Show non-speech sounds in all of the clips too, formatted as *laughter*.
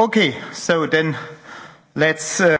Okay, so then let's. Uh...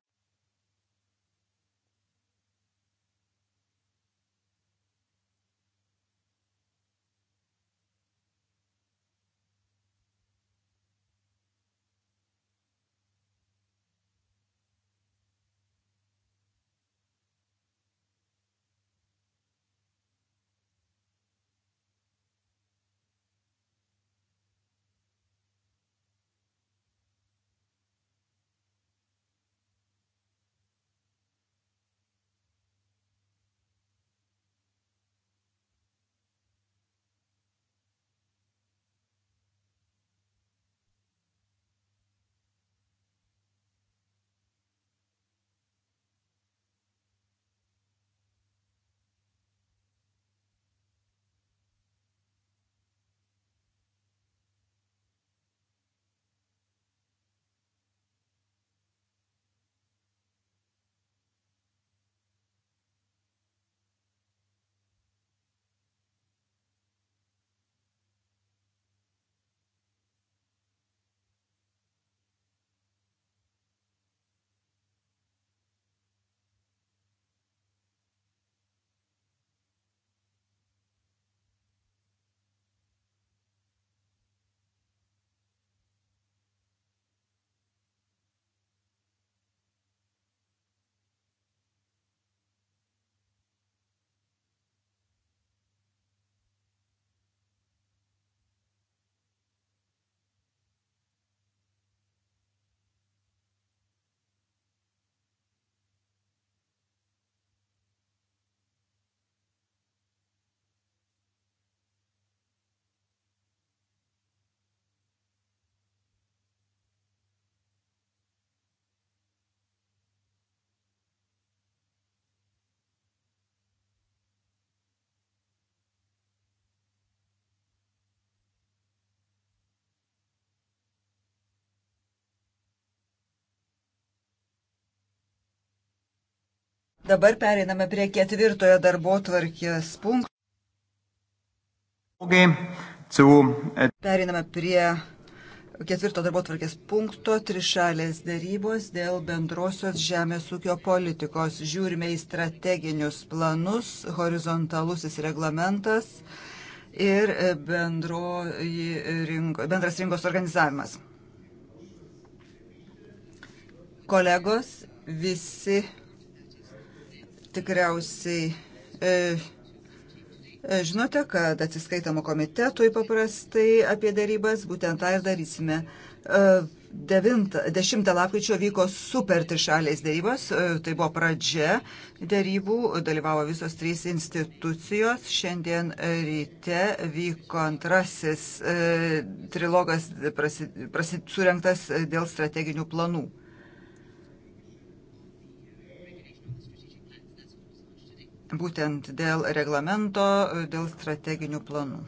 Dabar pereiname prie ketvirtojo darbo tvarkės punkto. Pereiname prie ketvirto darbo tvarkės punkto trišalės darybos dėl bendrosios žemės ūkio politikos. Žiūrime į strateginius planus, horizontalusis reglamentas ir bendro, rinko, bendras rinkos organizavimas. Kolegos, visi tikriausiai e, e, žinote, kad atsiskaitama komitetui paprastai apie darybas, būtent tą ir darysime. E, 9, 10 lapkričio vyko super trišalės dėrybos, e, tai buvo pradžia dėrybų, dalyvavo visos trys institucijos. Šiandien ryte vyko antrasis e, trilogas prasi, prasi, surinktas dėl strateginių planų. būtent dėl reglamento, dėl strateginių planų.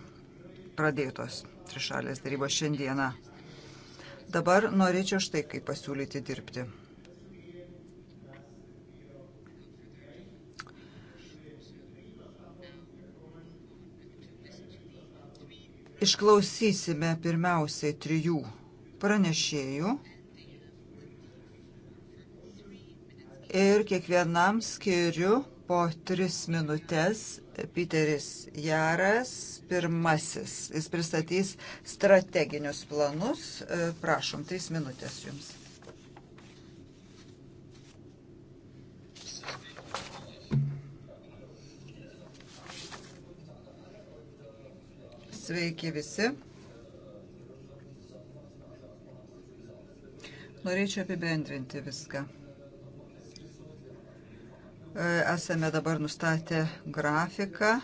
Pradėtos trišalės darybos šiandieną. Dabar norėčiau štai kaip pasiūlyti dirbti. Išklausysime pirmiausiai trijų pranešėjų ir kiekvienam skiriu po tris minutės Piteris Jaras pirmasis. Jis pristatys strateginius planus. E, prašom, trys minutės jums. Sveiki visi. Norėčiau apibendrinti viską. E, esame dabar nustatę grafiką,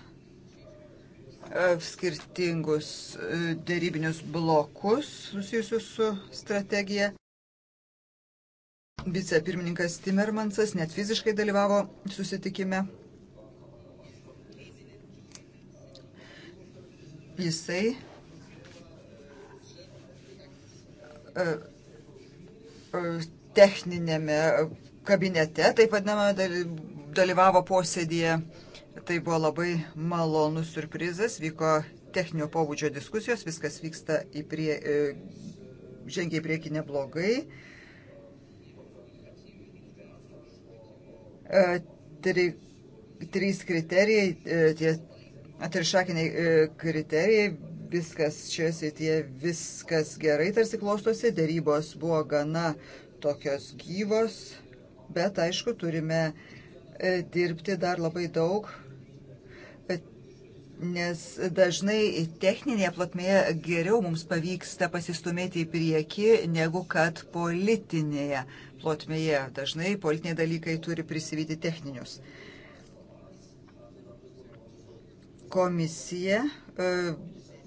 e, skirtingus e, dėrybinius blokus susijusius su strategija. Vicepirmininkas Timermansas net fiziškai dalyvavo susitikime. Jisai techninėme kabinete, taip vadinama, dalyvavo posėdėje. Tai buvo labai malonus surprizas, vyko techninio pobūdžio diskusijos, viskas vyksta į prie, e, žengiai prieki neblogai. E, tri, trys kriterijai, e, tie atrišakiniai kriterijai, viskas šioje srityje, viskas gerai tarsi klostosi, dėrybos buvo gana tokios gyvos bet aišku, turime e, dirbti dar labai daug, e, nes dažnai techninėje plotmėje geriau mums pavyksta pasistumėti į priekį, negu kad politinėje plotmėje. Dažnai politiniai dalykai turi prisivyti techninius. Komisija e,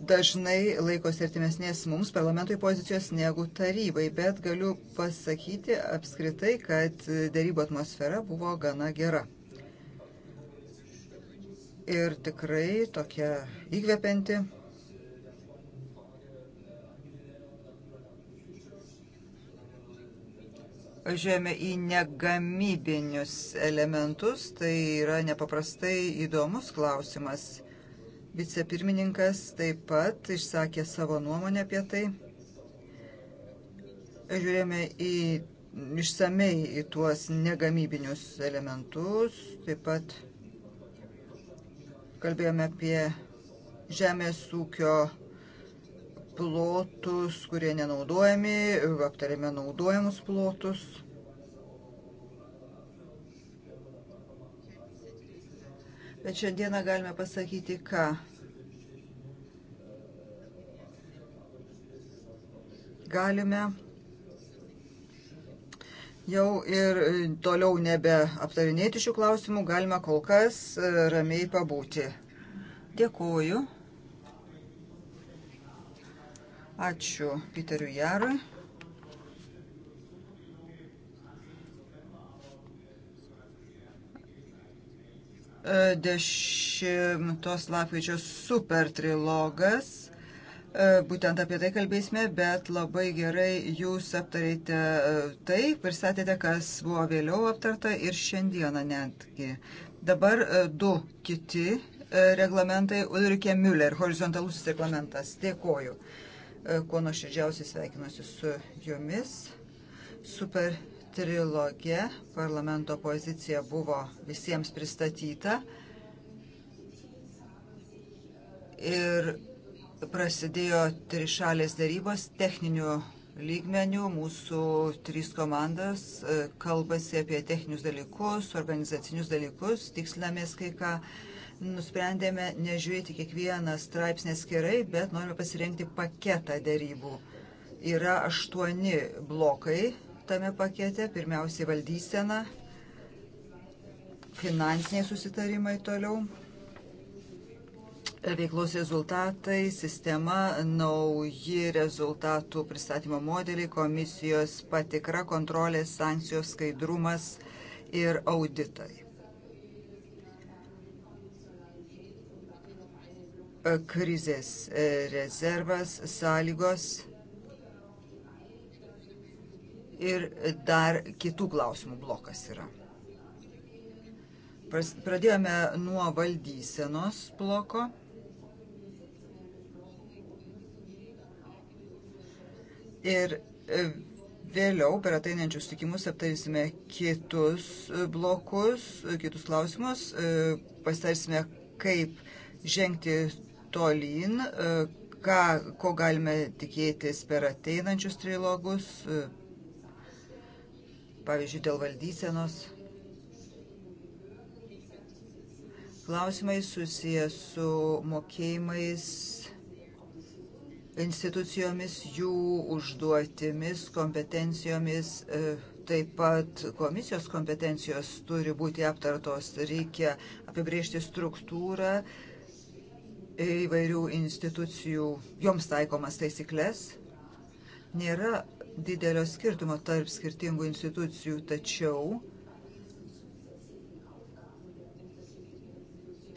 dažnai laikosi artimesnės mums parlamentui pozicijos negu tarybai, bet galiu pasakyti apskritai, kad dėrybo atmosfera buvo gana gera. Ir tikrai tokia įkvepianti. Žiūrėjome į negamybinius elementus, tai yra nepaprastai įdomus klausimas Vicepirmininkas taip pat išsakė savo nuomonę apie tai. Žiūrėjome į išsamei į tuos negamybinius elementus, taip pat kalbėjome apie žemės ūkio plotus, kurie nenaudojami, aptarėme naudojamus plotus. Bet šiandieną galime pasakyti, ką galime jau ir e, toliau nebeaptarinėti šių klausimų, galime kol kas e, ramiai pabūti. Dėkuoju. Ačiū Piteriu Jarui. E, dešimtos lapkričio super trilogas E, būtent apie tai kalbėsime, bet labai gerai jūs aptarėte e, tai, pristatėte, kas buvo vėliau aptarta ir šiandieną netgi. Dabar e, du kiti reglamentai, Ulrike Müller, horizontalusis reglamentas. Dėkoju, kuo nuoširdžiausiai sveikinuosi su jumis. Super trilogė, parlamento pozicija buvo visiems pristatyta. Ir Prasidėjo trišalės darybos techninių lygmenių. Mūsų trys komandas e, kalbasi apie techninius dalykus, organizacinius dalykus, tikslinamės kai ką. Nusprendėme nežiūrėti kiekvieną straipsnį skirai, bet norime pasirengti paketą darybų. Yra aštuoni blokai tame pakete. Pirmiausiai valdysena, finansiniai susitarimai toliau veiklos rezultatai, sistema, nauji rezultatų pristatymo modeliai, komisijos patikra, kontrolės, sankcijos, skaidrumas ir auditai. Krizės rezervas, sąlygos ir dar kitų klausimų blokas yra. Pradėjome nuo valdysenos bloko Ir e, vėliau per ateinančius tikimus aptarsime kitus e, blokus, e, kitus klausimus, pasitarsime, kaip žengti tolyn, ką, ko galime tikėtis per ateinančius trilogus, pavyzdžiui, dėl valdysenos. Klausimai susijęs su mokėjimais institucijomis, jų užduotimis, kompetencijomis, e, taip pat komisijos kompetencijos turi būti aptartos, reikia apibriežti struktūrą įvairių institucijų, joms taikomas taisyklės. Nėra didelio skirtumo tarp skirtingų institucijų, tačiau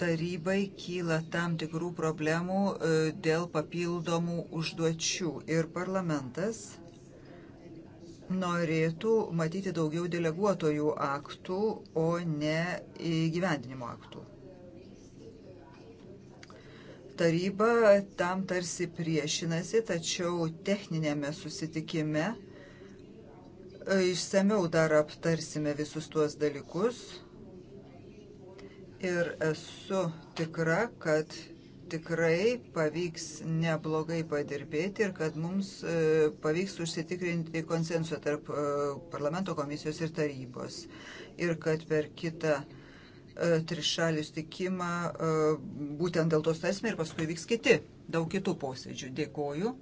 tarybai kyla tam tikrų problemų e, dėl papildomų užduočių ir parlamentas norėtų matyti daugiau deleguotojų aktų, o ne įgyvendinimo aktų. Taryba tam tarsi priešinasi, tačiau techninėme susitikime e, išsameu dar aptarsime visus tuos dalykus ir esu tikra, kad tikrai pavyks neblogai padirbėti ir kad mums e, pavyks užsitikrinti konsensuą tarp e, parlamento komisijos ir tarybos. Ir kad per kitą e, trišalį stikimą būtent dėl to stasime ir paskui vyks kiti daug kitų posėdžių. Dėkoju.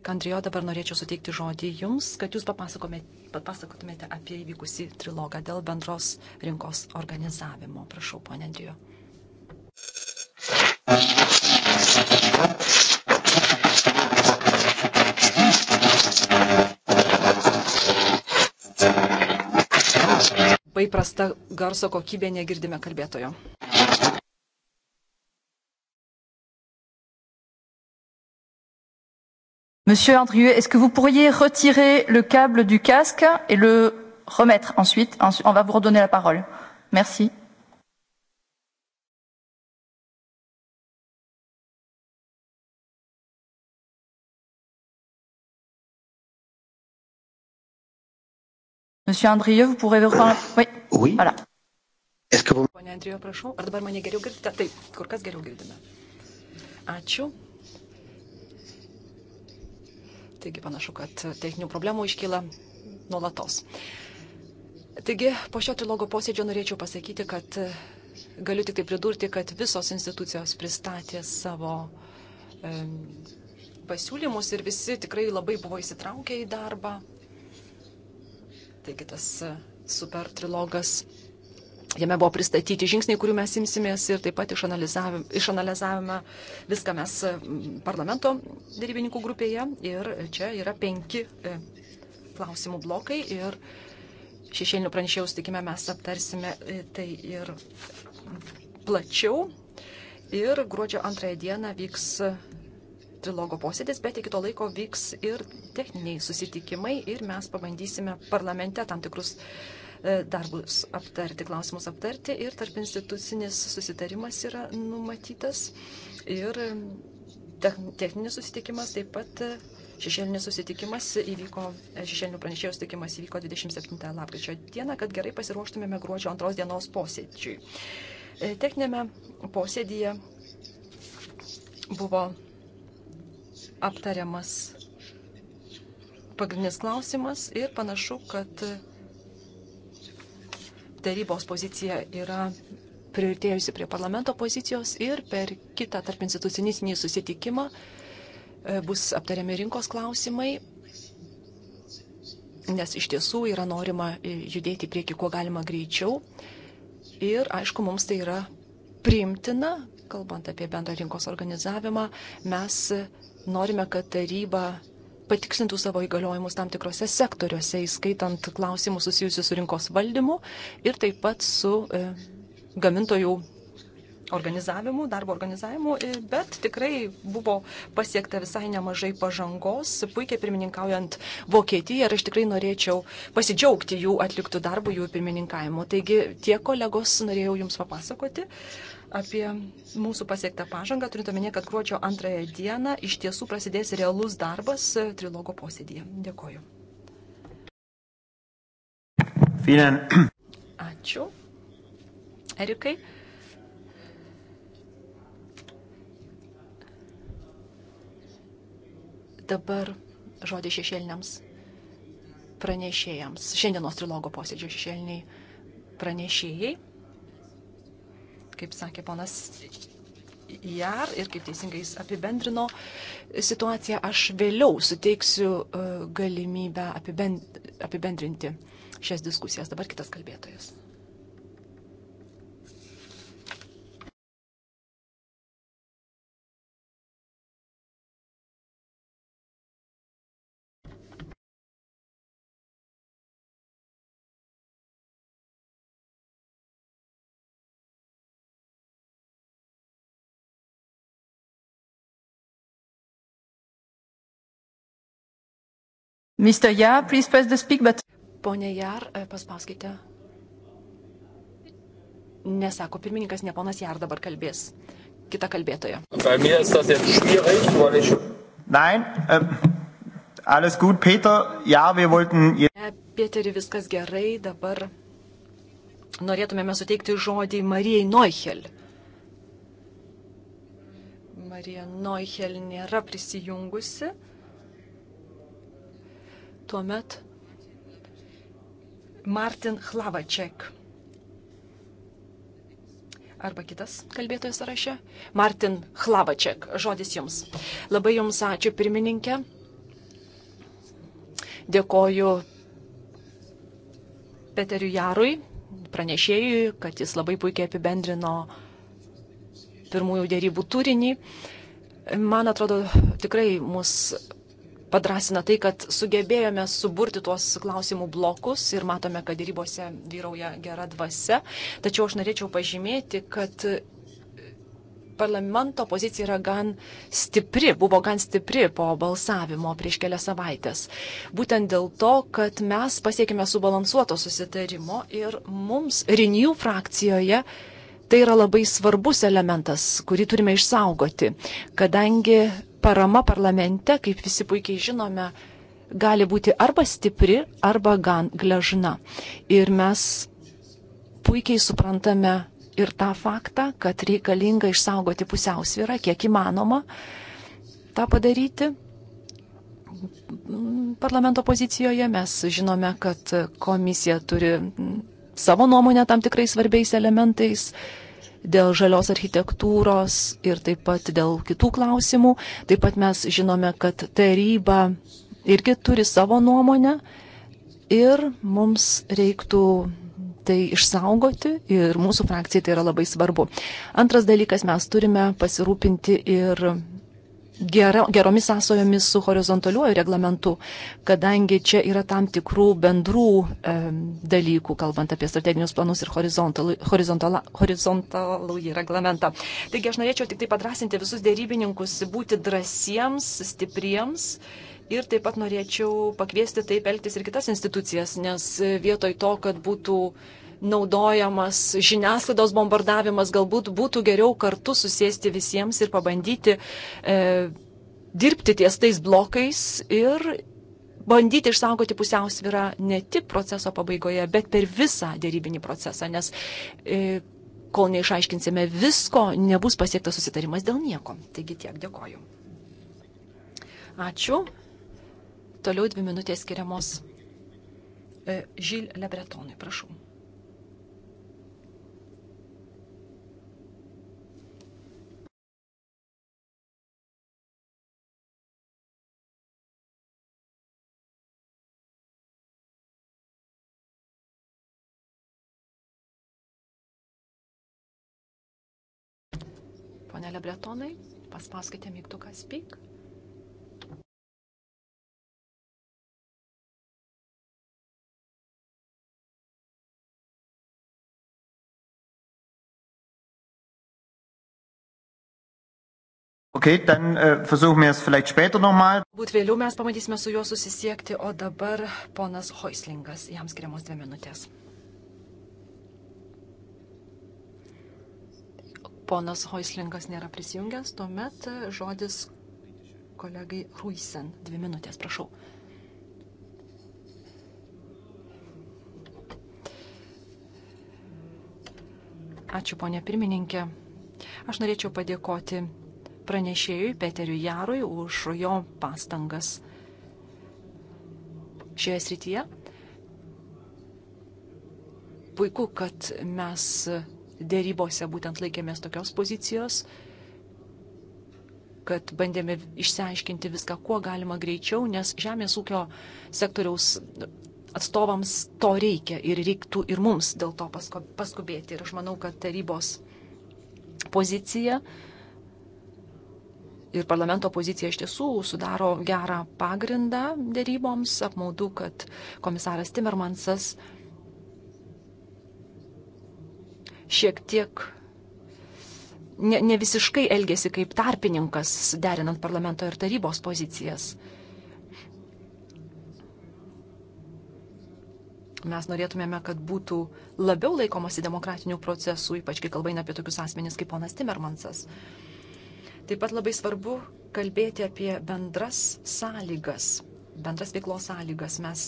Kandrijo, dabar norėčiau suteikti žodį Jums, kad Jūs papasakotumėte apie įvykusį trilogą dėl bendros rinkos organizavimo. Prašau, ponė Andrijo. Paprasta garso kokybė negirdime kalbėtojo. Monsieur Andrieux, est-ce que vous pourriez retirer le câble du casque et le remettre ensuite On va vous redonner la parole. Merci. Monsieur Andrieux, vous pourrez reprendre. Oui. oui. Voilà. Est-ce que vous... Pone Andrijo, prašau, ar dabar mane geriau girdite? Taip, kur kas geriau girdime. Ačiū. Taigi panašu, kad techninių problemų iškyla nuolatos. Taigi po šio trilogo posėdžio norėčiau pasakyti, kad e, galiu tik tai pridurti, kad visos institucijos pristatė savo e, pasiūlymus ir visi tikrai labai buvo įsitraukę į darbą. Taigi tas e, super trilogas Jame buvo pristatyti žingsniai, kurių mes imsimės ir taip pat išanalizavime, išanalizavime viską mes e, parlamento dėrybininkų grupėje. Ir čia yra penki e, klausimų blokai ir šešėlinių pranešėjų sutikime mes aptarsime e, tai ir plačiau. Ir gruodžio antrąją dieną vyks trilogo posėdis, bet iki to laiko vyks ir techniniai susitikimai ir mes pabandysime parlamente tam tikrus E, darbus aptarti, klausimus aptarti ir tarp institucinis susitarimas yra numatytas ir techninis susitikimas taip pat. E, šešėlinis susitikimas įvyko, e, šešėlinių pranešėjų susitikimas įvyko 27 lapkričio dieną, kad gerai pasiruoštumėme gruodžio antros dienos posėdžiui. Techninėme posėdyje buvo aptariamas pagrindinis klausimas ir panašu, kad tarybos pozicija yra prioritėjusi prie parlamento pozicijos ir per kitą tarp institucinį susitikimą e, bus aptariami rinkos klausimai, nes iš tiesų yra norima e, judėti prieki kuo galima greičiau. Ir aišku, mums tai yra priimtina, kalbant apie bendrą rinkos organizavimą, mes norime, kad taryba patikslintų savo įgaliojimus tam tikrose sektoriuose, įskaitant klausimus susijusius su rinkos valdymu ir taip pat su e, gamintojų organizavimu, darbo organizavimu, e, bet tikrai buvo pasiekta visai nemažai pažangos, puikiai pirmininkaujant Vokietiją ir aš tikrai norėčiau pasidžiaugti jų atliktų darbų, jų pirmininkavimu. Taigi tie kolegos norėjau Jums papasakoti. Uh, apie mūsų pasiektą pažangą, turint omenyje, kad gruodžio antrąją dieną iš tiesų prasidės realus darbas e, trilogo posėdėje. Dėkoju. Vielen. *clears throat* Ačiū. Erikai. Dabar žodį šešėliniams pranešėjams. Šiandienos trilogo posėdžio šešėliniai pranešėjai kaip sakė ponas JAR ir kaip teisingai jis apibendrino situaciją, aš vėliau suteiksiu e, galimybę apibendrinti šias diskusijas. Dabar kitas kalbėtojas. Mr. Jar, please press the speak button. Pone Jar, e, paspauskite. Nesako pirmininkas, ne ponas Jar dabar kalbės. Kita kalbėtoja. Nein, um, alles gut, Peter. Ja, wir wollten. E, Pieteri, viskas gerai, dabar norėtumėme suteikti žodį Marijai Neuchel. Marija Neuchel nėra prisijungusi tuomet Martin Hlavaček. Arba kitas kalbėtojas sąraše. Martin Hlavaček. Žodis jums. Labai jums ačiū pirmininkė. Dėkoju Peteriu Jarui, pranešėjui, kad jis labai puikiai apibendrino pirmųjų dėrybų turinį. Man atrodo, tikrai mus padrasina tai, kad sugebėjome suburti tuos klausimų blokus ir matome, kad dėrybose vyrauja gera dvasia. Tačiau aš norėčiau pažymėti, kad parlamento pozicija yra gan stipri, buvo gan stipri po balsavimo prieš kelias savaitės. Būtent dėl to, kad mes pasiekime subalansuoto susitarimo ir mums Renew frakcijoje tai yra labai svarbus elementas, kurį turime išsaugoti, kadangi parama parlamente, kaip visi puikiai žinome, gali būti arba stipri, arba gan gležna. Ir mes puikiai suprantame ir tą faktą, kad reikalinga išsaugoti pusiausvyrą, kiek įmanoma tą padaryti. Parlamento pozicijoje mes žinome, kad komisija turi savo nuomonę tam tikrais svarbiais elementais dėl žalios architektūros ir taip pat dėl kitų klausimų. Taip pat mes žinome, kad taryba irgi turi savo nuomonę ir mums reiktų tai išsaugoti ir mūsų frakcijai tai yra labai svarbu. Antras dalykas, mes turime pasirūpinti ir gera, geromis sąsojomis su horizontaliuoju reglamentu, kadangi čia yra tam tikrų bendrų e, dalykų, kalbant apie strateginius planus ir horizontalų, horizontalų reglamentą. Taigi aš norėčiau tik tai padrasinti visus dėrybininkus būti drąsiems, stipriems. Ir taip pat norėčiau pakviesti taip elgtis ir kitas institucijas, nes vietoj to, kad būtų uh, naudojamas žiniasklaidos bombardavimas, galbūt būtų geriau kartu susėsti visiems ir pabandyti e, dirbti ties tais blokais ir bandyti išsaugoti pusiausvyrą ne tik proceso pabaigoje, bet per visą dėrybinį procesą, nes e, kol neišaiškinsime visko, nebus pasiektas susitarimas dėl nieko. Taigi tiek, dėkoju. Ačiū. Toliau dvi minutės skiriamos e, Žil Lebretonui, prašau. Pone Lebretonai, paspauskite mygtuką Speak. Okay, dann äh, versuchen wir es vielleicht später nochmal. Būt vėliau mes pamatysime su juo susisiekti, o dabar ponas Hoislingas, jam skiriamos dvi minutės. Ponas Hoislingas nėra prisijungęs, tuomet žodis kolegai Ruisen. Dvi minutės, prašau. Ačiū, ponė pirmininkė. Aš norėčiau padėkoti pranešėjui Peteriu Jarui už jo pastangas šioje srityje. Puiku, kad mes dėrybose būtent laikėmės tokios pozicijos, kad bandėme išsiaiškinti viską, kuo galima greičiau, nes žemės ūkio sektoriaus atstovams to reikia ir reiktų ir mums dėl to paskubėti. Ir aš manau, kad tarybos pozicija ir parlamento pozicija iš tiesų sudaro gerą pagrindą dėryboms. Apmaudu, kad komisaras Timmermansas šiek tiek ne, ne visiškai elgėsi kaip tarpininkas, derinant parlamento ir tarybos pozicijas. Mes norėtumėme, kad būtų labiau laikomasi demokratinių procesų, ypač kai kalbaina apie tokius asmenys kaip ponas Timermansas. Taip pat labai svarbu kalbėti apie bendras sąlygas, bendras veiklos sąlygas. Mes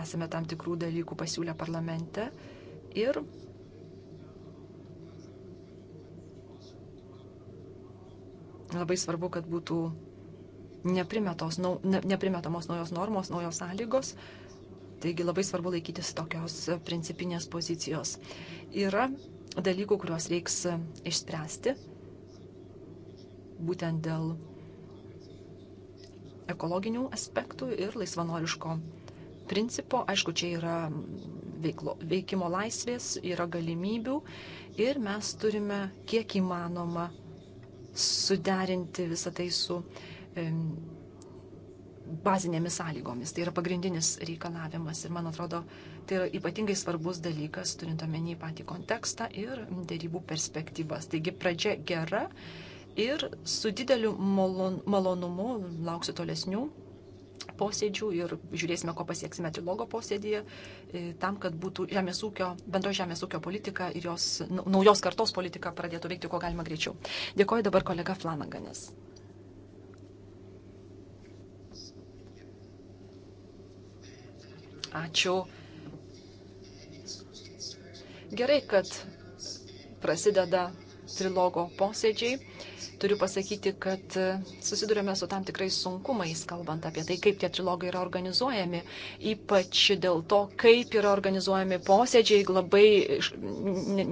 esame tam tikrų dalykų pasiūlę parlamente ir labai svarbu, kad būtų nau, neprimetamos naujos normos, naujos sąlygos. Taigi labai svarbu laikytis tokios principinės pozicijos. Yra dalykų, kuriuos reiks išspręsti, būtent dėl ekologinių aspektų ir laisvanoriško principo. Aišku, čia yra veiklo, veikimo laisvės, yra galimybių ir mes turime kiek įmanoma suderinti visą tai su e, bazinėmis sąlygomis. Tai yra pagrindinis reikalavimas ir man atrodo, tai yra ypatingai svarbus dalykas, turint omeny patį kontekstą ir dėrybų perspektyvas. Taigi pradžia gera ir su dideliu malon, malonumu lauksiu tolesnių posėdžių ir žiūrėsime, ko pasieksime trilogo posėdėje, e, tam, kad būtų žemės ūkio, bendro žemės ūkio politika ir jos naujos kartos politika pradėtų veikti, ko galima greičiau. Dėkoju dabar kolega Flanaganas. Ačiū. Gerai, kad prasideda trilogo posėdžiai turiu pasakyti, kad e, susidurėme su tam tikrais sunkumais, kalbant apie tai, kaip tie trilogai yra organizuojami, ypač dėl to, kaip yra organizuojami posėdžiai, labai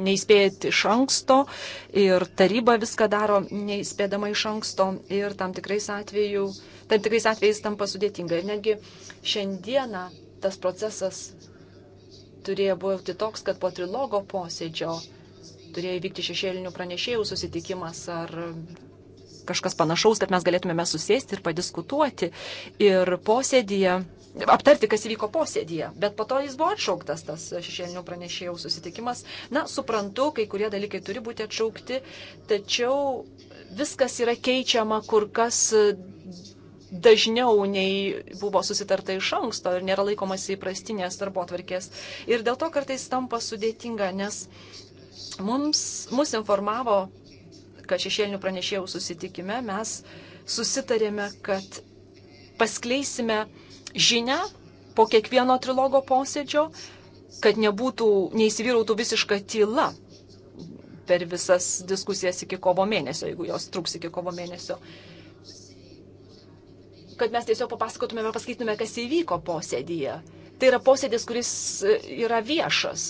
neįspėjant iš anksto ir taryba viską daro neįspėdama iš anksto ir tam tikrais, atveju, tam tikrais atvejais tampa sudėtinga. Ir netgi šiandieną tas procesas turėjo būti toks, kad po trilogo posėdžio turėjo įvykti šešėlinių pranešėjų susitikimas ar kažkas panašaus, kad mes galėtumėme susėsti ir padiskutuoti ir posėdėje, aptarti, kas įvyko posėdėje. Bet po to jis buvo atšauktas, tas šešėlinių pranešėjų susitikimas. Na, suprantu, kai kurie dalykai turi būti atšaukti, tačiau viskas yra keičiama kur kas dažniau nei buvo susitarta iš anksto ir nėra laikomasi įprastinės darbo atvarkės. Ir dėl to kartais tampa sudėtinga, nes Mums, mus informavo, kad šešėlinių pranešėjų susitikime mes susitarėme, kad paskleisime žinę po kiekvieno trilogo posėdžio, kad nebūtų, neįsivyrautų visiška tyla per visas diskusijas iki kovo mėnesio, jeigu jos truks iki kovo mėnesio. Kad mes tiesiog papasakotumėme, pasakytumėme, kas įvyko posėdyje. Tai yra posėdis, kuris yra viešas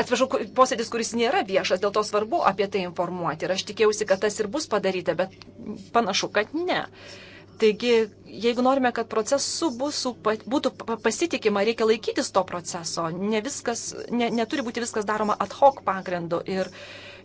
atsiprašau, posėdis, kuris nėra viešas, dėl to svarbu apie tai informuoti. Ir aš tikėjausi, kad tas ir bus padaryta, bet panašu, kad ne. Taigi, jeigu norime, kad procesu busų, būtų pasitikima, reikia laikytis to proceso. Ne viskas, ne, neturi būti viskas daroma ad hoc pagrindu. Ir uh,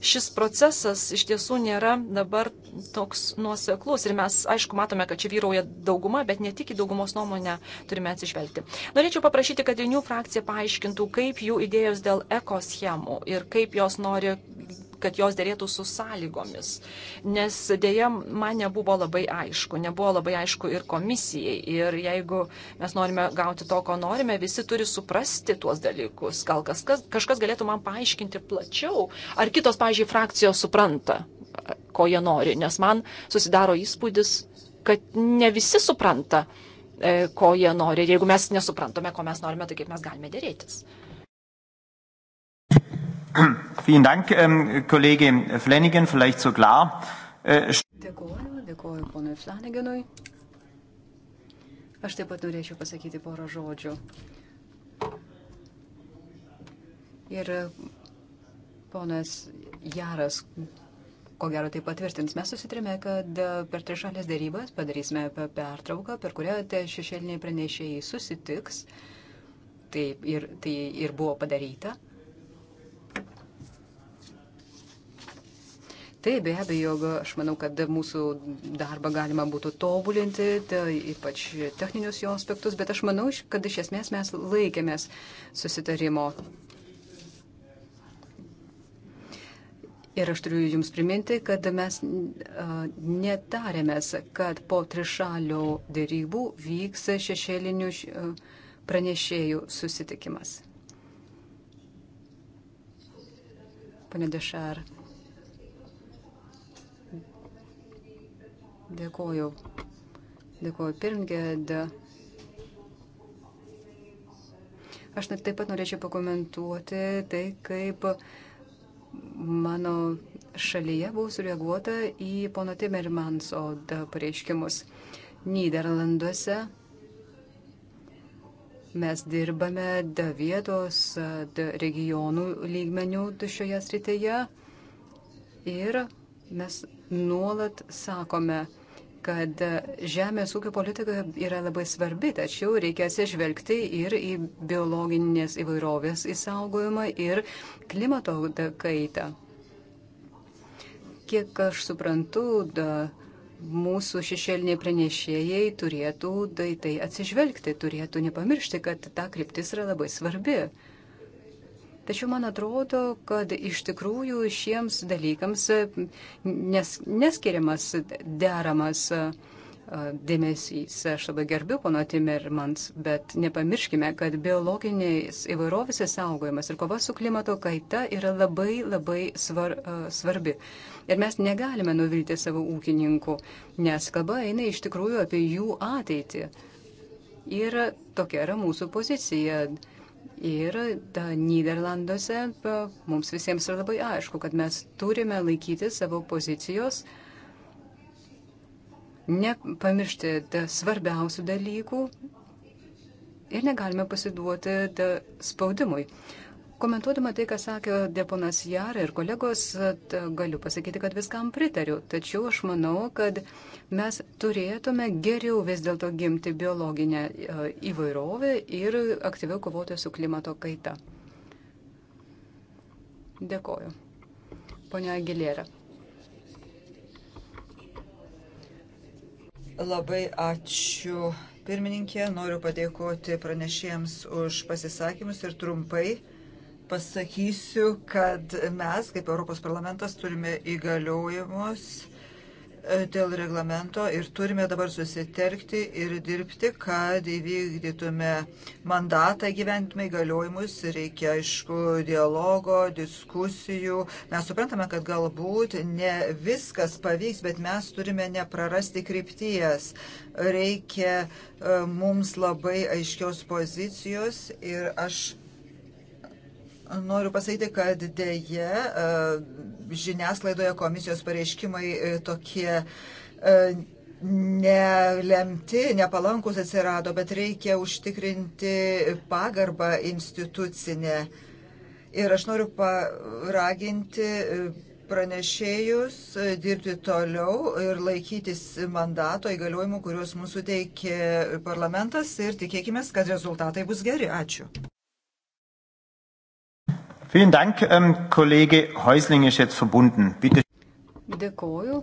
šis procesas iš tiesų nėra dabar toks nuoseklus. Ir mes, aišku, matome, kad čia vyrauja dauguma, bet ne tik į daugumos nuomonę turime atsižvelgti. Norėčiau paprašyti, kad Renių frakcija paaiškintų, kaip jų idėjos dėl ekoschemų ir kaip jos nori kad jos dėrėtų su sąlygomis. Nes dėja, man nebuvo labai aišku, nebuvo labai aišku ir komisijai. Ir jeigu mes norime gauti to, ko norime, visi turi suprasti tuos dalykus. Gal kas, kas, kažkas galėtų man paaiškinti plačiau, ar kitos, pažiūrėjau, frakcijos supranta, ko jie nori, nes man susidaro įspūdis, kad ne visi supranta, e, ko jie nori. Ir jeigu mes nesuprantame, ko mes norime, tai kaip mes galime dėrėtis. Vielen Dank, ähm, kolegė Flanagan, vielleicht so klar. Äh, dėkuoju, dėkuoju ponui Flanaganui. Aš taip pat norėčiau pasakyti porą žodžių. Ir Ponas Jaras, ko gero tai patvirtins. Mes susitrėme, kad per trišalės darybas padarysime pertrauką, per kurią šešėliniai pranešėjai susitiks. Taip ir, tai ir buvo padaryta. Taip, be abejo, aš manau, kad mūsų darbą galima būtų tobulinti, tai ypač techninius jo aspektus, bet aš manau, kad iš esmės mes laikėmės susitarimo. Ir aš turiu Jums priminti, kad mes netarėmės, kad po trišalių dėrybų vyks šešėlinių pranešėjų susitikimas. Pane Dešar, dėkoju. Dėkoju pirmgėdą. Aš taip pat norėčiau pakomentuoti tai, kaip uh, mano šalyje buvo sureaguota į pono Timermanso pareiškimus. Niderlanduose mes dirbame vietos regionų lygmenių šioje srityje ir mes nuolat sakome, kad e, žemės ūkio politika yra labai svarbi, tačiau reikia atsižvelgti ir į biologinės įvairovės įsaugojimą ir klimato kaitą. Kiek aš suprantu, da, mūsų šešėliniai pranešėjai turėtų da, tai atsižvelgti, turėtų nepamiršti, kad ta kryptis yra labai svarbi. Uh, Tačiau man atrodo, kad iš tikrųjų šiems dalykams e, nes, neskiriamas deramas e, dėmesys. Aš labai gerbiu pono Timmermans, bet nepamirškime, kad biologinės įvairovės įsaugojimas ir kova su klimato kaita yra labai labai svar, e, svarbi. Ir mes negalime nuvilti savo ūkininkų, nes kalba eina iš tikrųjų apie jų ateitį. Ir tokia yra mūsų pozicija. Ir da, Niderlanduose mums visiems yra labai aišku, kad mes turime laikyti savo pozicijos, nepamiršti da, svarbiausių dalykų ir negalime pasiduoti da, spaudimui. Uh, Komentuodama tai, ką sakė deponas Jara ir kolegos, galiu pasakyti, kad viskam pritariu. Tačiau aš manau, kad mes turėtume geriau vis dėlto gimti biologinę e, įvairovę ir aktyviau kovoti su klimato kaita. Dėkoju. Pone Agilėra. Labai ačiū pirmininkė. Noriu padėkoti pranešėjams už pasisakymus ir trumpai pasakysiu, kad mes, kaip Europos parlamentas, turime įgaliojimus e, dėl reglamento ir turime dabar susitelkti ir dirbti, kad įvykdytume mandatą, gyventume įgaliojimus, reikia aišku dialogo, diskusijų. Mes suprantame, kad galbūt ne viskas pavyks, bet mes turime neprarasti krypties. Reikia e, mums labai aiškios pozicijos ir aš Noriu pasakyti, kad dėje žiniasklaidoje komisijos pareiškimai e, tokie e, nelemti, nepalankus atsirado, bet reikia užtikrinti pagarbą institucinę. Ir aš noriu paraginti e, pranešėjus dirbti toliau ir laikytis mandato įgaliojimų, kuriuos mūsų teikė parlamentas ir tikėkime, kad rezultatai bus geri. Ačiū. Vielen Dank, um, Kollege Häusling ist jetzt verbunden. Bitte. Dėkoju.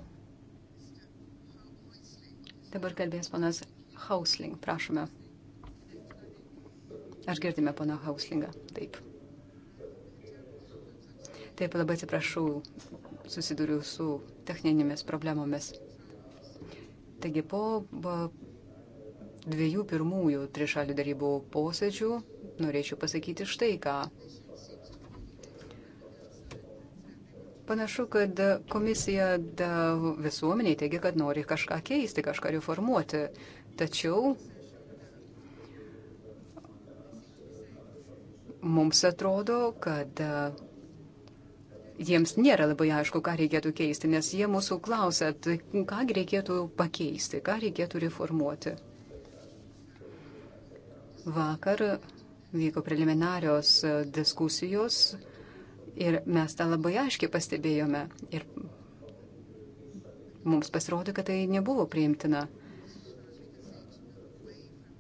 Dabar kalbės panas Hausling, prašome. Ar girdime pana Hauslingą? Taip. Taip, labai atsiprašau, susiduriu su techninėmis problemomis. Taigi po dviejų pirmųjų trišalių darybų posėdžių norėčiau pasakyti štai ką. Panašu, kad komisija visuomeniai teigia, kad nori kažką keisti, kažką reformuoti. Tačiau mums atrodo, kad jiems nėra labai aišku, ką reikėtų keisti, nes jie mūsų klausia, tai ką reikėtų pakeisti, ką reikėtų reformuoti. Vakar vyko preliminarios diskusijos Ir mes tą labai aiškiai pastebėjome. Ir mums pasirodė, kad tai nebuvo priimtina.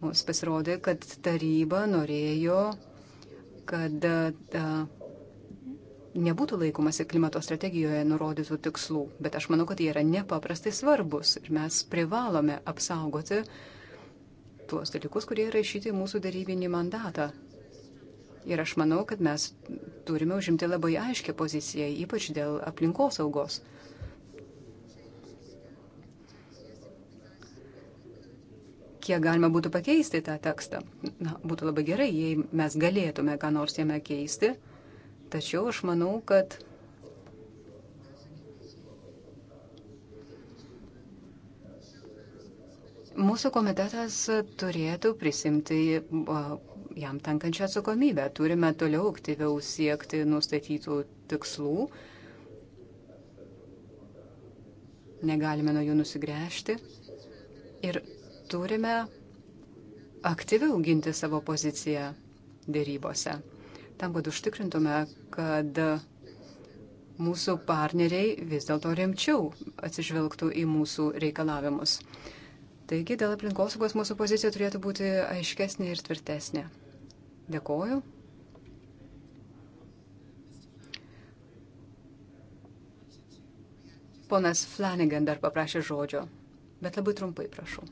Mums pasirodė, kad taryba norėjo, kad a, nebūtų laikomasi klimato strategijoje nurodytų tikslų, bet aš manau, kad jie yra nepaprastai svarbus ir mes privalome apsaugoti tuos dalykus, kurie yra išyti mūsų darybinį mandatą. Ir aš manau, kad mes turime užimti labai aiškę poziciją, ypač dėl aplinkos saugos. Kiek galima būtų pakeisti tą tekstą? Na, būtų labai gerai, jei mes galėtume ką nors jame keisti. Tačiau aš manau, kad mūsų komitetas turėtų prisimti jam tenkančią atsakomybę. Turime toliau aktyviau siekti nustatytų tikslų. Negalime nuo jų nusigręžti. Ir turime aktyviau ginti savo poziciją dėrybose. Tam, kad užtikrintume, kad mūsų partneriai vis dėlto rimčiau atsižvelgtų į mūsų reikalavimus. Taigi dėl aplinkosaugos mūsų pozicija turėtų būti aiškesnė ir tvirtesnė. Dėkoju. Ponas Flanagan dar paprašė žodžio, bet labai trumpai prašau.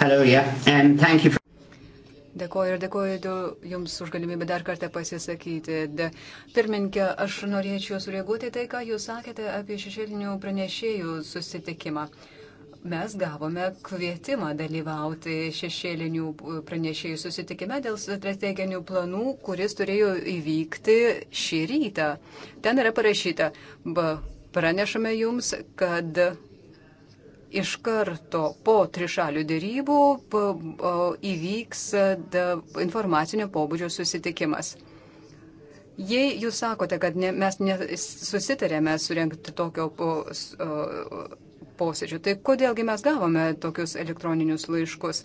Hello, yeah. um, thank you for... Dėkoju ir dėkoju Jums už galimybę dar kartą pasisakyti. Pirminkė, aš norėčiau sureaguoti tai, ką Jūs sakėte apie šešėlinių pranešėjų susitikimą. Uh, mes gavome kvietimą dalyvauti šešėlinių e, pranešėjų susitikime dėl strateginių planų, kuris turėjo įvykti šį rytą. Ten yra parašyta, pranešame jums, kad iš karto po trišalių dėrybų įvyks informacinio pobūdžio susitikimas. Jei jūs sakote, kad ne, mes nesusitarėme surinkti tokio po, uh, posėdžių. Tai kodėlgi mes gavome tokius elektroninius laiškus?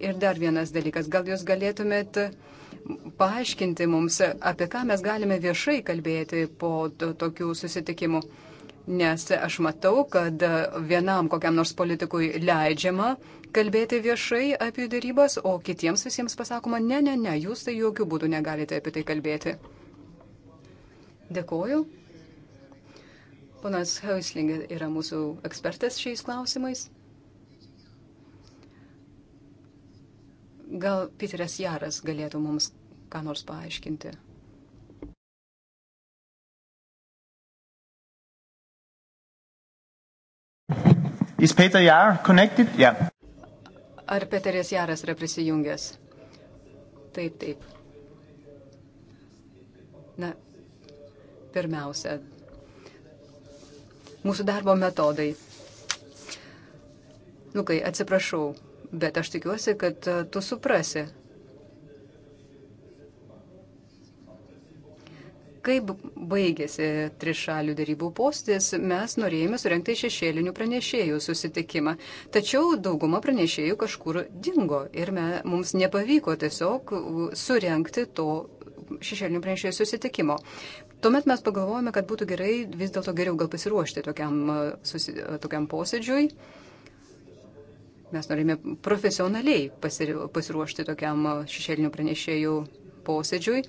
Ir dar vienas dalykas, gal jūs galėtumėt paaiškinti mums, apie ką mes galime viešai kalbėti po to, tokių susitikimų. Nes aš matau, kad vienam kokiam nors politikui leidžiama kalbėti viešai apie darybas, o kitiems visiems pasakoma, ne, ne, ne, jūs tai jokių būdų negalite apie tai kalbėti. Dėkoju. Ponas Hausling yra mūsų ekspertas šiais klausimais. Gal Piteris Jaras galėtų mums ką nors paaiškinti? Is Peter Jar connected? Yeah. Ar Peteris Jaras yra prisijungęs? Taip, taip. Na, pirmiausia, mūsų darbo metodai. Lukai, nu atsiprašau, bet aš tikiuosi, kad e, tu suprasi. Kaip baigėsi trišalių darybų postis, mes norėjome surenkti šešėlinių pranešėjų susitikimą. Tačiau dauguma pranešėjų kažkur dingo ir me, mums nepavyko tiesiog surenkti to šešėlinių pranešėjų susitikimo. Tuomet mes pagalvojame, kad būtų gerai vis dėlto geriau gal pasiruošti tokiam, susi, tokiam posėdžiui. Mes norime profesionaliai pasiruošti tokiam šešėlinių pranešėjų posėdžiui.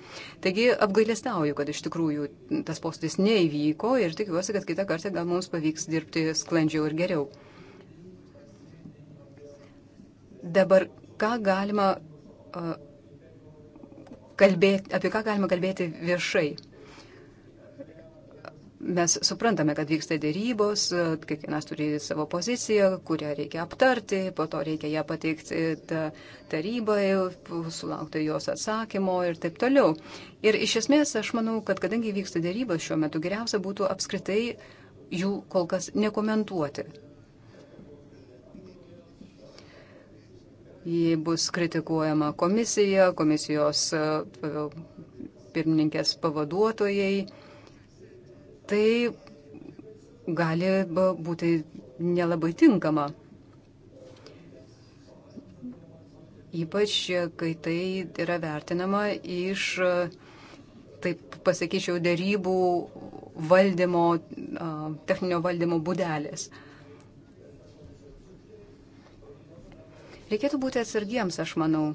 Taigi apgailestauju, kad iš tikrųjų tas posėdis neįvyko ir tikiuosi, kad kitą kartą gal mums pavyks dirbti sklandžiau ir geriau. Dabar ką galima uh, kalbėti, apie ką galima kalbėti viešai. Mes suprantame, kad vyksta dėrybos, kiekvienas turi savo poziciją, kurią reikia aptarti, po to reikia ją pateikti tarybai, sulaukti jos atsakymo ir taip toliau. Ir iš esmės aš manau, kad kadangi vyksta dėrybos šiuo metu, geriausia būtų apskritai jų kol kas nekomentuoti. Jei bus kritikuojama komisija, komisijos e, pirmininkės pavaduotojai, tai gali būti nelabai tinkama. Ypač, e, kai tai yra vertinama iš, e, taip pasakyčiau, darybų valdymo, techninio valdymo būdelės. Reikėtų būti atsargiems, aš manau.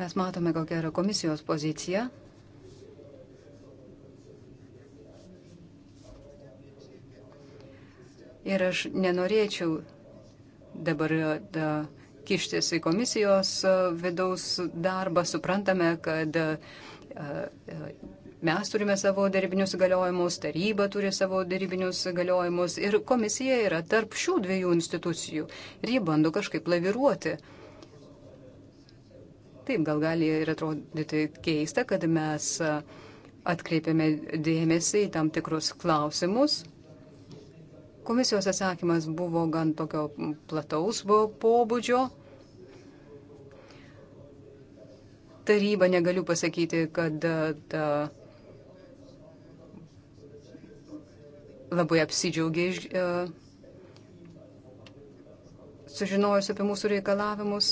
Mes matome, kokia yra komisijos pozicija. Ir aš nenorėčiau dabar e, da, kištis į komisijos e, vidaus darbą. Suprantame, kad e, Mes turime savo darybinius įgaliojimus, taryba turi savo darybinius įgaliojimus ir komisija yra tarp šių dviejų institucijų ir jie bando kažkaip laviruoti. Taip, gal gali ir atrodyti keista, kad mes atkreipiame dėmesį į tam tikrus klausimus. Komisijos atsakymas buvo gan tokio plataus pobūdžio. taryba negaliu pasakyti, kad ta, labai apsidžiaugė e, sužinojus apie mūsų reikalavimus,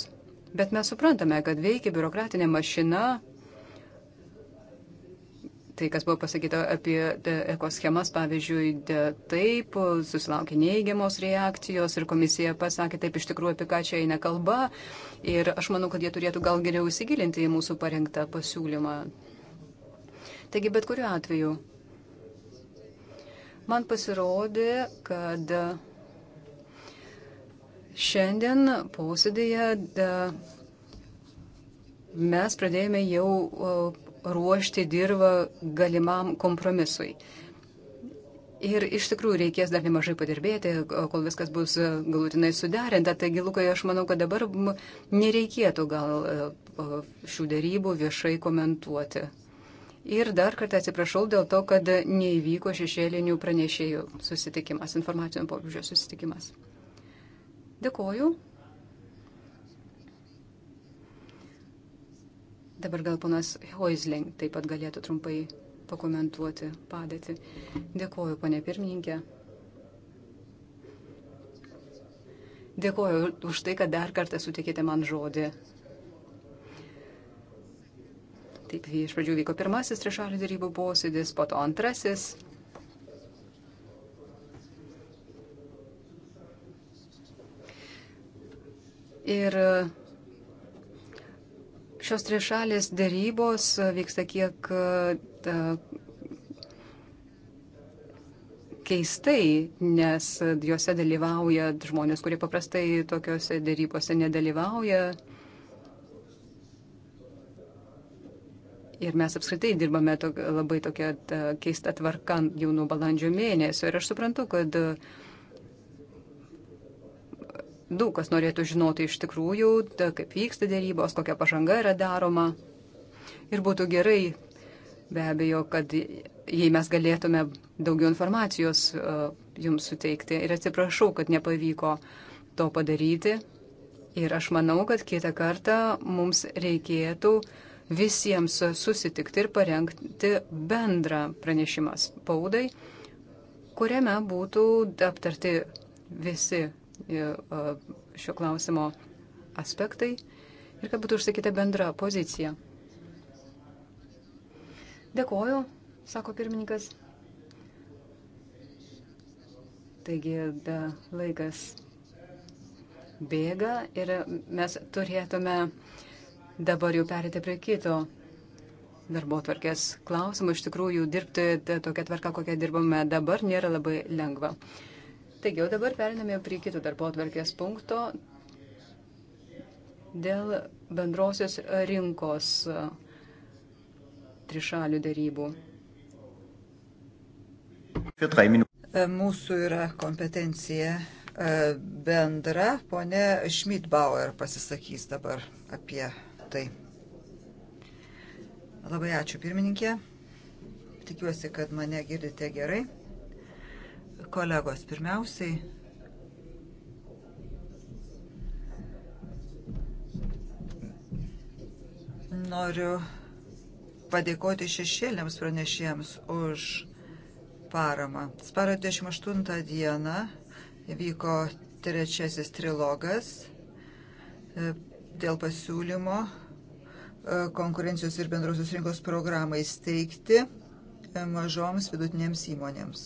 bet mes suprantame, kad veikia biurokratinė mašina. Tai, kas buvo pasakyta apie e, ekoschemas, pavyzdžiui, de, taip, susilaukė neįgiamos reakcijos ir komisija pasakė, taip iš tikrųjų, apie ką čia eina kalba. Ir aš manau, kad jie turėtų gal geriau įsigilinti į mūsų parengtą pasiūlymą. Taigi, bet kuriu atveju, Man pasirodė, kad šiandien posėdėje mes pradėjome jau ruošti dirbą galimam kompromisui. Ir iš tikrųjų reikės dar nemažai padirbėti, kol viskas bus e, galutinai suderinta. Taigi, Lukai, aš manau, kad dabar nereikėtų gal e, šių darybų viešai komentuoti. Ir dar kartą atsiprašau dėl to, kad neįvyko šešėlinių pranešėjų susitikimas, informacinio pobūdžio susitikimas. Dėkoju. Dabar gal ponas Hoisling taip pat galėtų trumpai pakomentuoti padėtį. Dėkoju, ponė pirmininkė. Dėkoju už tai, kad dar kartą sutikėte man žodį. Taip, iš pradžių vyko pirmasis trišalių darybų posėdis, po to antrasis. Ir šios trišalės darybos vyksta kiek ta, keistai, nes juose dalyvauja žmonės, kurie paprastai tokiuose darybose nedalyvauja. Ir mes apskritai dirbame to, labai tokia ta, keista tvarka jau nuo balandžio mėnesio. Ir aš suprantu, kad e, daug kas norėtų žinoti iš tikrųjų, ta, kaip vyksta dėrybos, kokia pažanga yra daroma. Ir būtų gerai, be abejo, kad jei mes galėtume daugiau informacijos uh, jums suteikti. Ir atsiprašau, kad nepavyko to padaryti. Ir aš manau, kad kitą kartą mums reikėtų uh, visiems susitikti ir parengti bendrą pranešimą spaudai, kuriame būtų aptarti visi e, e, šio klausimo aspektai ir kad būtų užsakyta bendra pozicija. Dėkoju, sako pirmininkas. Taigi da, laikas bėga ir mes turėtume uh, Dabar jau perėti prie kito darbo tvarkės klausimų. Iš tikrųjų, dirbti tokią tvarką, kokią dirbame dabar, nėra labai lengva. Taigi, jau dabar periname prie kito darbo tvarkės punkto dėl bendrosios rinkos trišalių darybų. E, mūsų yra kompetencija e, bendra. Pone Schmidbauer pasisakys dabar apie tai. Labai ačiū pirmininkė. Tikiuosi, kad mane girdite gerai. Kolegos, pirmiausiai. Noriu padėkoti šešėliams pranešėjams už paramą. Spalio 28 dieną vyko trečiasis trilogas dėl pasiūlymo e, konkurencijos ir bendrosios rinkos programai steigti e, mažoms vidutinėms įmonėms.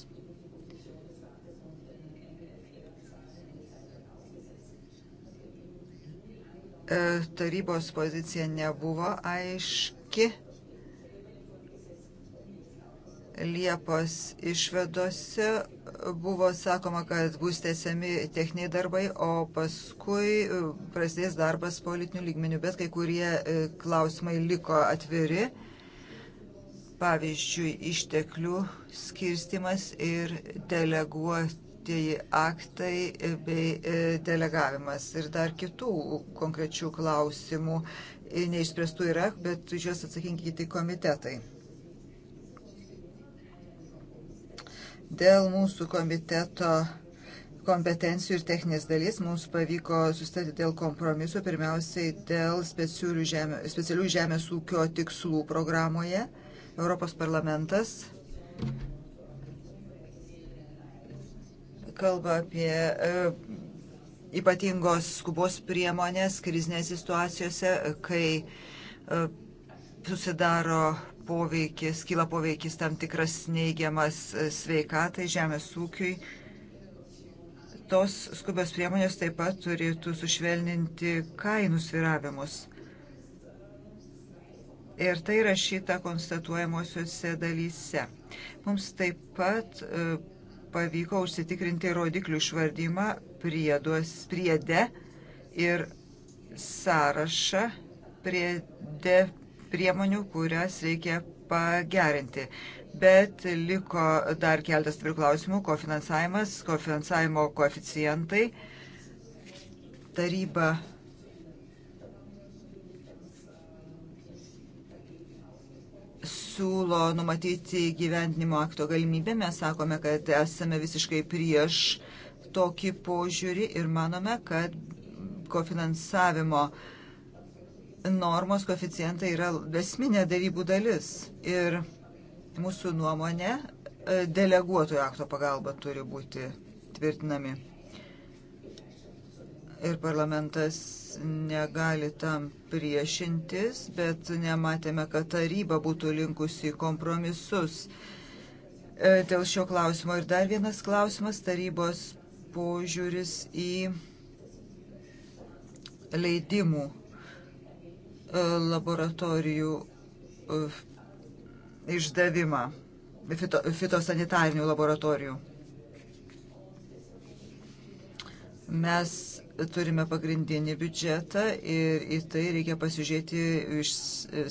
E, tarybos pozicija nebuvo aiški Liepos išvedose buvo sakoma, kad bus tęsiami techniniai darbai, o paskui e, prasidės darbas politinių lygmenių, bet kai kurie e, klausimai liko atviri, pavyzdžiui, išteklių skirstimas ir deleguoti teisėtieji aktai e, bei delegavimas ir dar kitų konkrečių klausimų neišspręstų yra, bet už juos atsakingi kiti komitetai. Dėl mūsų komiteto kompetencijų ir techninės dalies mums pavyko sustatyti dėl kompromiso, pirmiausiai dėl specialių žemės, specialių žemės ūkio tikslų programoje. Europos parlamentas kalba apie e, ypatingos skubos priemonės krizinės situacijose, kai e, susidaro poveikis, kyla poveikis tam tikras neigiamas e, sveikatai, žemės ūkiui. Tos skubios priemonės taip pat turėtų sušvelninti kainų sviravimus. Ir tai rašyta konstatuojamosiuose dalyse. Mums taip pat e, pavyko užsitikrinti rodiklių išvardymą prieduos, priede ir sąrašą priede priemonių, kurias reikia pagerinti. Bet liko dar keltas trijų klausimų - kofinansavimas, kofinansavimo koeficientai. Taryba siūlo numatyti gyvendinimo akto galimybę. Mes sakome, kad esame visiškai prieš tokį požiūrį ir manome, kad kofinansavimo uh, normos koficijantai yra esminė darybų dalis ir mūsų nuomonė e, deleguotojų akto pagalba turi būti tvirtinami. Ir parlamentas negali tam priešintis, bet nematėme, kad taryba būtų linkusi į kompromisus e, dėl šio klausimo. Ir dar vienas klausimas - tarybos požiūris į leidimų laboratorijų e, išdavimą fito, fitosanitarinių laboratorijų. Mes turime pagrindinį biudžetą ir į tai reikia pasižiūrėti iš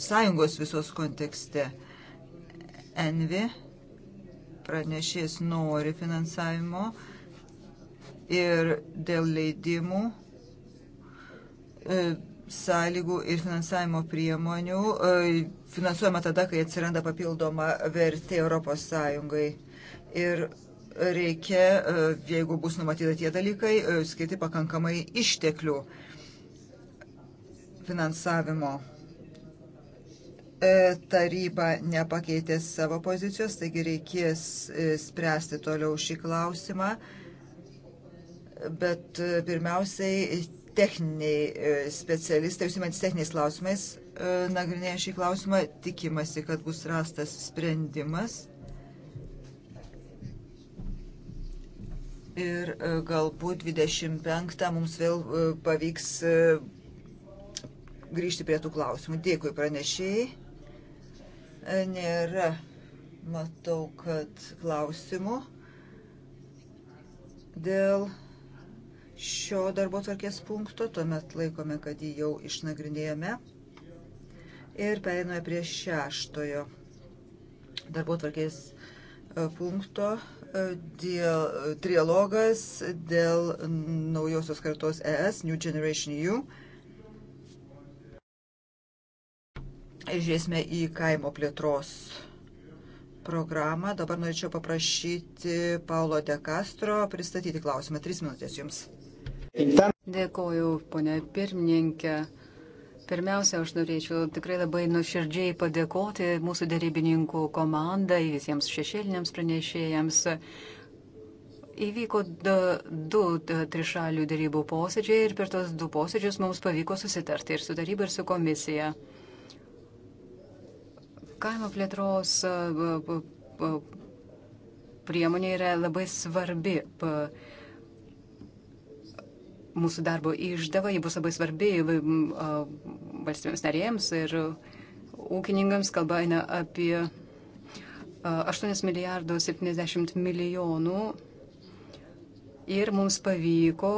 sąjungos visos kontekste. Envi pranešės nori finansavimo ir dėl leidimų e, sąlygų ir finansavimo priemonių e, finansuojama tada, kai atsiranda papildoma vertė Europos Sąjungai. Ir reikia, e, jeigu bus numatyta tie dalykai, e, skirti pakankamai išteklių finansavimo. Taryba nepakeitė savo pozicijos, taigi reikės spręsti toliau šį klausimą. Bet pirmiausiai techniniai e, specialistai, užsimantis techniniais klausimais, e, nagrinėja šį klausimą, tikimasi, kad bus rastas sprendimas. Ir e, galbūt 25 mums vėl pavyks grįžti prie tų klausimų. Dėkui pranešėjai. Nėra, matau, kad klausimų dėl šio darbo tvarkės punkto, tuomet laikome, kad jį jau išnagrinėjome ir pereiname prie šeštojo darbo tvarkės e, punkto e, dėl, e, trialogas dėl naujosios kartos ES, New Generation EU. Ir žiūrėsime į kaimo plėtros programą. Dabar norėčiau paprašyti Paulo De Castro pristatyti klausimą. Tris minutės jums. Dėkoju, ponė pirmininkė. Pirmiausia, aš norėčiau tikrai labai nuoširdžiai padėkoti mūsų dėrybininkų komandai, visiems šešėliniams pranešėjams. Įvyko du, du trišalių dėrybų posėdžiai ir per tos du posėdžius mums pavyko susitarti ir su taryba, ir su komisija. Kaimo plėtros priemonė yra labai svarbi. Pa, mūsų darbo išdava, ji bus labai svarbi valstybėms narėms ir ūkininkams kalba eina apie 8 milijardų 70 milijonų ir mums pavyko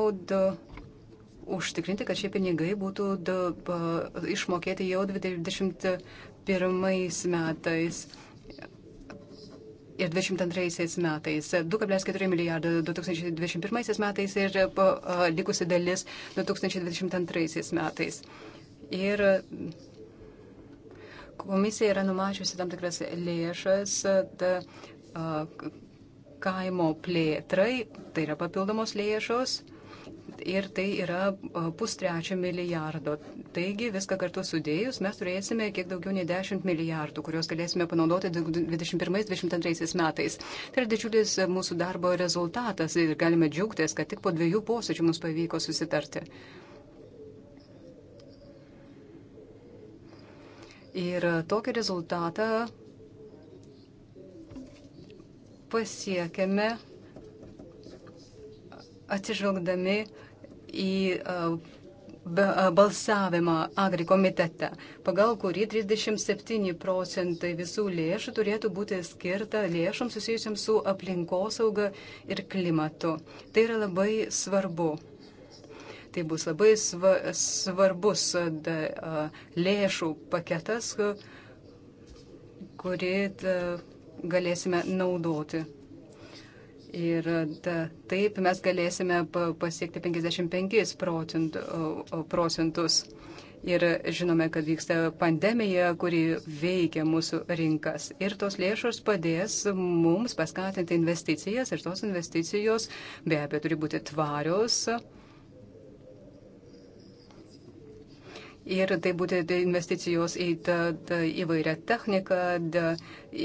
užtikrinti, kad šie pinigai būtų da, pa, išmokėti jau 21 metais ir 22 metais. 2,4 milijardo 2021 metais ir likusi dalis 2022 metais. Ir komisija yra numačiusi tam tikras lėšas da, kaimo plėtrai, tai yra papildomos lėšos ir tai yra pustrečio milijardo. Taigi viską kartu sudėjus mes turėsime kiek daugiau nei 10 milijardų, kuriuos galėsime panaudoti 21-22 metais. Tai yra didžiulis mūsų darbo rezultatas ir galime džiaugtis, kad tik po dviejų posėdžių mums pavyko susitarti. Ir tokį rezultatą pasiekėme atsižvelgdami į e, e, balsavimą Agri komitete, pagal kurį 37 procentai visų lėšų turėtų būti skirta lėšoms susijusiams su aplinkosauga ir klimatu. Tai yra labai svarbu. Tai bus labai svarbus e, lėšų paketas, kurį galėsime naudoti. Ir ta, taip mes galėsime pasiekti 55 procentus. Ir žinome, kad vyksta pandemija, kuri veikia mūsų rinkas. Ir tos lėšos padės mums paskatinti investicijas. Ir tos investicijos be abejo turi būti tvarios. Uh, Ir tai būtų investicijos į tą, tą įvairią techniką, da,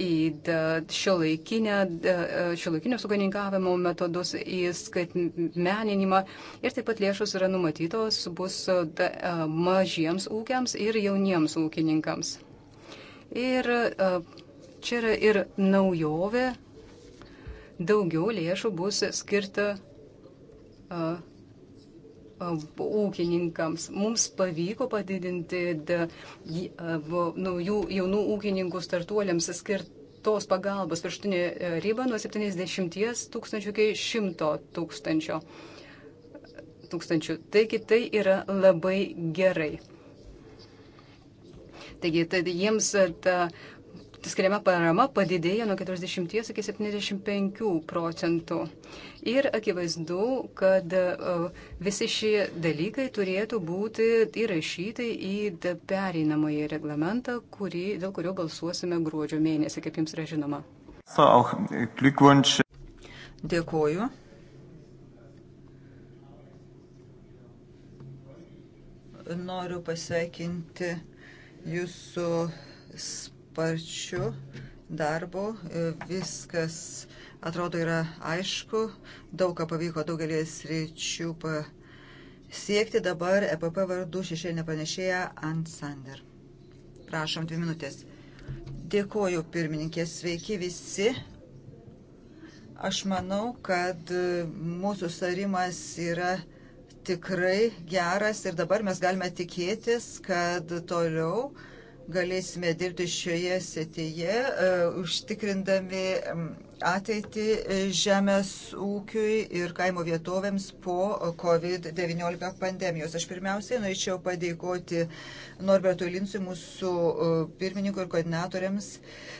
į da, šiuolaikinę, da, e, šiuolaikinio suganinkavimo metodus, į skaitmeninimą. Ir taip pat lėšos yra numatytos bus da, e, mažiems ūkiams ir jauniems ūkininkams. Ir e, čia yra ir naujovė. Daugiau lėšų bus skirta ūkininkams. Mums pavyko padidinti naujų jaunų ūkininkų startuoliams skirtos pagalbos viršutinė e, riba nuo 70 tūkstančių iki 100 tūkstančio. tūkstančių. Taigi tai yra labai gerai. Taigi tai jiems e, ta, skiriama parama padidėjo nuo 40 iki 75 procentų. Ir akivaizdu, kad e, visi šie dalykai turėtų būti įrašyti į pereinamąjį reglamentą, kurį, dėl kurio balsuosime gruodžio mėnesį, kaip jums yra žinoma. Äh, Dėkuoju. Noriu pasveikinti jūsų sparčiu darbu. Viskas atrodo yra aišku, daug ką pavyko daugelį sričių pasiekti dabar EPP vardu šešėlinė pranešėja Ant Sander. Prašom dvi minutės. Dėkoju pirmininkė, sveiki visi. Aš manau, kad mūsų sarimas yra tikrai geras ir dabar mes galime tikėtis, kad toliau galėsime dirbti šioje setyje, e, užtikrindami ateitį e, žemės ūkiui ir kaimo vietovėms po COVID-19 pandemijos. Aš pirmiausiai norėčiau padėkoti Norbertui Linsui, mūsų e, pirmininkui ir koordinatoriams,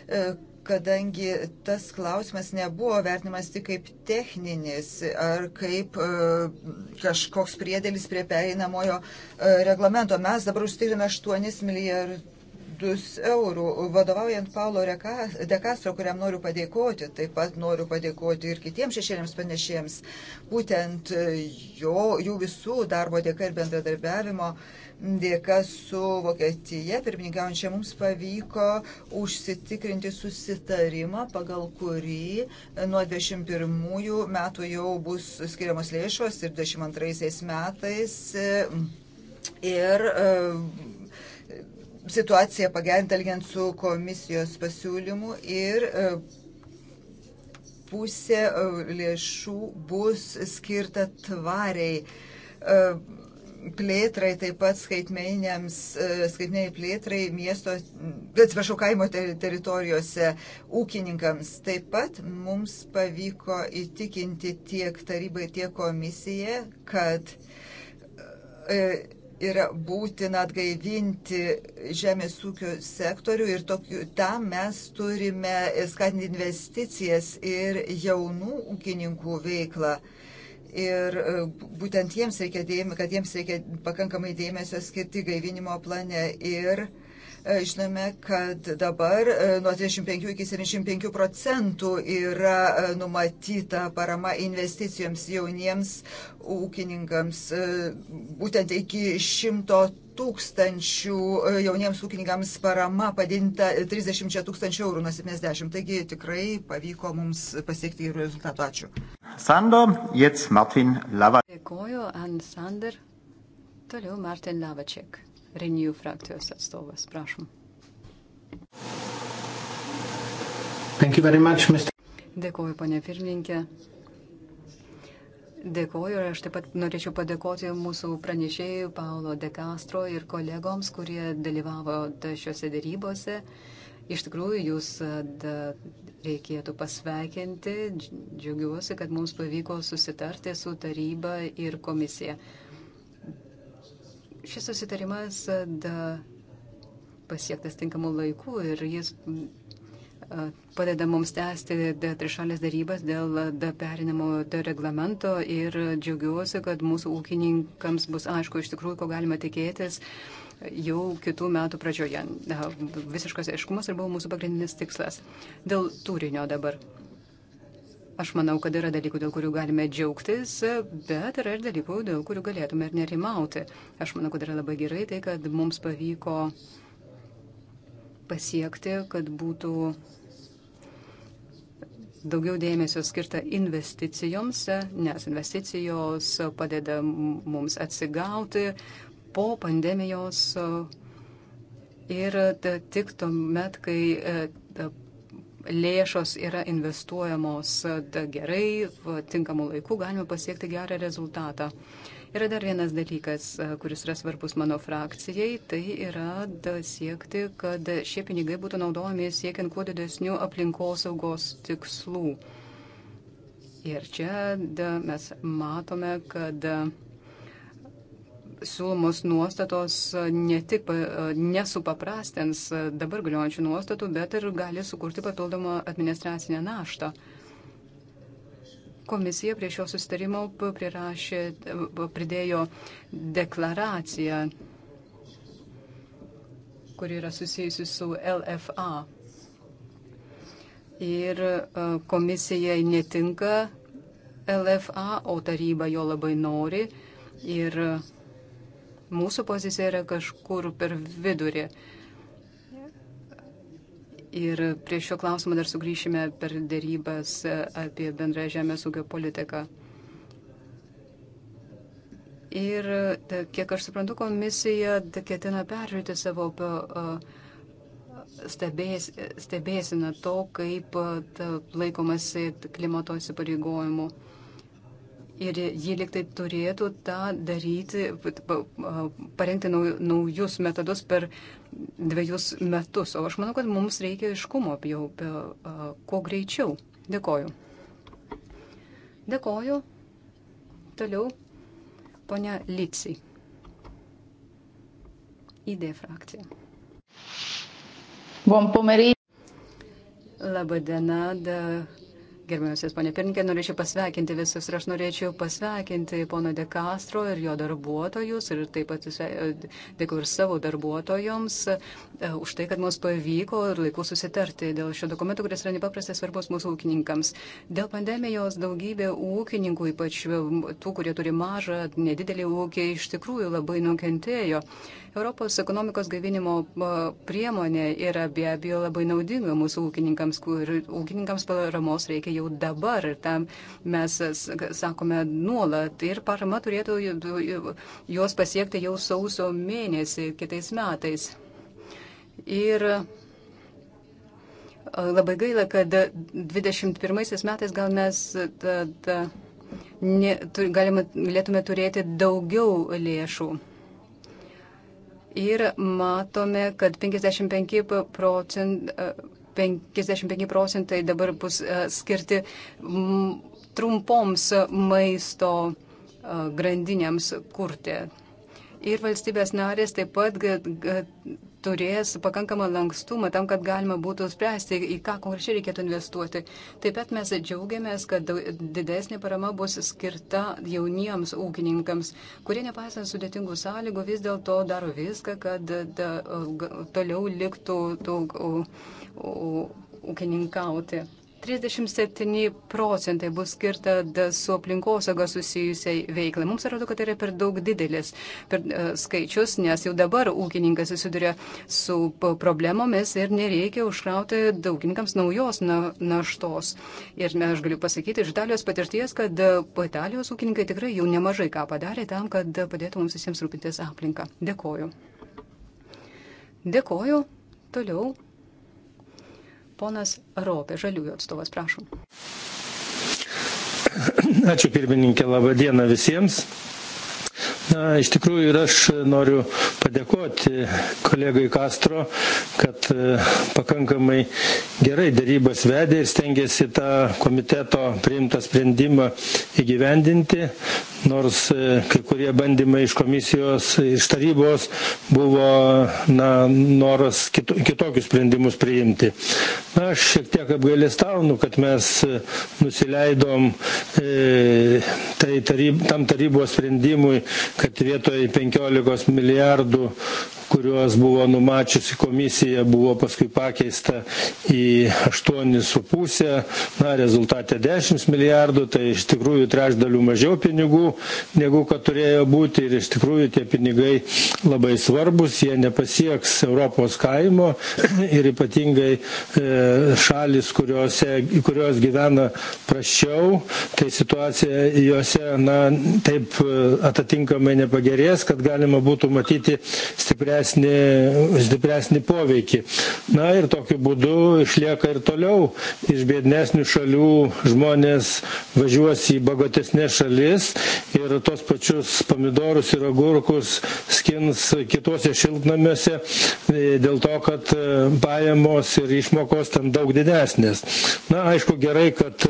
e, kadangi tas klausimas nebuvo vertinamas tik kaip techninis ar kaip kažkoks priedėlis prie pereinamojo reglamento. Mes dabar užtikriname 8 milijardus milijardus eurų. Vadovaujant Paulo Dekastro, kuriam noriu padėkoti, taip pat noriu padėkoti ir kitiems šešėliams panešėjams, būtent e, jo, jų visų darbo dėka ir bendradarbiavimo dėka su Vokietija, pirmininkaujančia, mums pavyko užsitikrinti susitarimą, pagal kurį e, nuo 21 metų jau bus skiriamos lėšos ir 22 metais. E, ir situaciją pagerinti lygiant su komisijos pasiūlymu ir e, pusė e, lėšų bus skirta tvariai e, plėtrai, taip pat skaitmeniniams, skaitmeniniai plėtrai miesto, atsiprašau, kaimo teritorijose ūkininkams. Taip pat mums pavyko įtikinti tiek tarybai, tiek komisiją, kad yra būtina atgaivinti žemės ūkio sektorių ir tokiu, tam mes turime skatinti investicijas ir jaunų ūkininkų veiklą. Ir e, būtent jiems reikia dėmesio, kad jiems reikia pakankamai dėmesio skirti gaivinimo plane. Ir uh, E, žinome, kad dabar e, nuo 35 iki 75 procentų yra e, numatyta parama investicijoms jauniems ūkininkams, būtent iki 100 tūkstančių jauniems ūkininkams parama padinta 30 tūkstančių eurų nuo 70. Taigi tikrai pavyko mums pasiekti gerų rezultatų. Ačiū. Sander, jetzt Martin Lava. Dėkoju, Ann Sander. Toliau Martin Lavaček. Renijų frakcijos atstovas. Prašom. Much, Mr. Dėkuoju, ponė pirmininkė. Dėkuoju ir aš taip pat norėčiau padėkoti mūsų pranešėjui Paulo De Castro ir kolegoms, kurie dalyvavo šiuose dėrybose. Iš tikrųjų, jūs da, reikėtų pasveikinti. Džiaugiuosi, kad mums pavyko susitarti su taryba ir komisija. Šis susitarimas pasiektas tinkamu laiku ir jis padeda mums tęsti trišalės darybas dėl perinamo reglamento ir džiaugiuosi, kad mūsų ūkininkams bus aišku iš tikrųjų, ko galima tikėtis jau kitų metų pradžioje. Visiškas aiškumas ir buvo mūsų pagrindinis tikslas. Dėl turinio dabar. Aš manau, kad yra dalykų, dėl kurių galime džiaugtis, bet yra ir dalykų, dėl kurių galėtume ir nerimauti. Aš manau, kad yra labai gerai tai, kad mums pavyko pasiekti, kad būtų daugiau dėmesio skirta investicijoms, nes investicijos padeda mums atsigauti po pandemijos ir tik tuomet, kai lėšos yra investuojamos e, gerai, tinkamu laiku galime pasiekti gerą rezultatą. Yra dar vienas dalykas, e, kuris yra svarbus mano frakcijai, tai yra siekti, kad šie pinigai būtų naudojami siekiant kuo didesnių aplinkosaugos tikslų. Ir čia mes matome, kad siūlomos nuostatos e, ne tik e, nesupaprastins e, dabar galiojančių nuostatų, bet ir gali sukurti papildomą administracinę naštą. Komisija prie šio sustarimo prirašė, pridėjo deklaraciją, kuri yra susijusi su LFA. Ir komisijai netinka LFA, o taryba jo labai nori. Ir Mūsų pozicija yra kažkur per vidurį. Ir prie šio klausimo dar sugrįšime per dėrybas apie bendrą žemės ūkio politiką. Ir kiek aš suprantu, komisija ketina peržiūrėti savo stebės, stebėsiną to, kaip laikomasi klimato įsipareigojimų. Ir jie liktai turėtų tą daryti, parengti naujus metodus per dviejus metus. O aš manau, kad mums reikia iškumo jau kuo greičiau. Dėkoju. Dėkoju. Toliau, ponia Licijai. ID frakcija. Buon pomeriggio. Labadiena, Gerbiamasis ponė Pirinkė, norėčiau pasveikinti visus ir aš norėčiau pasveikinti pono De Castro ir jo darbuotojus ir taip pat e, dėkui ir savo darbuotojams e, už tai, kad mums pavyko ir laiku susitarti dėl šio dokumento, kuris yra nepaprastai svarbus mūsų ūkininkams. Dėl pandemijos daugybė ūkininkų, ypač tų, kurie turi mažą, nedidelį ūkį, iš tikrųjų labai nukentėjo. Europos ekonomikos gavinimo priemonė yra be abejo labai naudinga mūsų ūkininkams, kur ūkininkams paramos reikia jau dabar ir tam mes sakome nuolat ir parama turėtų juos pasiekti jau sausio mėnesį kitais metais. Ir labai gaila, kad 21 metais gal mes tada, ne, galima, galėtume turėti daugiau lėšų ir matome, kad 55 procentai. 55 procentai dabar bus e, skirti trumpoms maisto e, grandinėms kurti. Ir valstybės narės taip pat turės pakankamą lankstumą tam, kad galima būtų spręsti, į ką konkrečiai reikėtų investuoti. Taip pat mes džiaugiamės, kad didesnė parama bus skirta jauniems ūkininkams, kurie nepaisant sudėtingų sąlygų vis dėlto daro viską, kad da, toliau liktų daug ūkininkauti. 37 procentai bus skirta su aplinkosauga susijusiai veiklai. Mums atrodo, kad tai yra per daug didelis per, uh, skaičius, nes jau dabar ūkininkas susiduria su problemomis ir nereikia užkrauti daugininkams naujos na, naštos. Ir aš galiu pasakyti iš Italijos patirties, kad e, Italijos ūkininkai tikrai jau nemažai ką padarė tam, kad e, padėtų mums visiems rūpintis aplinką. Dėkoju. Dėkoju. Toliau Ponas Ropė, žaliųjų atstovas, prašom. Ačiū pirmininkė, laba diena visiems. Na, iš tikrųjų ir aš noriu padėkoti kolegai Kastro, kad e, pakankamai gerai darybas vedė ir stengiasi tą komiteto priimtą sprendimą įgyvendinti, nors e, kai kurie bandymai iš komisijos, iš tarybos buvo na, noras kito, kitokius sprendimus priimti. Na, aš šiek tiek apgailestaunu, kad mes e, nusileidom e, tai taryb, tam tarybos sprendimui, kad vietoj 15 milijardų du kuriuos buvo numačiusi komisija buvo paskui pakeista į aštuonis su puse na rezultate dešims milijardų tai iš tikrųjų trečdaliu mažiau pinigų negu kad turėjo būti ir iš tikrųjų tie pinigai labai svarbūs jie nepasieks europos kaimo *clears throat* ir ypatingai e, šalys kuriose kurios gyvena prasčiau tai situacija jose na taip e, atatinkamai nepagerės kad galima būtų matyti stiprią stipresnį, stipresnį poveikį. Na ir tokiu būdu išlieka ir toliau iš biednesnių šalių žmonės važiuos į bagotesnės šalis ir tos pačius pomidorus ir agurkus skins kitose šiltnamiuose e, dėl to, kad e, pajamos ir išmokos ten daug didesnės. Na, aišku, gerai, kad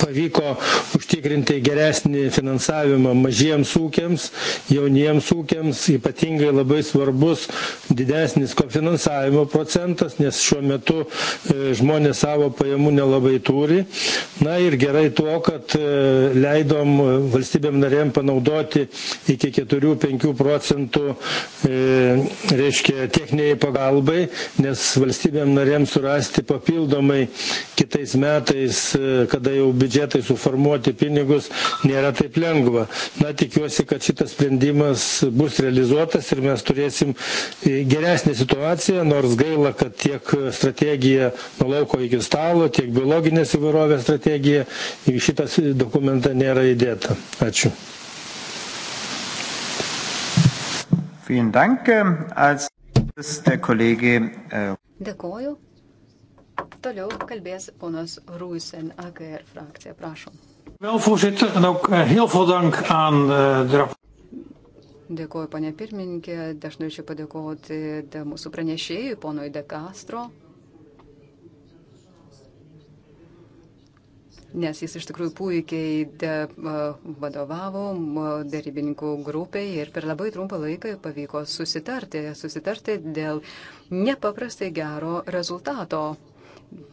pavyko užtikrinti geresnį finansavimą mažiems ūkiams jauniems ūkiams ypatingai labai svarbus didesnis kofinansavimo procentas nes šiuo metu e, žmonės savo pajamų nelabai turi na ir gerai tuo kad e, leidom valstybėm narėm panaudoti iki keturių penkių procentų e, reiškia techninei pagalbai nes valstybėm narėm surasti papildomai kitais metais kada jau biudžetai suformuoti pinigus nėra taip lengva. Na, tikiuosi, kad šitas sprendimas bus realizuotas ir mes turėsim e, geresnę situaciją, nors gaila, kad tiek strategija nuo lauko iki stalo, tiek biologinės įvairovės strategija į šitą dokumentą nėra įdėta. Ačiū. Vielen Dank. Ähm, als ist der Kollege. Äh Dėkoju. Toliau kalbės ponas Ruisen, AKR frakcija. Prašom. Wel, voorzitter, en ook eh, heel veel dank aan eh, de rapport. Dėkuoju, ponė pirmininkė. Aš norėčiau padėkoti eh, mūsų pranešėjui, ponui De Castro, nes jis iš tikrųjų puikiai de, vadovavo darybininkų grupiai ir per labai trumpą laiką pavyko susitarti, susitarti dėl nepaprastai gero rezultato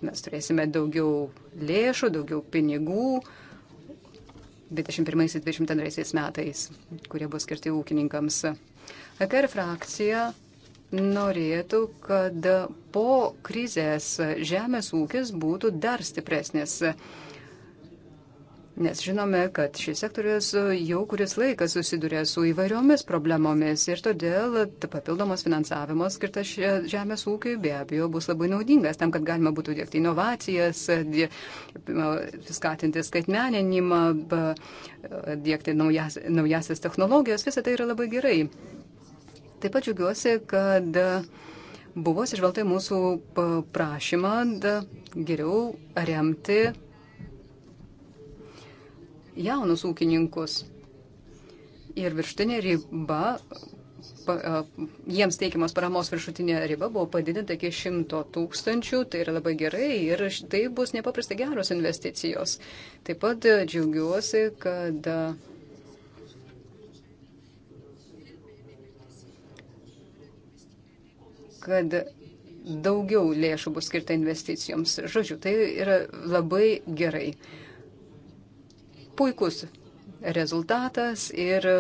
mes turėsime daugiau lėšų, daugiau pinigų 21-22 metais, kurie bus skirti ūkininkams. EKR frakcija norėtų, kad po krizės žemės ūkis būtų dar stipresnis. Nes žinome, kad šis sektorius jau kuris laikas susiduria su įvairiomis problemomis ir todėl papildomas finansavimas skirtas žemės ūkiui be abejo bus labai naudingas tam, kad galima būtų dėkti inovacijas, skatinti skaitmeninimą, dėkti naujas, naujasias technologijas. Visą tai yra labai gerai. Taip pat džiugiuosi, kad buvo atsižvelgta į mūsų prašymą geriau remti jaunus ūkininkus. Ir viršutinė riba, pa, jiems teikiamos paramos viršutinė riba buvo padidinta iki 100 tūkstančių, tai yra labai gerai ir tai bus nepaprastai geros investicijos. Taip pat e, džiaugiuosi, kad e, kad daugiau lėšų bus skirta investicijoms. Žodžiu, tai yra labai gerai. Uh, puikus rezultatas ir e,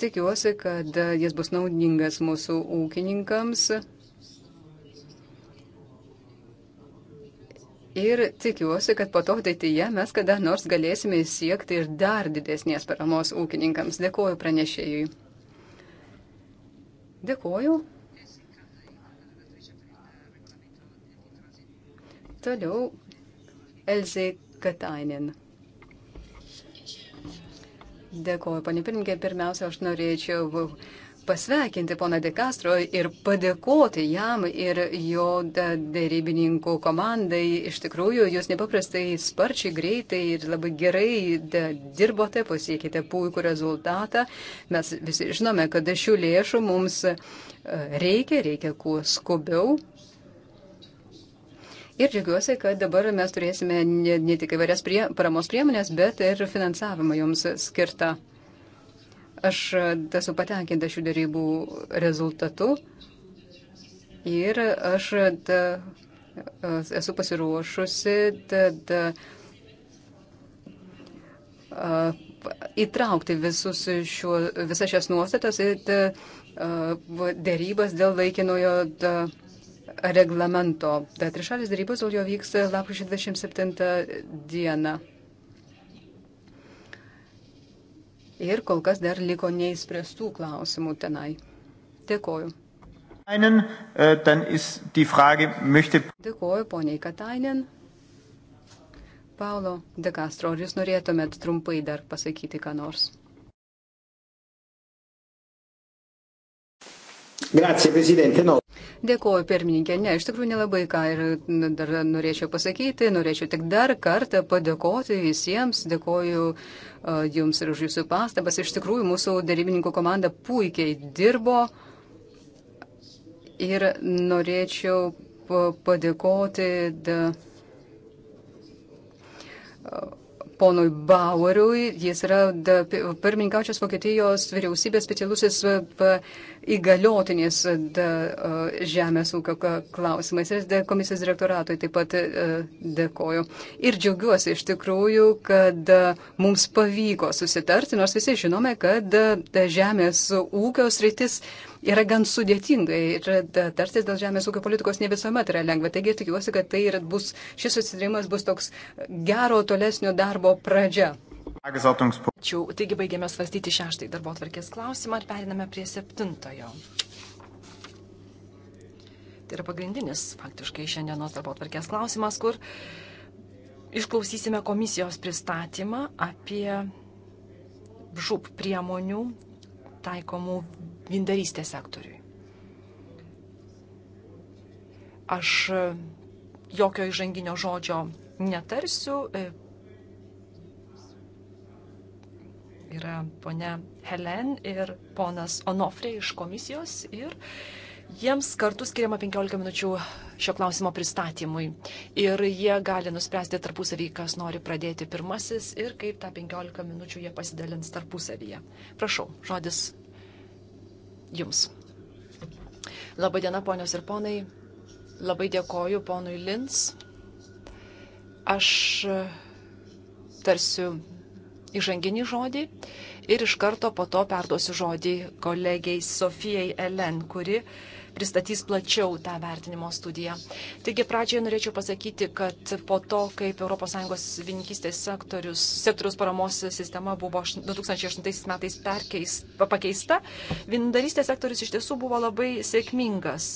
tikiuosi, kad e, jis bus naudingas mūsų ūkininkams. Ir tikiuosi, kad po to ateityje mes kada nors galėsime siekti ir dar didesnės paramos ūkininkams. Dėkuoju pranešėjui. Dėkuoju. Toliau Elzė Katainin. Dėkuoju, panė pirmininkė. Pirmiausia, aš norėčiau pasveikinti poną De Castro ir padėkoti jam ir jo dėrybininkų komandai. Iš tikrųjų, jūs nepaprastai sparčiai, greitai ir labai gerai dirbote, pasiekite puikų rezultatą. Mes visi žinome, kad šių lėšų mums e, reikia, reikia kuo skubiau. Ir džiaugiuosi, kad dabar mes turėsime ne, ne tik įvairias prie, paramos priemonės, bet ir finansavimą joms skirtą. Aš esu patenkinta šių darybų rezultatu ir aš da, esu pasiruošusi da, da, a, įtraukti visus šiuo, visas šias nuostatas į da, a, dėrybas dėl laikinojo. Da, reglamento. Bet trišalės darybos dėl jo vyks lapkričio 27 dieną. Ir kol kas dar liko neįspręstų klausimų tenai. Dėkoju. Einen, uh, äh, frage, möchte... Dėkoju poniai Katainen. Paulo de Castro, ar jūs norėtumėt trumpai dar pasakyti ką nors? Grazie, Presidente. No. Dėkuoju, pirmininkė. Ne, iš tikrųjų nelabai ką ir dar norėčiau pasakyti. Norėčiau tik dar kartą padėkoti visiems. Dėkuoju uh, Jums ir už Jūsų pastabas. Iš tikrųjų, mūsų darybininkų komanda puikiai dirbo. Ir norėčiau padėkoti. Da, uh, ponui Baueriui. Jis yra pirmininkaučios Vokietijos vyriausybės specialusis e, įgaliotinis e, e, žemės ūkio klausimais. Ir komisijos direktoratui taip pat dėkoju. Ir džiaugiuosi iš tikrųjų, kad mums pavyko susitarti, nors visi žinome, kad žemės ūkio sritis. Rytis yra gan sudėtinga ir tartis dėl žemės ūkio politikos ne visuomet yra lengva. Taigi tikiuosi, kad tai bus, šis susitarimas bus toks gero tolesnio darbo pradžia. Ačiū. Taigi baigėme svarstyti šeštąjį darbo atvarkės klausimą ir periname prie septintojo. Tai yra pagrindinis faktiškai šiandienos darbo atvarkės klausimas, kur išklausysime komisijos pristatymą apie žūp priemonių taikomų vindarystės sektoriui. Aš e, jokio įžanginio žodžio netarsiu. E, yra ponia Helen ir ponas Onofrė iš komisijos ir Jiems kartu skiriama 15 minučių šio klausimo pristatymui ir jie gali nuspręsti tarpusavį, kas nori pradėti pirmasis ir kaip tą 15 minučių jie pasidalins tarpusavyje. Prašau, žodis Jums. Labadiena, ponios ir ponai. Labai dėkoju ponui Lins. Aš e, tarsiu įžanginį žodį ir iš karto po to perduosiu žodį kolegiai Sofijai Elen, kuri uh, pristatys plačiau tą vertinimo studiją. Taigi pradžioje norėčiau pasakyti, kad po to, kaip ES vininkystės sektorius, sektorius paramos sistema buvo 2008 metais perkeis, pakeista, vinidarystės sektorius iš tiesų buvo labai sėkmingas.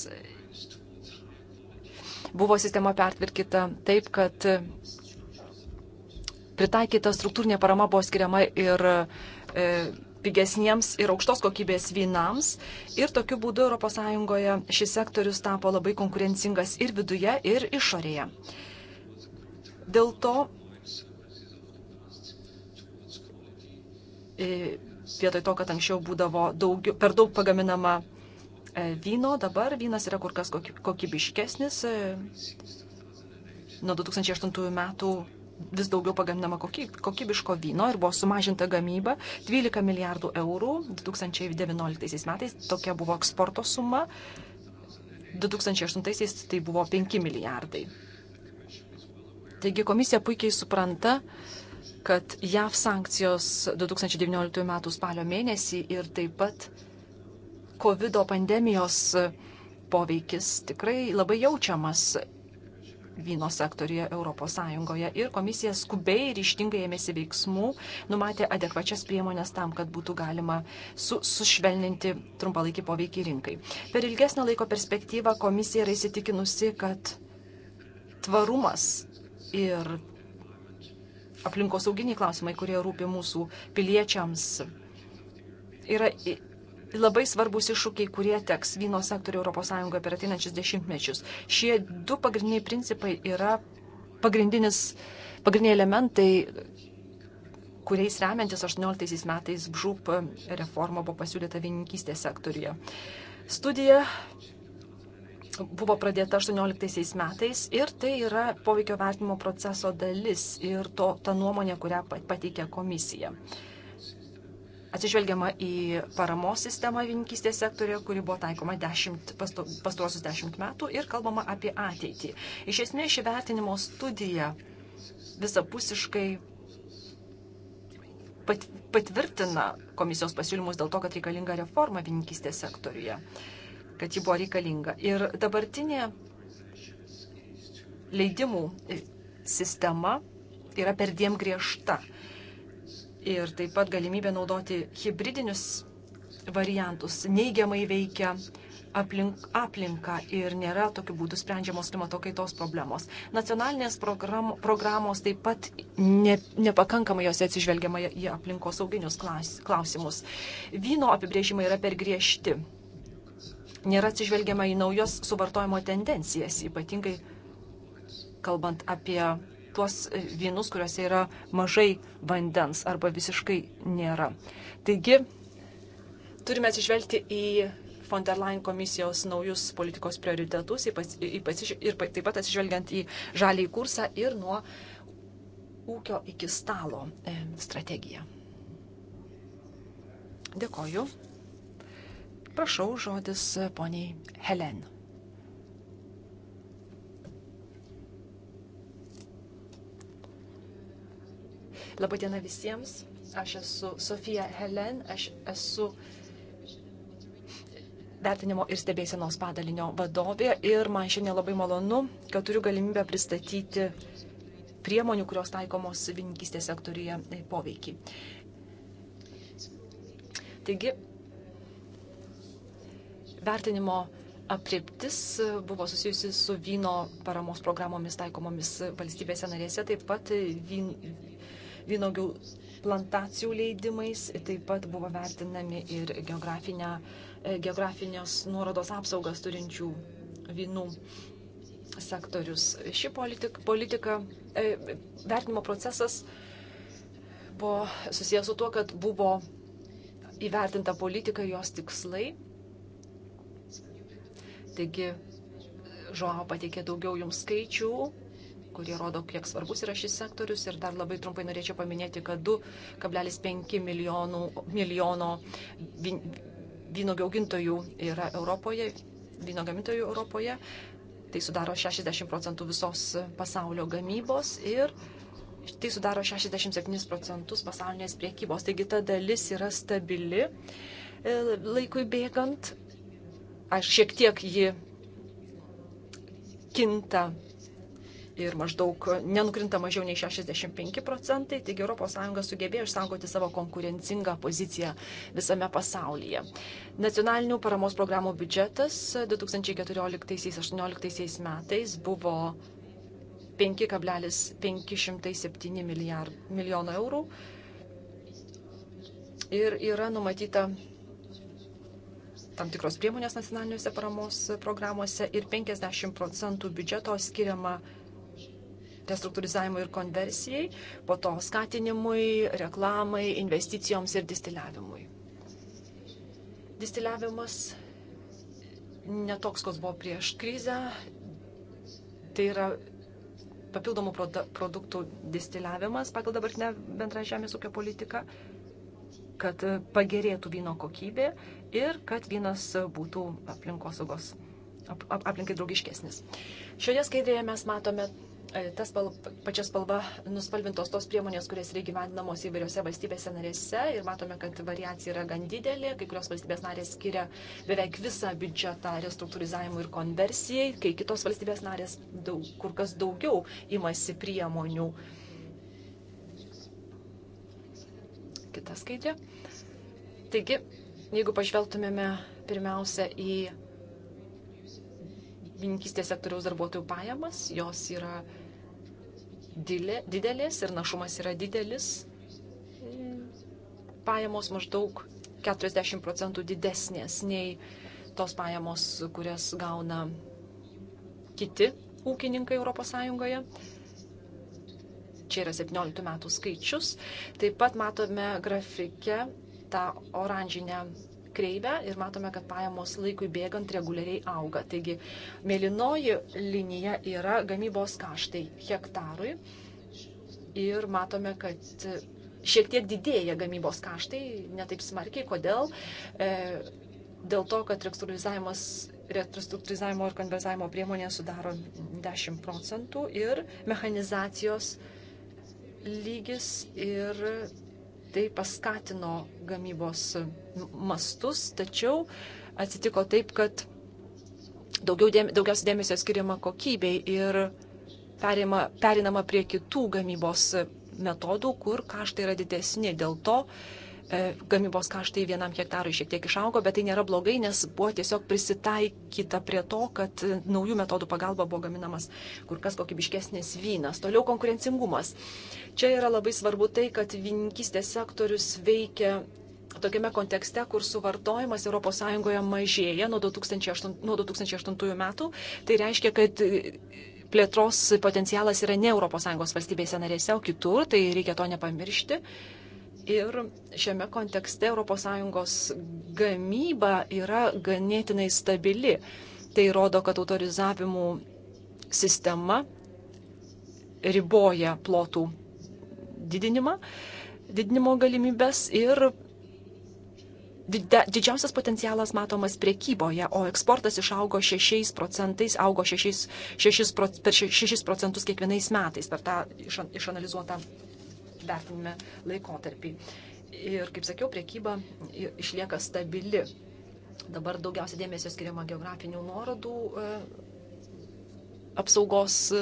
Buvo sistema pertvirkita taip, kad pritaikyta struktūrinė parama buvo skiriama ir e, pigesniems ir aukštos kokybės vynams. Ir tokiu būdu ES šis sektorius tapo labai konkurencingas ir viduje, ir išorėje. Dėl to e, vietoj to, kad anksčiau būdavo daugiau, per daug pagaminama e, vyno, dabar vynas yra kur kas kokybiškesnis. E, nuo 2008 metų vis daugiau pagaminama kokybiško vyno ir buvo sumažinta gamyba 12 milijardų eurų 2019 metais. Tokia buvo eksporto suma. 2008 tai buvo 5 milijardai. Taigi komisija puikiai supranta, kad JAV sankcijos 2019 m. spalio mėnesį ir taip pat COVID pandemijos poveikis tikrai labai jaučiamas vyno sektoriuje Europos Sąjungoje. Ir komisija skubiai ir ištingai ėmėsi veiksmų, numatė adekvačias priemonės tam, kad būtų galima su, sušvelninti trumpalaikį poveikį rinkai. Per ilgesnę laiko perspektyvą komisija yra įsitikinusi, kad tvarumas ir aplinkosauginiai klausimai, kurie rūpi mūsų piliečiams, yra labai svarbus iššūkiai, kurie teks vyno sektoriu ES per ateinančius dešimtmečius. Šie du pagrindiniai principai yra pagrindiniai elementai, kuriais remiantis 18 metais BŽUP reforma buvo pasiūlyta vienininkystės sektoriuje. Studija buvo pradėta 18 metais ir tai yra poveikio vertinimo proceso dalis ir to, ta nuomonė, kurią pateikė komisija. Uh, atsižvelgiama į paramos sistemą vininkystės sektorėje, kuri buvo taikoma dešimt, pastu, pastuosius dešimt metų ir kalbama apie ateitį. Iš esmės ši vertinimo studija visapusiškai pat, patvirtina komisijos pasiūlymus dėl to, kad reikalinga reforma vininkystės sektoriuje, kad ji buvo reikalinga. Ir dabartinė leidimų sistema yra perdėm griežta ir taip pat galimybė naudoti hybridinius variantus neigiamai veikia aplink, aplinką ir nėra tokiu būdu sprendžiamos klimato kaitos problemos. Nacionalinės program, programos taip pat ne, nepakankamai jose atsižvelgiama į aplinkos sauginius klas, klausimus. Vyno apibrėžimai yra per griežti. Nėra atsižvelgiama į naujas suvartojimo tendencijas, ypatingai kalbant apie tuos vynus, kuriuose yra mažai vandens arba visiškai nėra. Taigi, turime atsižvelgti į von der Leyen komisijos naujus politikos prioritetus ypač, ypač, ir taip pat atsižvelgiant į žalį kursą ir nuo ūkio iki stalo e, strategiją. Dėkoju. Prašau žodis poniai Helen. Labadiena visiems, aš esu Sofija Helen, aš esu vertinimo ir stebėsienos padalinio vadovė ir man šiandien labai malonu, kad turiu galimybę pristatyti priemonių, kurios taikomos vininkystės sektoriuje e, poveikį. Taigi, vertinimo apriptis e, buvo susijusi su vyno paramos programomis taikomomis valstybėse narėse, taip pat vyn, vynogių plantacijų leidimais, taip pat buvo vertinami ir e, geografinės nuorodos apsaugas turinčių vynų sektorius. Ši politika, politika e, vertinimo procesas buvo susijęs su tuo, kad buvo įvertinta politika ir jos tikslai. Taigi, Žuau pateikė daugiau jums skaičių, kurie rodo, kiek svarbus yra šis sektorius. Ir dar labai trumpai norėčiau paminėti, kad 2,5 milijono vynogių augintojų yra Europoje, vyno gamintojų Europoje. Tai sudaro 60 procentų visos pasaulio gamybos ir tai sudaro 67 procentus pasaulinės priekybos. Taigi ta dalis yra stabili e, laikui bėgant. Aš šiek tiek ji kinta ir maždaug nenukrinta mažiau nei 65 procentai, taigi ES sugebėjo išsaugoti savo konkurencingą poziciją visame pasaulyje. Nacionalinių paramos programų biudžetas 2014-2018 metais buvo 5,507 milijono eurų ir yra numatyta tam tikros priemonės nacionaliniuose paramos programuose ir 50 procentų biudžeto skiriama restruktūrizavimui ir konversijai, po to skatinimui, reklamai, investicijoms ir distiliavimui. Distiliavimas netoks, koks buvo prieš krizę, tai yra papildomų produktų distiliavimas pagal dabartinę bendrą žemės ūkio politiką, kad pagerėtų vyno kokybė ir kad vynas būtų aplinkosaugos, ap, aplinkai draugiškesnis. Šioje skaidrėje mes matome E, tas pačias spalva nuspalvintos tos priemonės, kurias yra gyvendinamos įvairiose valstybėse narėse ir matome, kad variacija yra gan didelė, kai kurios valstybės narės skiria beveik visą biudžetą restruktūrizavimui ir konversijai, kai kitos valstybės narės daug, kur kas daugiau imasi priemonių. Kita skaidrė. Taigi, jeigu pažvelgtumėme pirmiausia į vininkystės sektoriaus darbuotojų pajamas, jos yra didelės ir našumas yra didelis. Pajamos maždaug 40 procentų didesnės nei tos pajamos, kurias gauna kiti ūkininkai ES čia yra 17 metų skaičius. Taip pat matome grafike tą oranžinę kreivę ir matome, kad pajamos laikui bėgant reguliariai auga. Taigi, mėlynoji linija yra gamybos kaštai hektarui ir matome, kad šiek tiek didėja gamybos kaštai, netaip smarkiai. Kodėl? E, dėl to, kad restruktūrizavimo ir konverzavimo priemonė sudaro 10 procentų ir mechanizacijos lygis ir tai paskatino gamybos mastus, tačiau atsitiko taip, kad dėmesio, daugiausia dėmesio skiriama kokybei ir perima, perinama prie kitų gamybos metodų, kur kaštai yra didesni. Dėl to E, gamybos kaštai vienam hektarui šiek tiek išaugo, bet tai nėra blogai, nes buvo tiesiog prisitaikyta prie to, kad naujų metodų pagalba buvo gaminamas kur kas kokybiškesnis vynas. Toliau konkurencingumas. Čia yra labai svarbu tai, kad vininkystės sektorius veikia. Tokiame kontekste, kur suvartojimas ES mažėja nuo 2008, nuo 2008 metų, tai reiškia, kad plėtros potencialas yra ne ES valstybėse narėse, o kitur, tai reikia to nepamiršti. Uh, Ir šiame kontekste ES gamyba yra ganėtinai stabili. Tai rodo, kad autorizavimų sistema riboja plotų didinimą, didinimo galimybės ir didžiausias potencialas matomas priekyboje, o eksportas išaugo 6 procentais, augo 6, 6, per 6 procentus kiekvienais metais per tą išanalizuotą vertinime laikotarpį. Ir, kaip sakiau, priekyba išlieka stabili. Dabar daugiausia dėmesio skiriama geografinių nuorodų e, apsaugos e,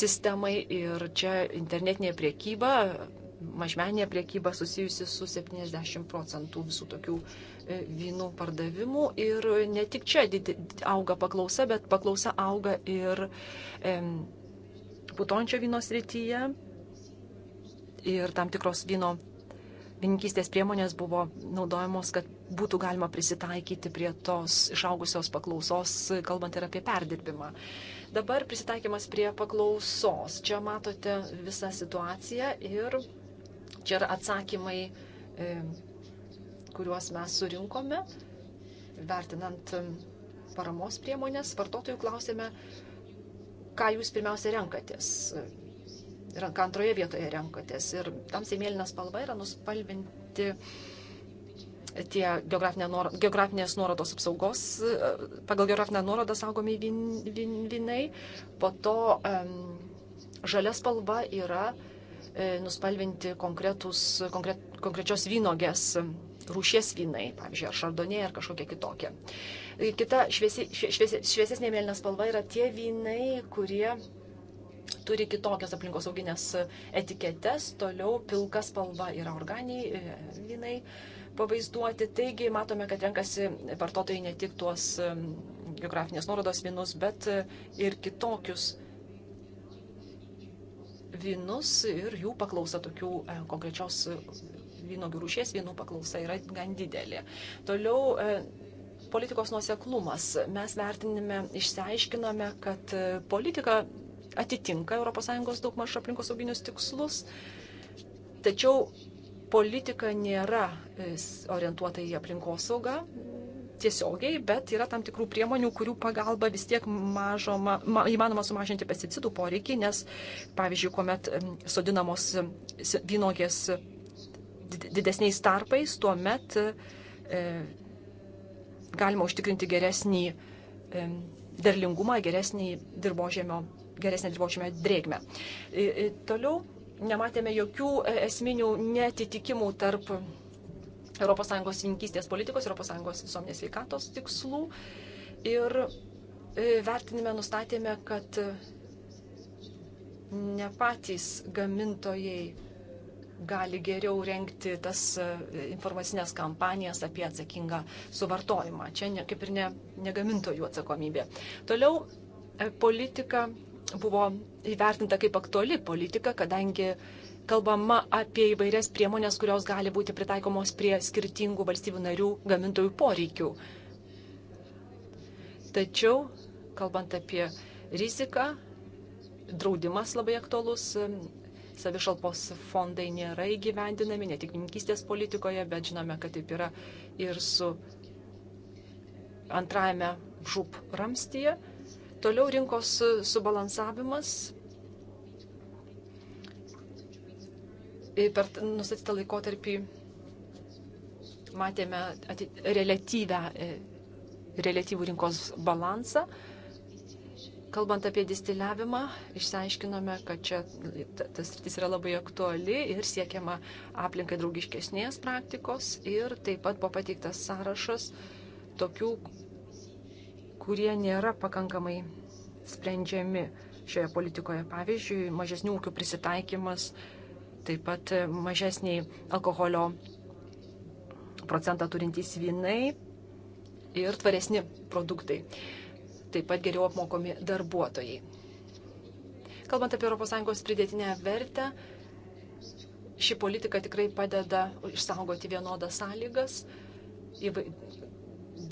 sistemai ir čia internetinė priekyba, mažmenė priekyba susijusi su 70 procentų visų tokių e, vynų pardavimų ir ne tik čia auga paklausa, bet paklausa auga ir putončio vyno srityje ir tam tikros vyno vininkystės priemonės buvo naudojamos, kad būtų galima prisitaikyti prie tos išaugusios paklausos, kalbant ir apie perdirbimą. Dabar prisitaikymas prie paklausos. Čia matote visą situaciją ir čia yra atsakymai, e, kuriuos mes surinkome, vertinant paramos priemonės. Vartotojų klausėme, ką jūs pirmiausia renkatės ranka antroje vietoje renkatės. Ir tamsiai mėlyna spalva yra nuspalvinti tie geografinė nuor, geografinės nuorodos apsaugos, pagal geografinę nuorodą saugomi vin, vin, vinai. Po to um, žalia spalva yra e, nuspalvinti konkretus, konkret, konkrečios vynogės rūšies vynai, pavyzdžiui, ar šardonė, ar kažkokia kitokia. Kita šviesi, šviesi, šviesesnė mėlyna spalva yra tie vynai, kurie turi kitokias aplinkosauginės etiketes, toliau pilka spalva yra organiai vynai e, pavaizduoti. Taigi matome, kad renkasi vartotojai ne tik tuos geografinės nuorodos vynus, bet e, ir kitokius vynus ir jų paklausa tokių e, konkrečios vynogių rūšies, vynų paklausa yra gan didelė. Toliau politikos nuoseklumas. Mes vertinime išsiaiškiname, kad politika atitinka ES daugmaž aplinkosauginius tikslus, tačiau politika nėra e, orientuota į aplinkosaugą tiesiogiai, bet yra tam tikrų priemonių, kurių pagalba vis tiek mažoma, ma, įmanoma sumažinti pesticidų poreikį, nes, pavyzdžiui, kuomet sodinamos vynogės didesniais tarpais, tuomet e, galima užtikrinti geresnį e, derlingumą, geresnį dirbožėmio geresnę dirbožėmio drėgmę. Toliau nematėme jokių e, esminių netitikimų tarp ES vinkystės politikos, ES visuomenės veikatos tikslų. Ir e, vertinime nustatėme, kad ne patys gamintojai gali geriau renkti tas e, informacinės kampanijas apie atsakingą suvartojimą. Čia ne, kaip ir ne, ne gamintojų atsakomybė. Toliau politika buvo įvertinta kaip aktuali politika, kadangi kalbama apie įvairias priemonės, kurios gali būti pritaikomos prie skirtingų valstybių narių gamintojų poreikių. Tačiau, kalbant apie riziką, draudimas labai aktuolus, savišalpos fondai nėra įgyvendinami, ne tik minkystės politikoje, bet žinome, kad taip yra ir su antrajame žūp ramstyje Toliau rinkos subalansavimas e, per nustatytą laikotarpį matėme relatyvę, e, relatyvų rinkos balansą. Kalbant apie distiliavimą, išsiaiškinome, kad čia tas rytis yra labai aktuali ir siekiama aplinkai draugiškesnės praktikos ir taip pat buvo pateiktas sąrašas tokių, kurie nėra pakankamai sprendžiami šioje politikoje. Pavyzdžiui, mažesnių ūkių prisitaikymas, taip pat mažesniai alkoholio procentą turintys vynai ir tvaresni produktai. Taip pat geriau apmokomi darbuotojai. Kalbant apie ES pridėtinę vertę, ši politika tikrai padeda išsaugoti vienodas sąlygas,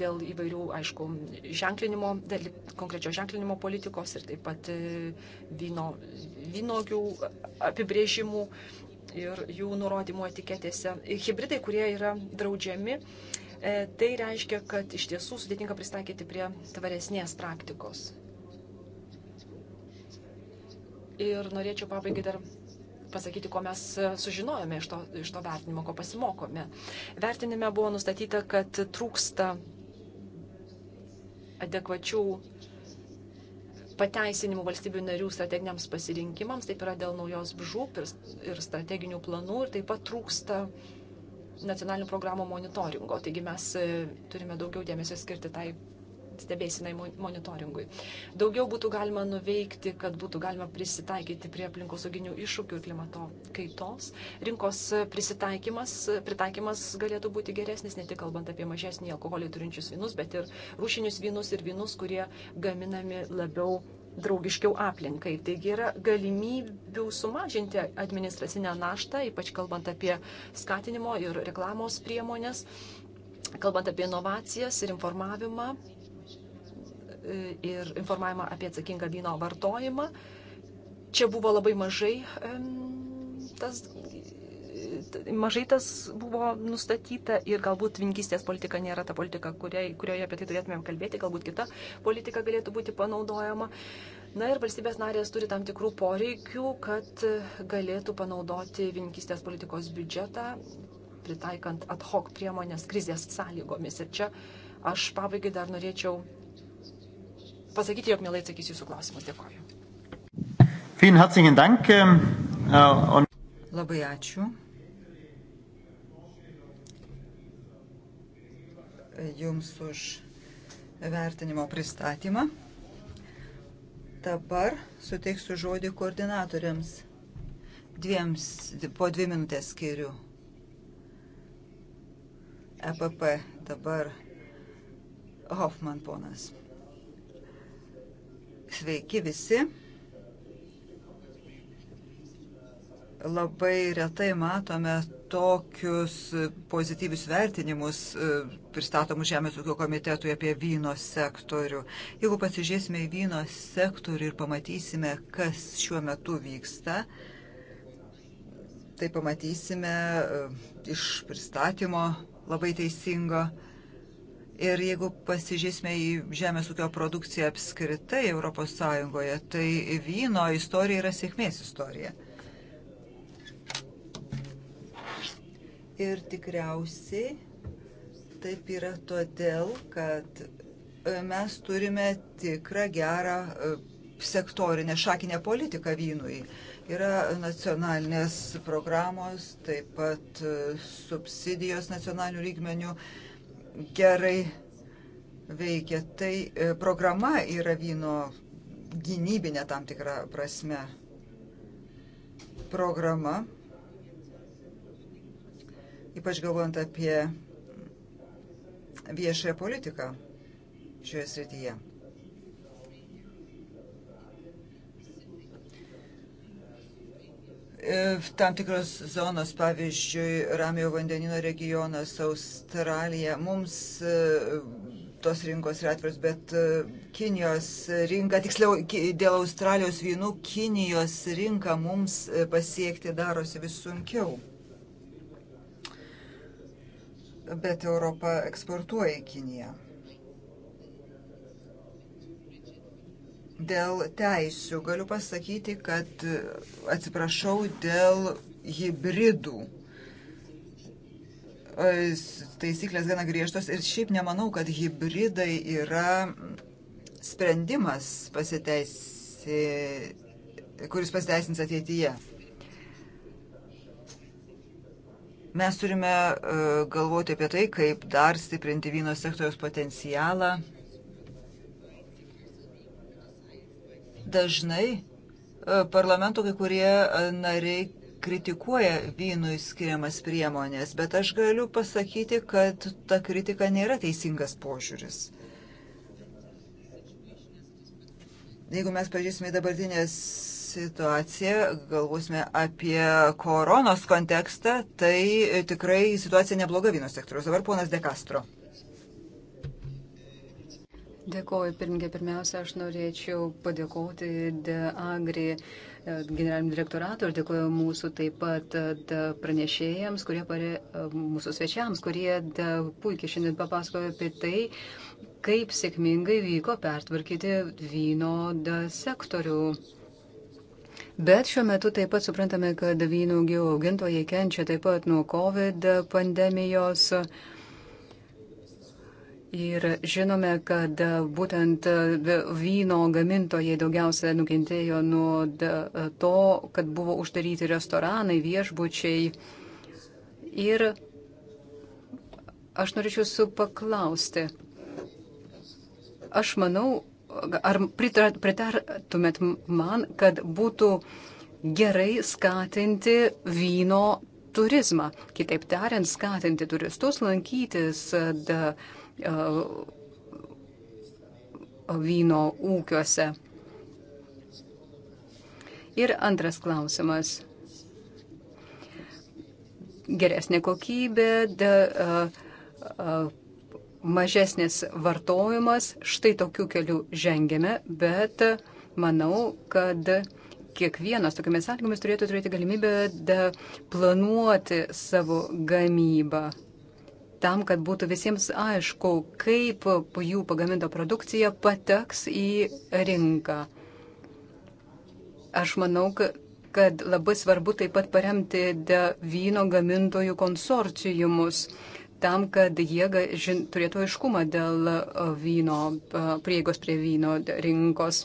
dėl įvairių, aišku, ženklinimo, dėl konkrečios ženklinimo politikos ir taip pat e, vyno, vynogių apibrėžimų ir jų nurodymų etiketėse. E, Hybridai, kurie yra draudžiami, e, tai reiškia, kad iš tiesų sudėtinga pristaikyti prie tvaresnės praktikos. Ir norėčiau pabaigai dar pasakyti, ko mes sužinojome iš to, iš to vertinimo, ko pasimokome. Vertinime buvo nustatyta, kad trūksta adekvačių pateisinimų valstybių narių strateginiams pasirinkimams, taip yra dėl naujos bžūp ir, ir strateginių planų ir taip pat trūksta nacionalinių programų monitoringo. Taigi mes e, turime daugiau dėmesio skirti tai stebėsinai monitoringui. Daugiau būtų galima nuveikti, kad būtų galima prisitaikyti prie aplinkosauginių iššūkių ir klimato kaitos. Rinkos prisitaikymas, pritaikymas galėtų būti geresnis, ne tik kalbant apie mažesnį alkoholį turinčius vynus, bet ir rūšinius vynus ir vynus, kurie gaminami labiau draugiškiau aplinkai. Taigi yra galimybių sumažinti administracinę naštą, ypač kalbant apie skatinimo ir reklamos priemonės, kalbant apie inovacijas ir informavimą ir informavimą apie atsakingą vyno vartojimą. Čia buvo labai mažai tas, mažai tas buvo nustatyta ir galbūt vingystės politika nėra ta politika, kurioje, kurioje apie tai turėtumėm kalbėti, galbūt kita politika galėtų būti panaudojama. Na ir valstybės narės turi tam tikrų poreikių, kad galėtų panaudoti vininkistės politikos biudžetą, pritaikant ad hoc priemonės krizės sąlygomis. Ir čia aš pabaigai dar norėčiau pasakyti, jog mielai atsakysiu jūsų klausimus. Dėkoju. Ähm, äh, Labai ačiū. Jums už vertinimo pristatymą. Dabar suteiksiu žodį koordinatoriams. Dviems, po dvi minutės skiriu. EPP dabar Hoffman ponas. Sveiki visi. Labai retai matome tokius pozityvius vertinimus e, pristatomus Žemės ūkio komitetui apie vyno sektorių. Jeigu pasižiūrėsime į vyno sektorių ir pamatysime, kas šiuo metu vyksta, tai pamatysime e, iš pristatymo labai teisingo Ir jeigu pasižiūrėsime į žemės ūkio produkciją apskritai ES, tai vyno istorija yra sėkmės istorija. Ir tikriausiai taip yra todėl, kad e, mes turime tikrą gerą e, sektorinę šakinę politiką vynui. Yra nacionalinės programos, taip pat e, subsidijos nacionalinių lygmenių gerai veikia. Tai e, programa yra vyno gynybinė tam tikrą prasme. Programa, ypač galvojant apie viešąją politiką šioje srityje. E, tam tikros zonos, pavyzdžiui, Ramiojo vandenino regionas, Australija, mums e, tos rinkos yra atviros, bet e, Kinijos rinka, tiksliau, dėl Australijos vynų Kinijos rinka mums pasiekti darosi vis sunkiau. Bet Europa eksportuoja į Kiniją. Dėl teisių galiu pasakyti, kad atsiprašau dėl hybridų e, taisyklės gana griežtos ir šiaip nemanau, kad hybridai yra sprendimas pasiteisi, kuris pasiteisins ateityje. Mes turime e, galvoti apie tai, kaip dar stiprinti vyno sektoriaus potencialą, Dažnai e, parlamento kai kurie e, nariai kritikuoja vynui skiriamas priemonės, bet aš galiu pasakyti, kad ta kritika nėra teisingas požiūris. Jeigu mes pažiūrėsime dabartinę situaciją, galvosime apie koronos kontekstą, tai tikrai situacija nebloga vyno sektoriaus. Dabar ponas De Castro. Dėkoju, pirmininkė. Pirmiausia, aš norėčiau padėkoti Agri e, generaliniam direktoratui ir dėkoju mūsų taip pat e, pranešėjams, kurie pare, e, mūsų svečiams, kurie puikiai šiandien papasakojo apie tai, kaip sėkmingai vyko pertvarkyti vyno sektorių. Bet šiuo metu taip pat suprantame, kad vynugių augintojai kenčia taip pat nuo COVID pandemijos. Uh, Ir žinome, kad e, būtent e, vyno gamintojai daugiausia nukentėjo nuo e, to, kad buvo uždaryti restoranai, viešbučiai. Ir aš norėčiau jūsų paklausti. Aš manau, ar pritartumėt man, kad būtų gerai skatinti vyno turizmą. Kitaip tariant, skatinti turistus lankytis. Da, uh, vyno ūkiuose. Ir antras klausimas. Geresnė kokybė, de, a, a, mažesnis vartojimas, štai tokiu keliu žengėme, bet manau, kad kiekvienas tokiamis sąlygomis turėtų turėti galimybę planuoti savo gamybą tam, kad būtų visiems aišku, kaip jų pagaminta produkcija pateks į rinką. Aš manau, kad labai svarbu taip pat paremti vyno gamintojų konsorcijumus tam, kad jie žin, turėtų aiškumą dėl vyno, prieigos prie vyno rinkos.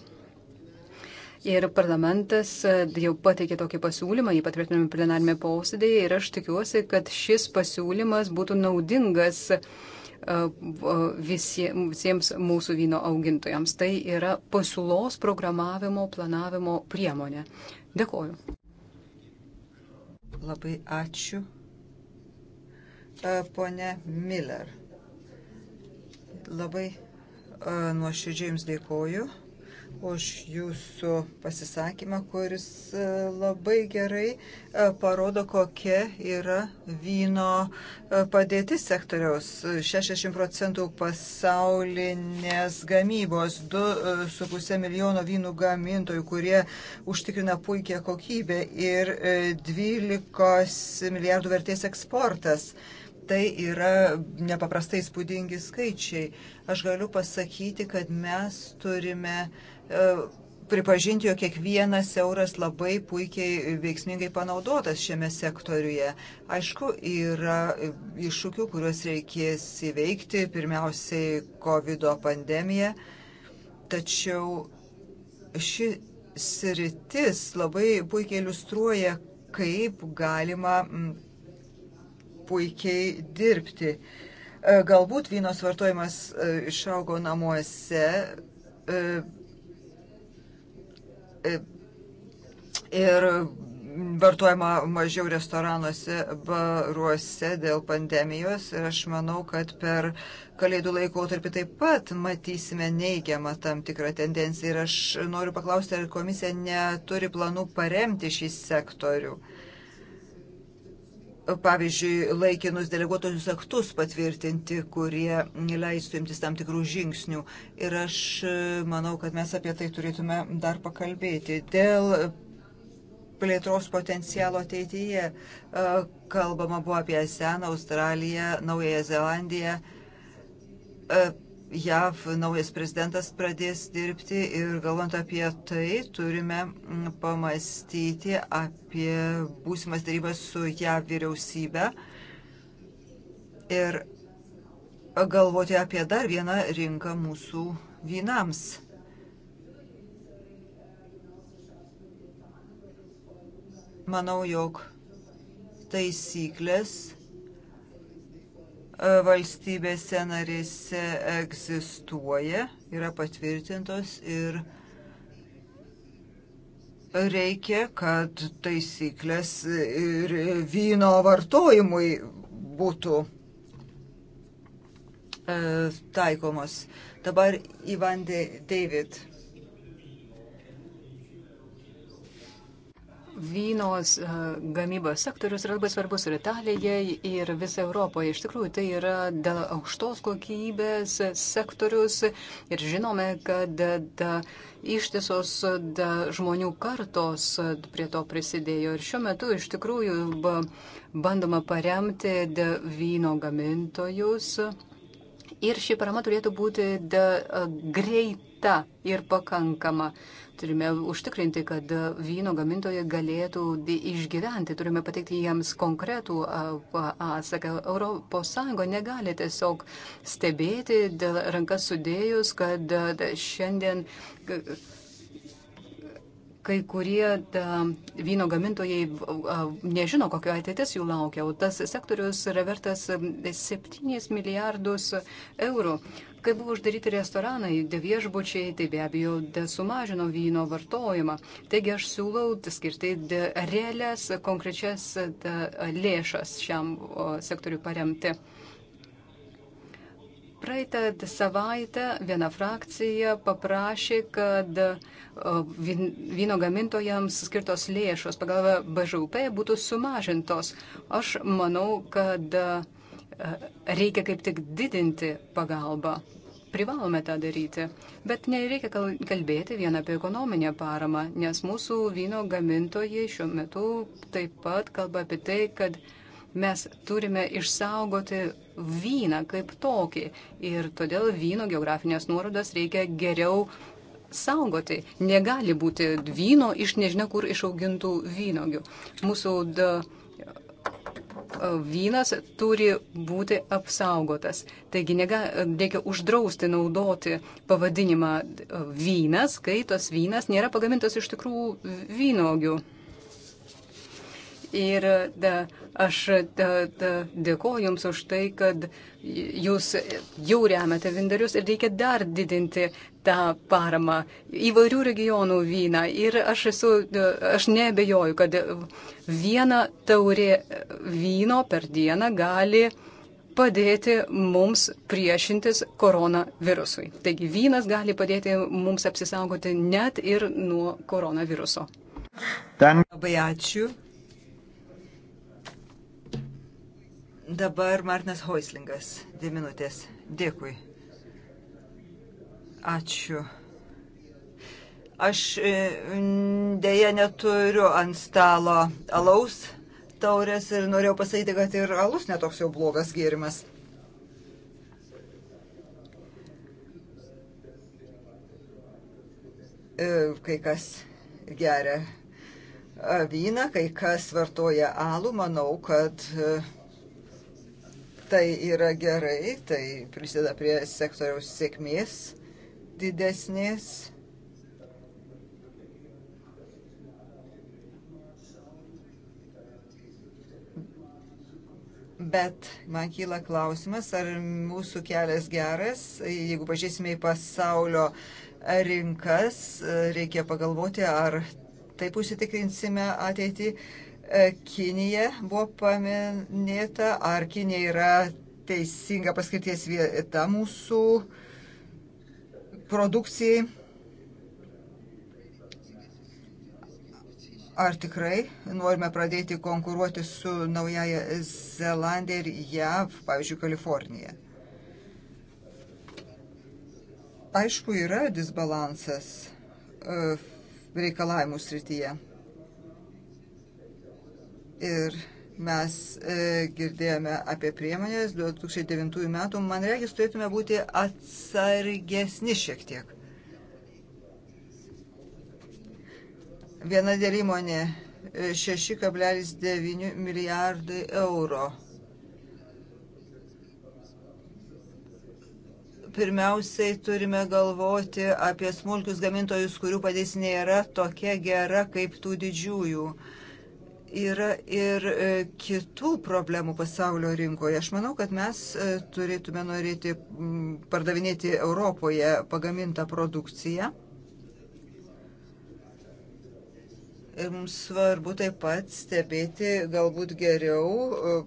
Ir parlamentas e, jau pateikė tokį pasiūlymą, jį patvirtinome plenarime posėdėje ir aš tikiuosi, kad šis pasiūlymas būtų naudingas e, visiems, visiems mūsų vyno augintojams. Tai yra pasiūlos programavimo, planavimo priemonė. Dėkoju. Labai ačiū. E, pone Miller, labai nuoširdžiai Jums dėkoju už jūsų pasisakymą, kuris e, labai gerai e, parodo, kokia yra vyno e, padėtis sektoriaus. 60 procentų pasaulinės gamybos, 2,5 milijono vynų gamintojų, kurie užtikrina puikią kokybę ir 12 milijardų vertės eksportas tai yra nepaprastai spūdingi skaičiai. Aš galiu pasakyti, kad mes turime e, pripažinti, jog kiekvienas euras labai puikiai veiksmingai panaudotas šiame sektoriuje. Aišku, yra iššūkių, kuriuos reikės įveikti, pirmiausiai COVID pandemija, tačiau ši sritis labai puikiai iliustruoja, kaip galima puikiai dirbti. E, galbūt vynos vartojimas e, išaugo namuose e, ir vartojama mažiau restoranuose, baruose dėl pandemijos ir aš manau, kad per kalėdų laikotarpį taip pat matysime neigiamą tam tikrą tendenciją ir aš noriu paklausti, ar komisija neturi planų paremti šį sektorių pavyzdžiui, laikinus deleguotojus aktus patvirtinti, kurie leistų imtis tam tikrų žingsnių. Ir aš e, manau, kad mes apie tai turėtume dar pakalbėti. Dėl plėtros potencialo ateityje e, kalbama buvo apie Seną, Australiją, Naująją Zelandiją e, JAV naujas prezidentas pradės dirbti ir galvant apie tai, turime mm, pamastyti apie būsimas darybas su JAV vyriausybe ir galvoti apie dar vieną rinką mūsų vynams. Manau, jog taisyklės E, valstybėse narėse egzistuoja, yra patvirtintos ir reikia, kad taisyklės ir vyno vartojimui būtų e, taikomos. Dabar Ivan David. vynos e, gamybos sektorius yra labai svarbus ir Italijai, ir visai Europoje. Iš tikrųjų, tai yra dėl aukštos kokybės sektorius ir žinome, kad da, ištisos da, žmonių kartos prie to prisidėjo. Ir šiuo metu iš tikrųjų bandoma paremti da, vyno gamintojus. Ir ši parama turėtų būti da, e, greita ir pakankama. Turime užtikrinti, kad vyno gamintojai galėtų išgyventi, turime pateikti jiems konkretų atsaką. ES negali tiesiog stebėti rankas sudėjus, kad šiandien kai kurie da, vyno gamintojai nežino, kokio ateitis jų laukia, o tas sektorius yra vertas 7 milijardus eurų. Kai buvo uždaryti restoranai, viešbučiai, tai be abejo de sumažino vyno vartojimą. Taigi aš siūlau skirti realias, konkrečias de, lėšas šiam sektoriu paremti. Praeitą savaitę viena frakcija paprašė, kad vyno gamintojams skirtos lėšos pagal BŽUP būtų sumažintos. Aš manau, kad e, reikia kaip tik didinti pagalbą. Privalome tą daryti. Bet nereikia kalbėti vien apie ekonominę paramą, nes mūsų vyno gamintojai šiuo metu taip pat kalba apie tai, kad uh, Mes turime išsaugoti vyną kaip tokį ir todėl vyno geografinės nuorodas reikia geriau saugoti. Negali būti vyno iš nežinia kur išaugintų vynogių. Mūsų da, vynas turi būti apsaugotas. Taigi nega, reikia uždrausti naudoti pavadinimą vynas, kai tas vynas nėra pagamintas iš tikrų vynogių. Ir da, aš da, da, dėkoju Jums už tai, kad Jūs jau remiate vindarius ir reikia dar didinti tą paramą įvairių regionų vyną. Ir aš, esu, aš nebejoju, kad viena taurė vyno per dieną gali padėti mums priešintis koronavirusui. Taigi vynas gali padėti mums apsisaugoti net ir nuo koronaviruso. Ten. Labai ačiū. Dabar Martinas Hoislingas, dvi minutės. Dėkui. Ačiū. Aš e, dėja neturiu ant stalo alaus taurės ir norėjau pasakyti, kad ir alus netoks jau blogas gėrimas. E, kai kas geria vyną, kai kas vartoja alų, manau, kad e, tai yra gerai, tai prisideda prie sektoriaus sėkmės didesnės. Bet man kyla klausimas, ar mūsų kelias geras, jeigu pažiūrėsime į pasaulio rinkas, reikia pagalvoti, ar taip užsitikrinsime ateitį. E, Kinija buvo paminėta, ar Kinija yra teisinga paskirties vieta mūsų produkcijai. Ar tikrai norime pradėti konkuruoti su Naujaja Zelandija ir JAV, pavyzdžiui, Kalifornija? Aišku, yra disbalansas e, reikalavimų srityje. Ir mes e, girdėjome apie priemonės 2009 metų. Man regis, turėtume būti atsargesni šiek tiek. Viena dėl įmonė 6,9 e, milijardai euro. pirmiausiai turime galvoti apie smulkius gamintojus, kurių padėtis nėra tokia gera kaip tų didžiųjų. E, yra ir e, kitų problemų pasaulio rinkoje. Aš manau, kad mes e, turėtume norėti pardavinėti Europoje pagamintą produkciją. Ir mums svarbu taip pat stebėti galbūt geriau e,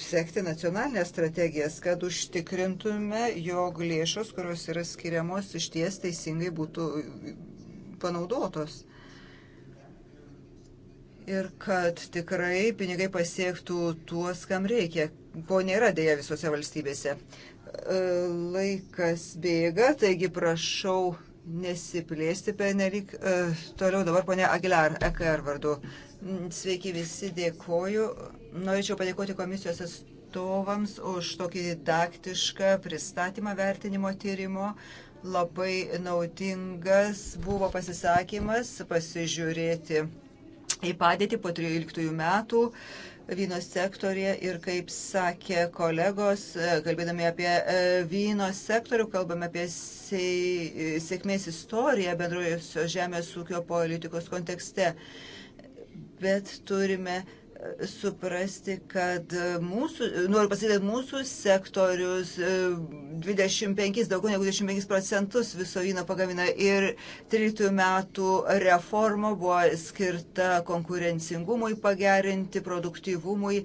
sekti nacionalinės strategijas, kad užtikrintume, jog lėšos, kurios yra skiriamos, iš ties teisingai būtų panaudotos ir kad tikrai pinigai pasiektų tuos, kam reikia, ko nėra dėja visose valstybėse. E, laikas bėga, taigi prašau nesiplėsti pernelyg. E, toliau dabar ponia Aguilar, EKR vardu. Mm, sveiki visi, dėkoju. Norėčiau padėkoti komisijos atstovams už tokį didaktišką pristatymą vertinimo tyrimo. Labai naudingas buvo pasisakymas pasižiūrėti į padėtį po 13 metų vyno sektorėje ir kaip sakė kolegos, e, kalbėdami apie e, vyno sektorių, kalbame apie sėkmės istoriją bendrojusio žemės ūkio politikos kontekste. Bet turime uh, suprasti, kad mūsų, noriu pasakyti, kad mūsų sektorius 25, e, daugiau negu 25 procentus viso vyno pagamina ir 13 metų reforma buvo skirta konkurencingumui pagerinti, produktyvumui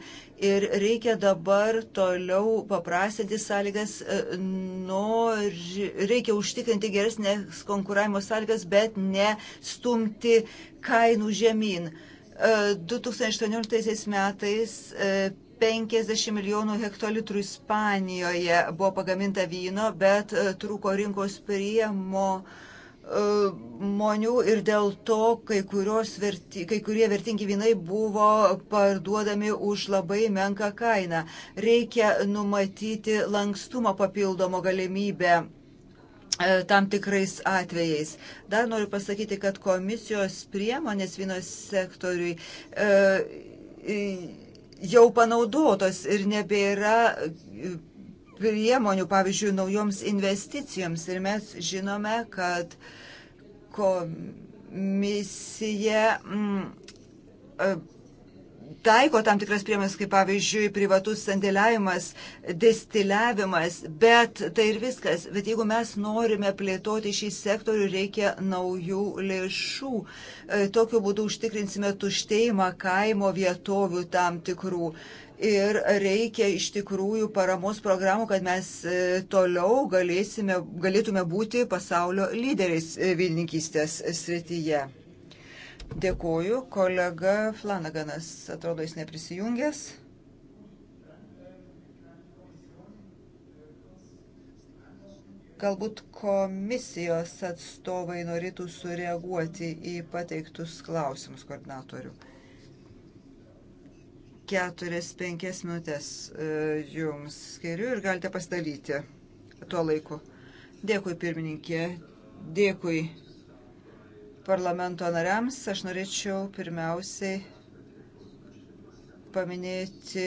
ir reikia dabar toliau paprastinti sąlygas, e, nori, reikia užtikrinti geresnės konkuravimo sąlygas, bet ne stumti kainų žemyn. 2018 metais 50 e, milijonų hektolitrų Ispanijoje buvo pagaminta vyno, bet e, trūko rinkos priemo e, monių ir dėl to kai, verti, kai kurie vertingi vynai buvo parduodami už labai menką kainą. Reikia numatyti lankstumą papildomo galimybę E, tam tikrais atvejais. Dar noriu pasakyti, kad komisijos priemonės vyno sektoriui e, jau panaudotos ir nebėra e, priemonių, pavyzdžiui, naujoms investicijoms. Ir mes žinome, kad komisija mm, taiko tam tikras priemonės, kaip pavyzdžiui, privatus sandėliavimas, distiliavimas, bet tai ir viskas. Bet jeigu mes norime plėtoti šį sektorių, reikia naujų lėšų. E, tokiu būdu užtikrinsime tuštėjimą kaimo vietovių tam tikrų. Ir reikia iš tikrųjų paramos programų, kad mes e, toliau galėsime, galėtume būti pasaulio lyderiais e, vynininkystės srityje. Dėkuoju, kolega Flanaganas, atrodo, jis neprisijungęs. Galbūt komisijos atstovai norėtų sureaguoti į pateiktus klausimus koordinatorių. Keturias, penkias minutės e, jums skiriu ir galite pasidalyti tuo laiku. Dėkui, pirmininkė. Dėkui parlamento nariams. Aš norėčiau pirmiausiai paminėti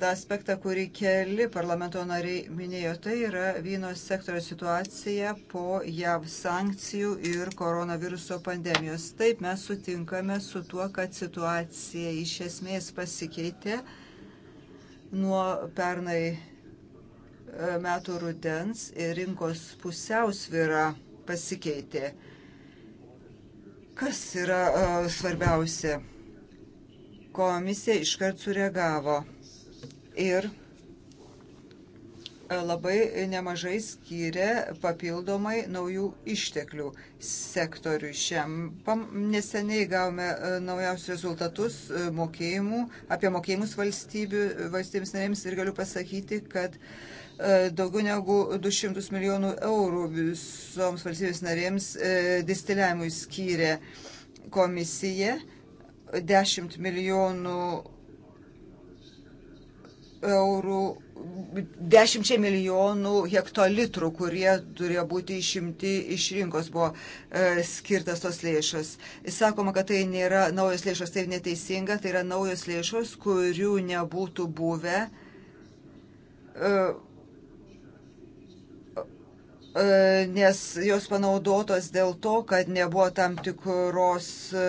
tą aspektą, kurį keli parlamento nariai minėjo. Tai yra vyno sektorio situacija po JAV sankcijų ir koronaviruso pandemijos. Taip mes sutinkame su tuo, kad situacija iš esmės pasikeitė nuo pernai e, metų rudens ir rinkos pusiausvyra pasikeitė. Kas yra uh, svarbiausia? Komisija iškart sureagavo ir e, labai nemažai skyrė papildomai naujų išteklių sektoriui šiam. Neseniai gavome e, naujausius rezultatus mokėjimų, apie mokėjimus valstybių, valstybėms narėms ir galiu pasakyti, kad uh, E, daugiau negu 200 milijonų eurų visoms valstybės narėms e, distiliavimui skyrė komisija, 10 milijonų eurų, 10 milijonų hektolitrų, kurie turėjo būti išimti iš rinkos, buvo e, skirtas tos lėšos. Sakoma, kad tai nėra naujos lėšos, tai neteisinga, tai yra naujos lėšos, kurių nebūtų buvę. E, E, nes jos panaudotos dėl to, kad nebuvo tam tikros e,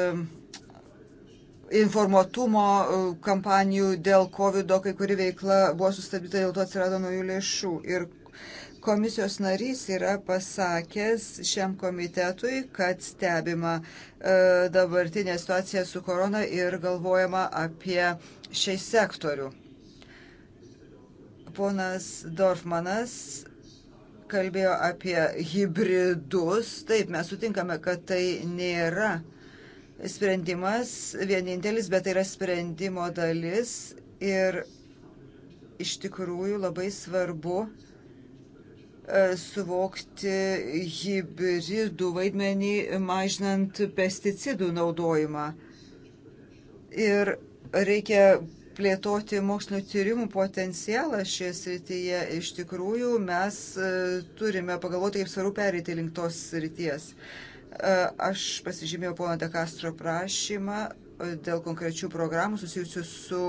informuotumo e, kampanijų dėl COVID, kai kuri veikla buvo sustabdyta, dėl to atsirado naujų lėšų. Ir komisijos narys yra pasakęs šiam komitetui, kad stebima dabartinė situacija su korona ir galvojama apie šiai sektorių. Ponas Dorfmanas kalbėjo apie hybridus. Taip, mes sutinkame, kad tai nėra sprendimas vienintelis, bet tai yra sprendimo dalis ir iš tikrųjų labai svarbu e, suvokti hybridų vaidmenį mažinant pesticidų naudojimą. Ir reikia plėtoti mokslinio tyrimų potencialą šioje srityje. Iš tikrųjų, mes e, turime pagalvoti, kaip svaru pereiti link tos srities. E, aš pasižymėjau pono De Castro prašymą e, dėl konkrečių programų susijusių su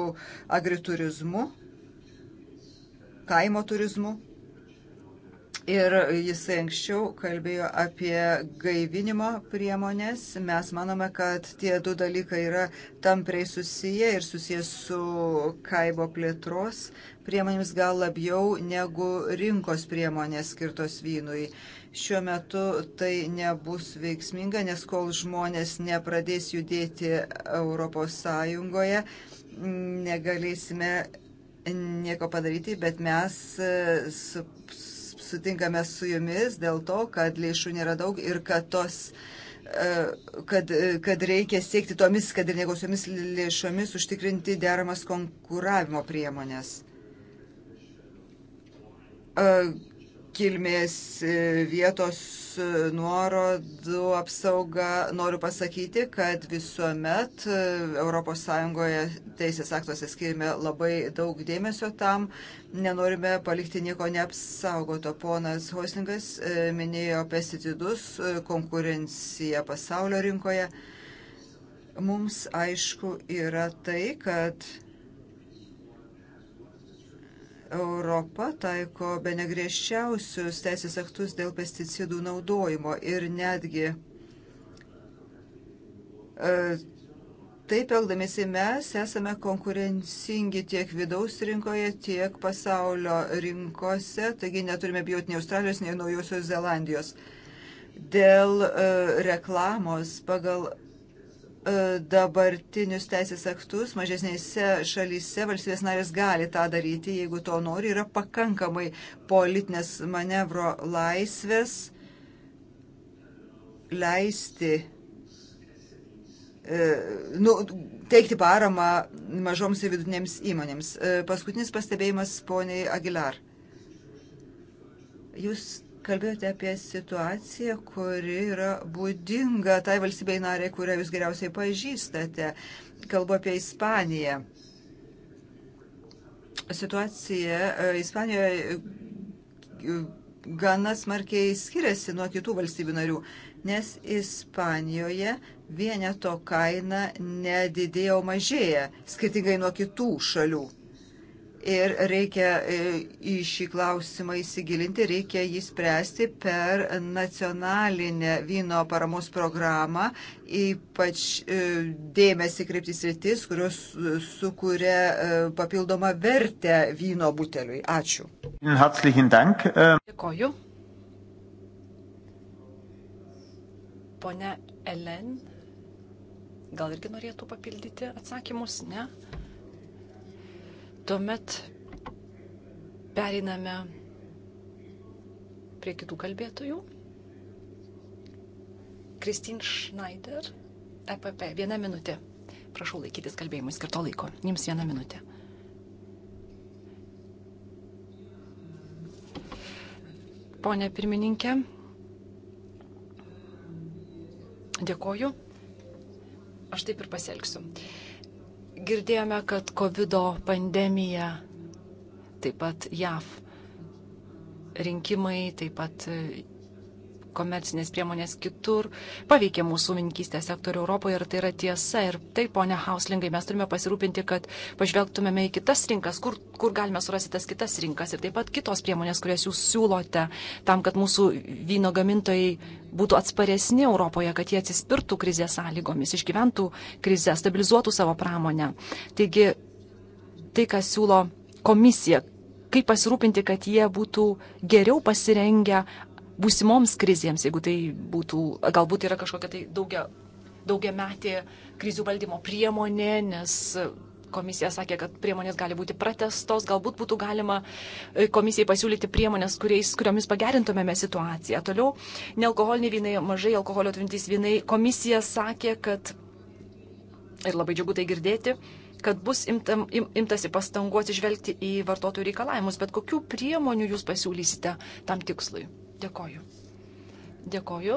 agriturizmu, kaimo turizmu. Ir jisai anksčiau kalbėjo apie gaivinimo priemonės. Mes manome, kad tie du dalykai yra tampriai susiję ir susiję su kaibo plėtros priemonėmis gal labiau negu rinkos priemonės skirtos vynui. Šiuo metu tai nebus veiksminga, nes kol žmonės nepradės judėti Europos Sąjungoje, negalėsime nieko padaryti, bet mes sutinkame su jumis dėl to, kad lėšų nėra daug ir kad tos e, kad, e, kad reikia siekti tomis, kad ir negausiomis lėšomis užtikrinti deramas konkuravimo priemonės. E, kilmės e, vietos e, nuorodų apsauga. Noriu pasakyti, kad visuomet ES teisės aktuose skirime labai daug dėmesio tam. Nenorime palikti nieko neapsaugoto. Ponas Hoslingas e, minėjo pesticidus, konkurenciją pasaulio rinkoje. Mums aišku yra tai, kad Europa taiko be negriežčiausius teisės aktus dėl pesticidų naudojimo ir netgi e, Taip elgdamėsi mes esame konkurencingi tiek vidaus rinkoje, tiek pasaulio rinkose, taigi neturime bijoti nei Australijos, nei Naujosios Zelandijos. Dėl e, reklamos pagal E, dabartinius teisės aktus mažesnėse šalyse valstybės narės gali tą daryti, jeigu to nori, yra pakankamai politinės manevro laisvės leisti, e, nu, teikti paramą mažoms ir vidutinėms įmonėms. E, paskutinis pastebėjimas poniai Aguilar. Jūs kalbėjote apie situaciją, kuri yra būdinga tai valstybei nariai, kurią jūs geriausiai pažįstate. Kalbu apie Ispaniją. Situacija e, Ispanijoje e, gana smarkiai skiriasi nuo kitų valstybių narių, nes Ispanijoje vieneto kaina nedidėjo mažėja, skirtingai nuo kitų šalių ir reikia e, į šį klausimą įsigilinti, reikia jį spręsti per nacionalinę vyno paramos programą, ypač e, dėmesį kreiptis rytis, kurios sukuria e, papildomą vertę vyno buteliui. Ačiū. Äh, Dėkoju. Pone Elen, gal irgi norėtų papildyti atsakymus, ne? Tuomet pereiname prie kitų kalbėtojų. Kristin Schneider, EPP, viena minutė. Prašau laikytis kalbėjimui skirto laiko. Jums viena minutė. Pone pirmininkė, dėkoju. Aš taip ir pasielgsiu. Uh, Girdėjome, kad COVID pandemija, taip pat JAV rinkimai, taip pat komercinės priemonės kitur paveikė mūsų minkystės sektorių Europoje ir tai yra tiesa. Ir taip, ponia Hauslingai, mes turime pasirūpinti, kad pažvelgtumėme į kitas rinkas, kur, kur galime surasti tas kitas rinkas ir taip pat kitos priemonės, kurias jūs siūlote, tam, kad mūsų vyno gamintojai būtų atsparesni Europoje, kad jie atsispirtų krizės sąlygomis, išgyventų krizę, stabilizuotų savo pramonę. Taigi, tai, ką siūlo komisija, kaip pasirūpinti, kad jie būtų geriau pasirengę būsimoms krizėms, jeigu tai būtų, galbūt yra kažkokia tai daugia, daugiametė krizių valdymo priemonė, nes komisija sakė, kad priemonės gali būti pratestos, galbūt būtų galima e, komisijai pasiūlyti priemonės, kuriais, kuriomis pagerintumėme situaciją. Toliau, nealkoholiniai vynai, mažai alkoholio turintys vynai, komisija sakė, kad, ir labai džiugu tai girdėti, kad bus imtam, im, imtasi pastangų atsižvelgti į vartotojų reikalavimus, bet kokių priemonių jūs pasiūlysite tam tikslui. Dėkoju. Dėkoju.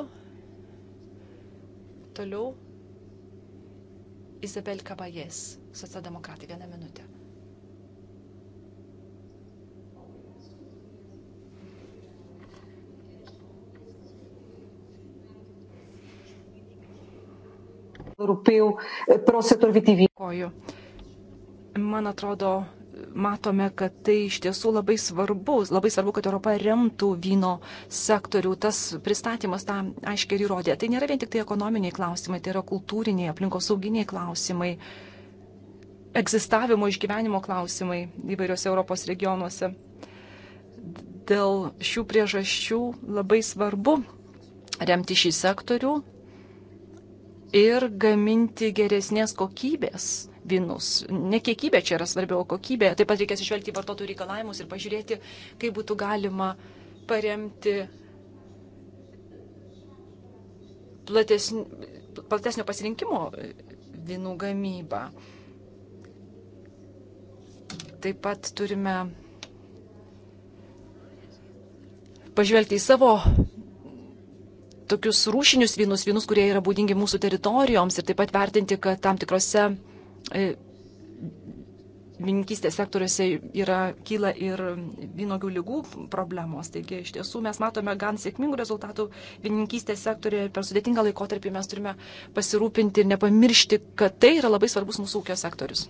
Toliau Izabel Kabajes, socialdemokratai, vieną minutę. europeu para o setor vitivinícola. Man atrodo, matome, kad tai iš tiesų labai svarbu, labai svarbu, kad Europa remtų vyno sektorių. Tas pristatymas tą aiškiai ir įrodė. Tai nėra vien tik tai ekonominiai klausimai, tai yra kultūriniai, aplinkosauginiai klausimai, egzistavimo išgyvenimo klausimai įvairiuose Europos regionuose. Dėl šių priežasčių labai svarbu remti šį sektorių, ir gaminti geresnės kokybės vynus. Ne kiekybė čia yra svarbiau, o kokybė. Taip pat reikės išvelgti vartotojų reikalavimus ir pažiūrėti, kaip būtų galima paremti platesnį, platesnio pasirinkimo vynų gamybą. Taip pat turime pažvelgti į savo tokius rūšinius vynus, vynus, kurie yra būdingi mūsų teritorijoms ir taip pat vertinti, kad tam tikrose e, vininkystės sektoriuose yra, kyla ir vynogių lygų problemos. Taigi iš tiesų mes matome gan sėkmingų rezultatų vininkystės sektoriuje ir per sudėtingą laikotarpį mes turime pasirūpinti ir nepamiršti, kad tai yra labai svarbus mūsų ūkio sektorius.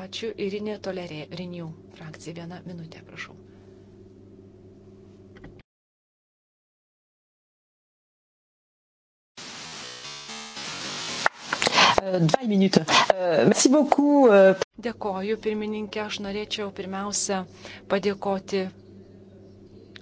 Ačiū Irinė Tolerė, Rinių frakcija, vieną minutę, prašau. Euh, euh, euh, Dėkoju, pirmininkė, aš norėčiau pirmiausia padėkoti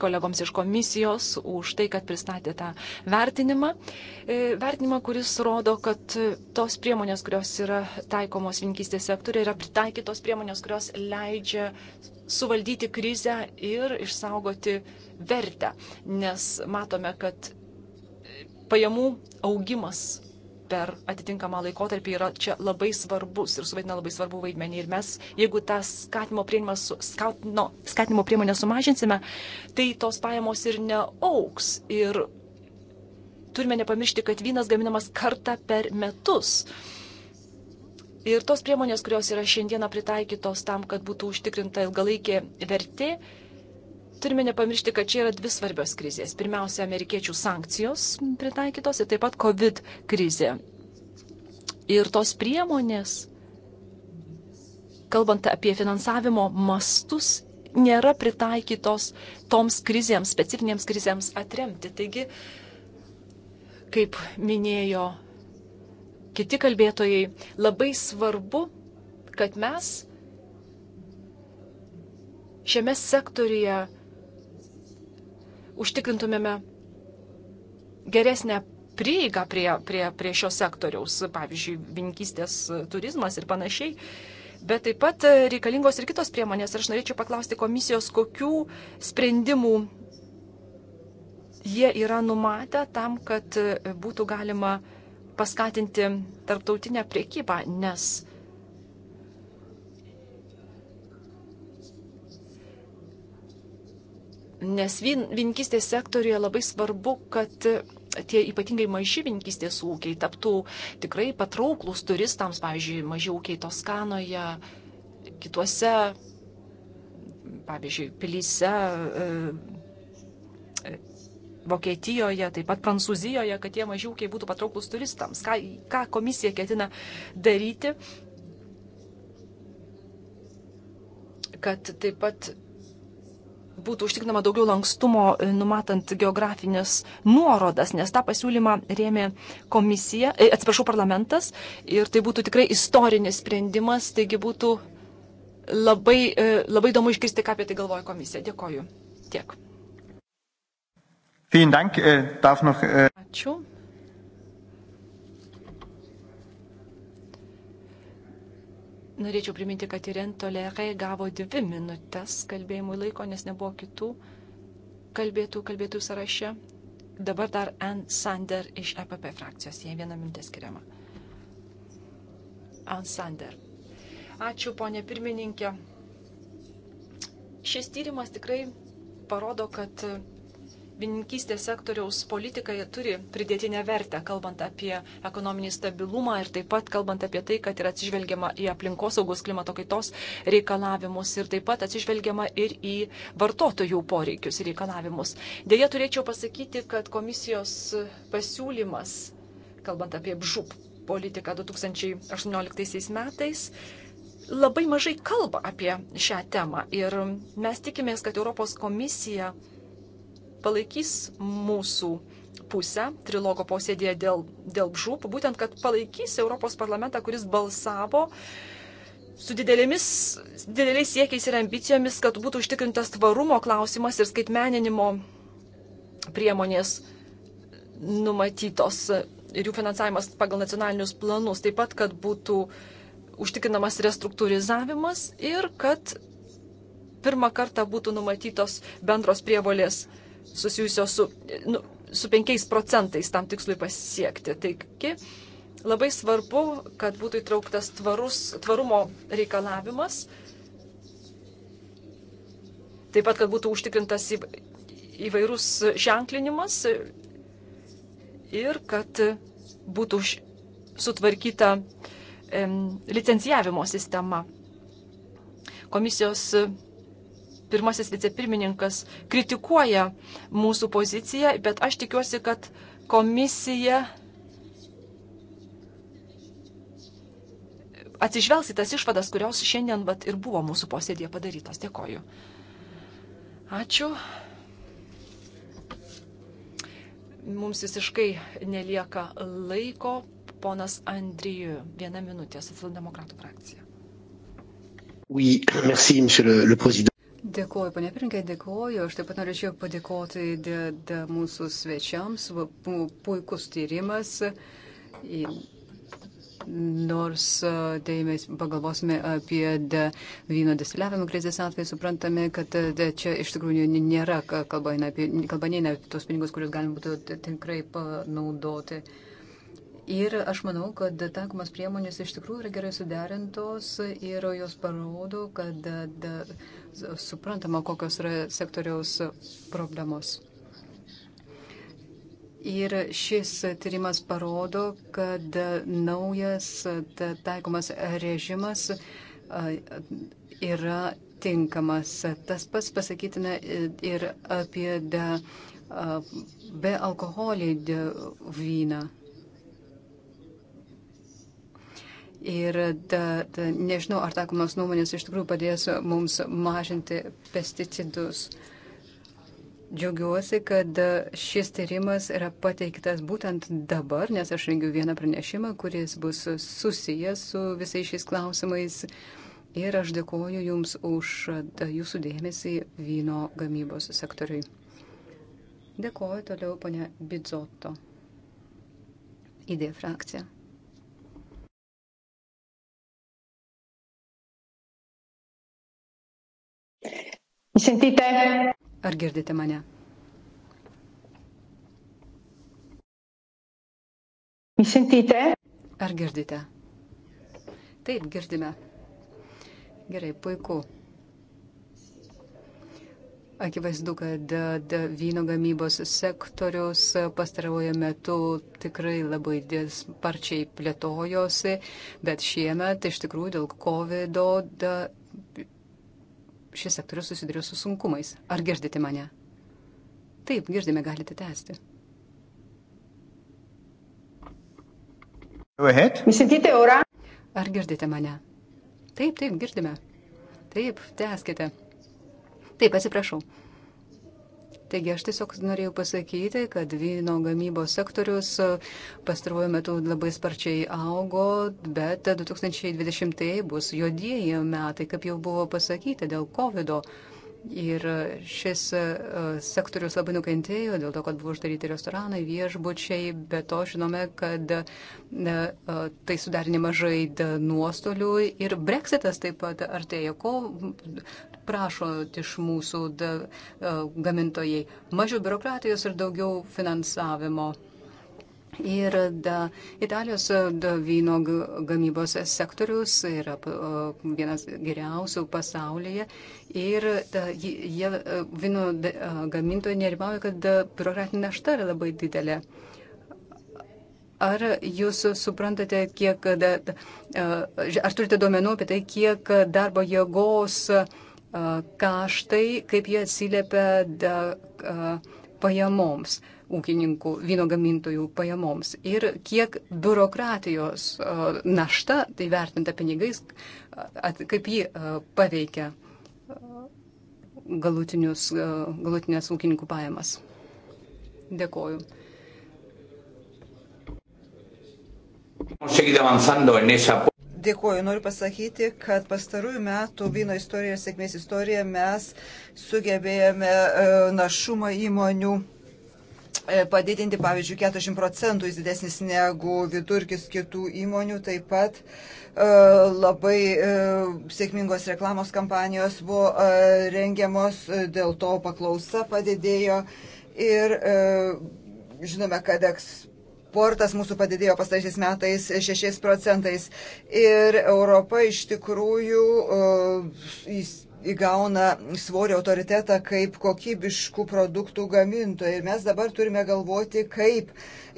kolegoms iš komisijos už tai, kad pristatė tą vertinimą. E, vertinimą, kuris rodo, kad tos priemonės, kurios yra taikomos vinkystės sektoriai, yra pritaikytos priemonės, kurios leidžia suvaldyti krizę ir išsaugoti vertę. Nes matome, kad pajamų augimas per atitinkamą laikotarpį yra čia labai svarbus ir suvaidina labai svarbu vaidmenį. Ir mes, jeigu tą skatimo priemonę, su, skat, no, skatimo priemonę sumažinsime, tai tos pajamos ir neauks. Ir turime nepamiršti, kad vynas gaminamas kartą per metus. Ir tos priemonės, kurios yra šiandieną pritaikytos tam, kad būtų užtikrinta ilgalaikė vertė, turime nepamiršti, kad čia yra dvi svarbios krizės. Pirmiausia, amerikiečių sankcijos pritaikytos ir taip pat COVID krizė. Ir tos priemonės, kalbant apie finansavimo mastus, nėra pritaikytos toms krizėms, specifinėms krizėms atremti. Taigi, kaip minėjo kiti kalbėtojai, labai svarbu, kad mes šiame sektoriuje užtikrintumėme geresnę prieigą prie, prie, prie šio sektoriaus, pavyzdžiui, vinkystės turizmas ir panašiai. Bet taip pat reikalingos ir kitos priemonės. Aš norėčiau paklausti komisijos, kokių sprendimų jie yra numatę tam, kad būtų galima paskatinti tarptautinę priekybą, nes Nes vien, vinkistės sektorija labai svarbu, kad e, tie ypatingai maži vinkistės ūkiai taptų tikrai patrauklus turistams, pavyzdžiui, maži ūkiai Toskanoje, kituose, pavyzdžiui, pilyse, e, e, Vokietijoje, taip pat Prancūzijoje, kad tie maži ūkiai būtų patrauklus turistams. Ką, ką komisija ketina daryti, kad taip pat būtų užtikrinama daugiau lankstumo, e, numatant geografinės nuorodas, nes tą pasiūlymą rėmė komisija, e, atsiprašau, parlamentas ir tai būtų tikrai istorinis sprendimas, taigi būtų labai, e, labai įdomu išgirsti, ką apie tai galvoja komisija. Dėkoju. Tiek. Dank, äh, darf noch, äh, Ačiū. Norėčiau priminti, kad Irene Tolerai gavo dvi minutės kalbėjimui laiko, nes nebuvo kitų kalbėtų, kalbėtų sąraše. Dabar dar Ann Sander iš EPP frakcijos, jai viena minutė skiriama. Ann Sander. Ačiū, ponė pirmininkė. Šis tyrimas tikrai parodo, kad žuvininkystės sektoriaus politika turi pridėtinę vertę, kalbant apie ekonominį stabilumą ir taip pat kalbant apie tai, kad yra atsižvelgiama į aplinkosaugos klimato kaitos reikalavimus ir taip pat atsižvelgiama ir į vartotojų poreikius ir reikalavimus. Deja, turėčiau pasakyti, kad komisijos pasiūlymas, kalbant apie žup politiką 2018 metais, labai mažai kalba apie šią temą ir mes tikimės, kad Europos komisija palaikys mūsų pusę trilogo posėdėje dėl, dėl žūp, būtent kad palaikys Europos parlamentą, kuris balsavo su didelėmis, dideliais siekiais ir ambicijomis, kad būtų užtikrintas tvarumo klausimas ir skaitmeninimo priemonės numatytos ir jų finansavimas pagal nacionalinius planus, taip pat, kad būtų užtikrinamas restruktūrizavimas ir kad pirmą kartą būtų numatytos bendros prievolės susijusios su, nu, su 5 procentais tam tikslui pasiekti. Taigi labai svarbu, kad būtų įtrauktas tvarus, tvarumo reikalavimas, taip pat, kad būtų užtikrintas į, įvairus ženklinimas ir kad būtų sutvarkyta licencijavimo sistema. Komisijos pirmasis vicepirmininkas kritikuoja mūsų poziciją, bet aš tikiuosi, kad komisija atsižvelgs į tas išvadas, kurios šiandien vat, ir buvo mūsų posėdėje padarytos. Dėkoju. Ačiū. Mums visiškai nelieka laiko. Ponas Andrijų, vieną minutę, socialdemokratų frakcija. Oui, merci, monsieur le, le président. Dėkuoju, ponė Pirinkė, dėkuoju. Aš taip pat norėčiau padėkoti de, de mūsų svečiams. Puikus tyrimas. Nors dėmės pagalvosime apie de, vyno distiliavimo krizės atveju, suprantame, kad de, čia iš tikrųjų nėra kalba, ne apie, kalba ne apie tos pinigus, kuriuos galima būtų tikrai panaudoti. Uh, Ir aš manau, kad tankumas priemonės iš tikrųjų yra gerai suderintos ir jos parodo, kad da, suprantama, kokios yra sektoriaus problemos. Ir šis tyrimas parodo, kad naujas da, taikomas režimas yra tinkamas. Tas pats pasakytina ir apie be alkoholį vyną. Ir da, da, nežinau, ar takomas nuomonės iš tikrųjų padės mums mažinti pesticidus. Džiaugiuosi, kad šis tyrimas yra pateiktas būtent dabar, nes aš rengiu vieną pranešimą, kuris bus susijęs su visais šiais klausimais. Ir aš dėkoju Jums už da, Jūsų dėmesį vyno gamybos sektoriui. Dėkoju toliau, ponia Bidzoto. Idėja frakcija. Sentite? Ar girdite mane? Mi sentite? Ar girdite? Taip, girdime. Gerai, puiku. Akivaizdu, kad vyno gamybos sektorius pastarojo metu tikrai labai sparčiai plėtojosi, bet šiemet iš tikrųjų dėl COVID šis sektorius susiduria su sunkumais. Ar girdite mane? Taip, girdime, galite tęsti. Ar girdite mane? Taip, taip, girdime. Taip, tęskite. Taip, atsiprašau. Taigi aš tiesiog norėjau pasakyti, kad vyno gamybos sektorius e, pastaruoju metu labai sparčiai augo, bet 2020 bus juodieji metai, kaip jau buvo pasakyta, dėl COVID. -o. Ir šis e, sektorius labai nukentėjo dėl to, kad buvo uždaryti restoranai, viešbučiai, bet to žinome, kad e, tai sudarė nemažai nuostolių ir breksitas taip pat artėja. Ko prašo iš mūsų da, e, gamintojai. Mažiau biurokratijos ir daugiau finansavimo. Ir da, Italijos da, vyno gamybos sektorius yra vienas geriausių pasaulyje. Ir da, jie, e, vyno da, e, gamintojai nerimauja, kad biurokratinė našta yra labai didelė. Ar jūs suprantate, kiek, da, ar turite duomenų apie tai, kiek darbo jėgos uh, kaštai, kaip jie atsiliepia pajamoms ūkininkų, vyno gamintojų pajamoms ir kiek biurokratijos našta, tai vertinta pinigais, kaip ji paveikia galutinės ūkininkų pajamas. Dėkoju. Dėkuoju, noriu pasakyti, kad pastarųjų metų vyno istorija ir sėkmės istorija mes sugebėjome e, našumą įmonių e, padidinti, pavyzdžiui, 40 procentų jis didesnis negu vidurkis kitų įmonių. Taip pat e, labai sėkmingos reklamos kampanijos buvo rengiamos, dėl to paklausa padidėjo. Ir žinome, kad eks, eksportas mūsų padidėjo pastaisiais metais 6 procentais ir Europa iš tikrųjų uh, įgauna svorį autoritetą kaip kokybiškų produktų gamintojai. Ir mes dabar turime galvoti, kaip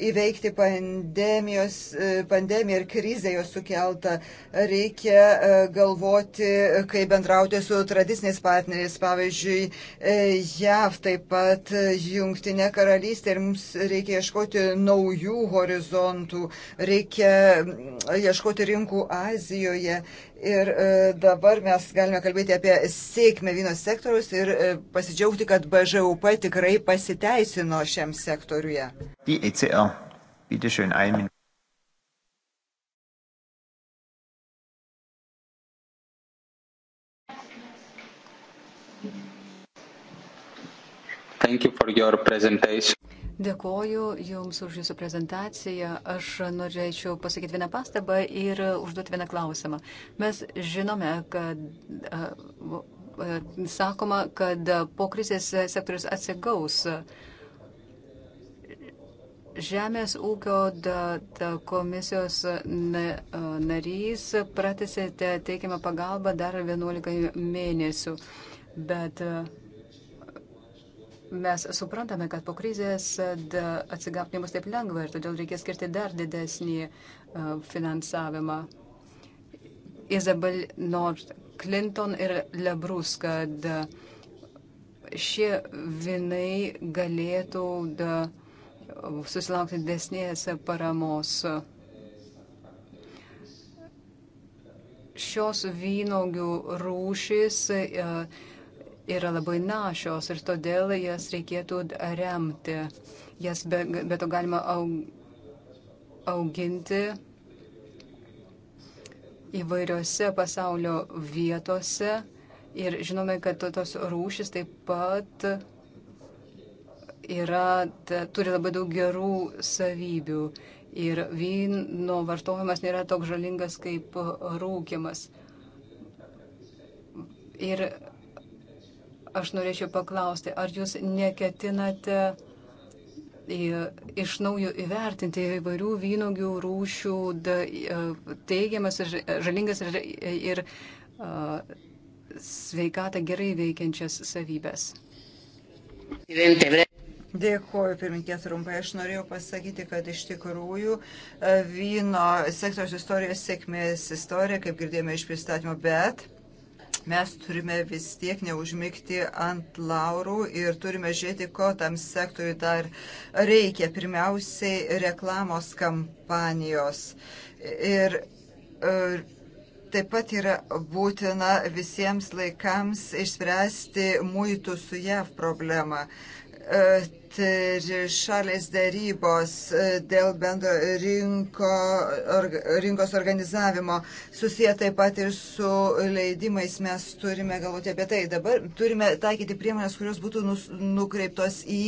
įveikti pandemijos, e, pandemiją ir krizę jos sukeltą. Reikia e, galvoti, kaip bendrauti su tradiciniais partneriais, pavyzdžiui, e, JAV, taip pat Jungtinė karalystė ir mums reikia ieškoti naujų horizontų, reikia ieškoti rinkų Azijoje Ir dabar mes galime kalbėti apie sėkmę vyno sektorius ir pasidžiaugti, kad BŽUP tikrai pasiteisino šiam sektoriuje. ICO bitteschön Thank you for your presentation. Dėkoju Jums už Jūsų prezentaciją. Aš norėčiau pasakyti vieną pastabą ir užduoti vieną klausimą. Mes žinome, kad sakoma, kad po krizės sektorius atsigaus. Uh, Žemės ūkio da, da komisijos narys pratysite teikiamą pagalbą dar 11 mėnesių, bet mes suprantame, kad po krizės atsigauti nebus taip lengva ir todėl reikės skirti dar didesnį finansavimą. Izabel Nord, Clinton ir Lebrus, kad šie vinai galėtų da, susilaukti desnės paramos. Šios vynogių rūšis e, yra labai našios ir todėl jas reikėtų remti. Jas be, be to galima auginti įvairiose pasaulio vietose. Ir žinome, kad tos rūšis taip pat yra, ta, turi labai daug gerų savybių ir vyno vartojimas nėra toks žalingas kaip rūkimas. Ir aš norėčiau paklausti, ar jūs neketinate e, iš naujo įvertinti įvairių vynogių rūšių e, teigiamas ir žalingas ir, ir e, sveikatą gerai veikiančias savybės. Dėkuoju, pirminkė, trumpai. Aš norėjau pasakyti, kad iš tikrųjų e, vyno sektoriaus istorija sėkmės istorija, kaip girdėjome iš pristatymo, bet mes turime vis tiek neužmygti ant laurų ir turime žiūrėti, ko tam sektoriui dar reikia. Pirmiausiai reklamos kampanijos. Ir, ir e, taip pat yra būtina visiems laikams išspręsti muitų su JAV problemą e, trišalės e, darybos e, dėl bendro rinko, or, rinkos organizavimo susiję taip pat ir su leidimais. Mes turime galvoti apie tai. Dabar turime taikyti priemonės, kurios būtų nus, nukreiptos į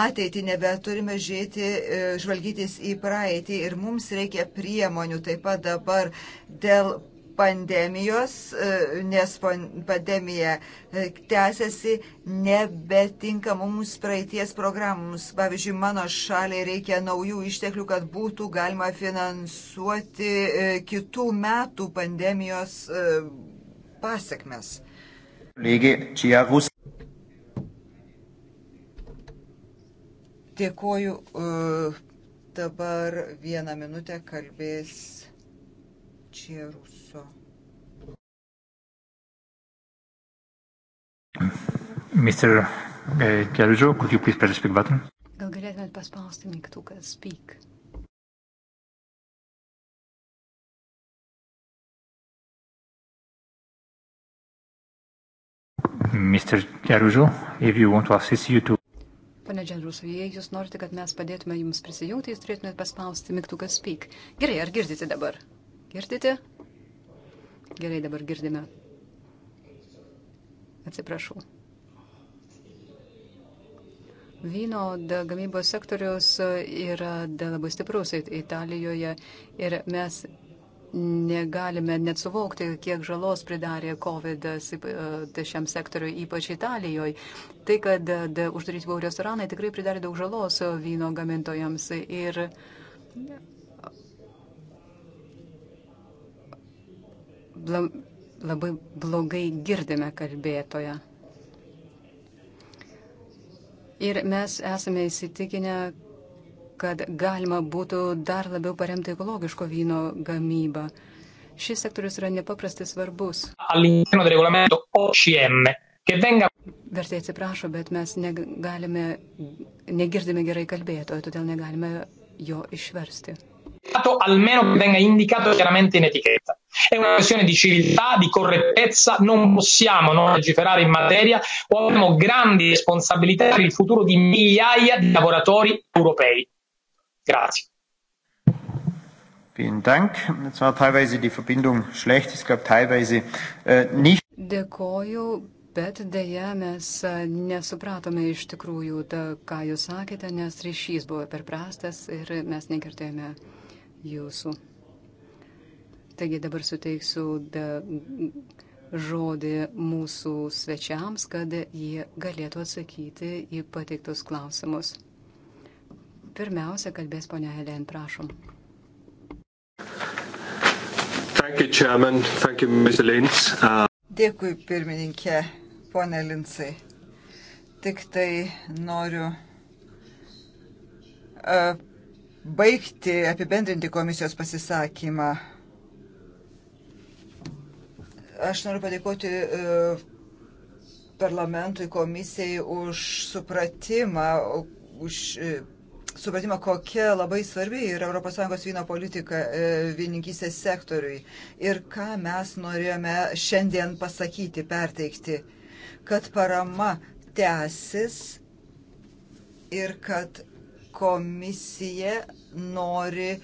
ateitį, nebeturime žiūrėti, e, žvalgytis į praeitį. Ir mums reikia priemonių taip pat dabar dėl pandemijos, e, nes pandemija e, tęsiasi nebetinkamumus praeities programus. Pavyzdžiui, mano šaliai reikia naujų išteklių, kad būtų galima finansuoti e, kitų metų pandemijos pasiekmes. Lygiai čia bus. Dėkoju. Dabar vieną minutę kalbės Čierus. Mr. Gelžo, eh, could you please press the speak button? Gal galėtumėt paspausti mygtuką speak? Mr. Geružo, if you want to assist you to... Pane Džendrusu, jei jūs norite, kad mes padėtume jums prisijungti, jūs turėtumėte paspausti mygtuką speak. Gerai, ar girdite dabar? Girdite? Gerai, dabar girdime atsiprašau. Vyno gamybos sektorius e, yra labai stiprus Italijoje ir mes negalime net suvokti, kiek žalos pridarė COVID e, tai šiam sektoriui, ypač Italijoje. Tai, kad e, uždaryti buvo restoranai, tikrai pridarė daug žalos vyno gamintojams. Ir labai blogai girdime kalbėtoje. Ir mes esame įsitikinę, kad galima būtų dar labiau paremti ekologiško vyno gamybą. Šis sektorius yra nepaprastai svarbus. Vertai atsiprašo, bet mes negalime, negirdime gerai kalbėtojo, todėl negalime jo išversti almeno che venga indicato chiaramente in etichetta. È una questione di civiltà, di correttezza, non possiamo non legiferare in materia o abbiamo grandi responsabilità per il futuro di migliaia di lavoratori europei. Grazie. Vielen Dank. Jetzt war teilweise die Verbindung schlecht. Es gab teilweise äh, nicht. Dėkoju, bet dėja mes äh, nesupratome iš tikrųjų, da, ką jūs sakėte, nes ryšys buvo per prastas ir mes negirdėjome jūsų. Taigi dabar suteiksiu žodį mūsų svečiams, kad jie galėtų atsakyti į pateiktus klausimus. Pirmiausia, kalbės ponia Helen, prašom. Thank you, Chairman. Thank you, Mr. Lins. Uh... Dėkui, pirmininkė, ponė Linsai. Tik tai noriu uh, baigti, apibendrinti komisijos pasisakymą. Aš noriu padėkoti e, parlamentui, komisijai už supratimą, už e, supratimą, kokia labai svarbi yra ES vyno politika e, vieningysės sektoriui ir ką mes norėjome šiandien pasakyti, perteikti, kad parama tęsis ir kad komisija nori e,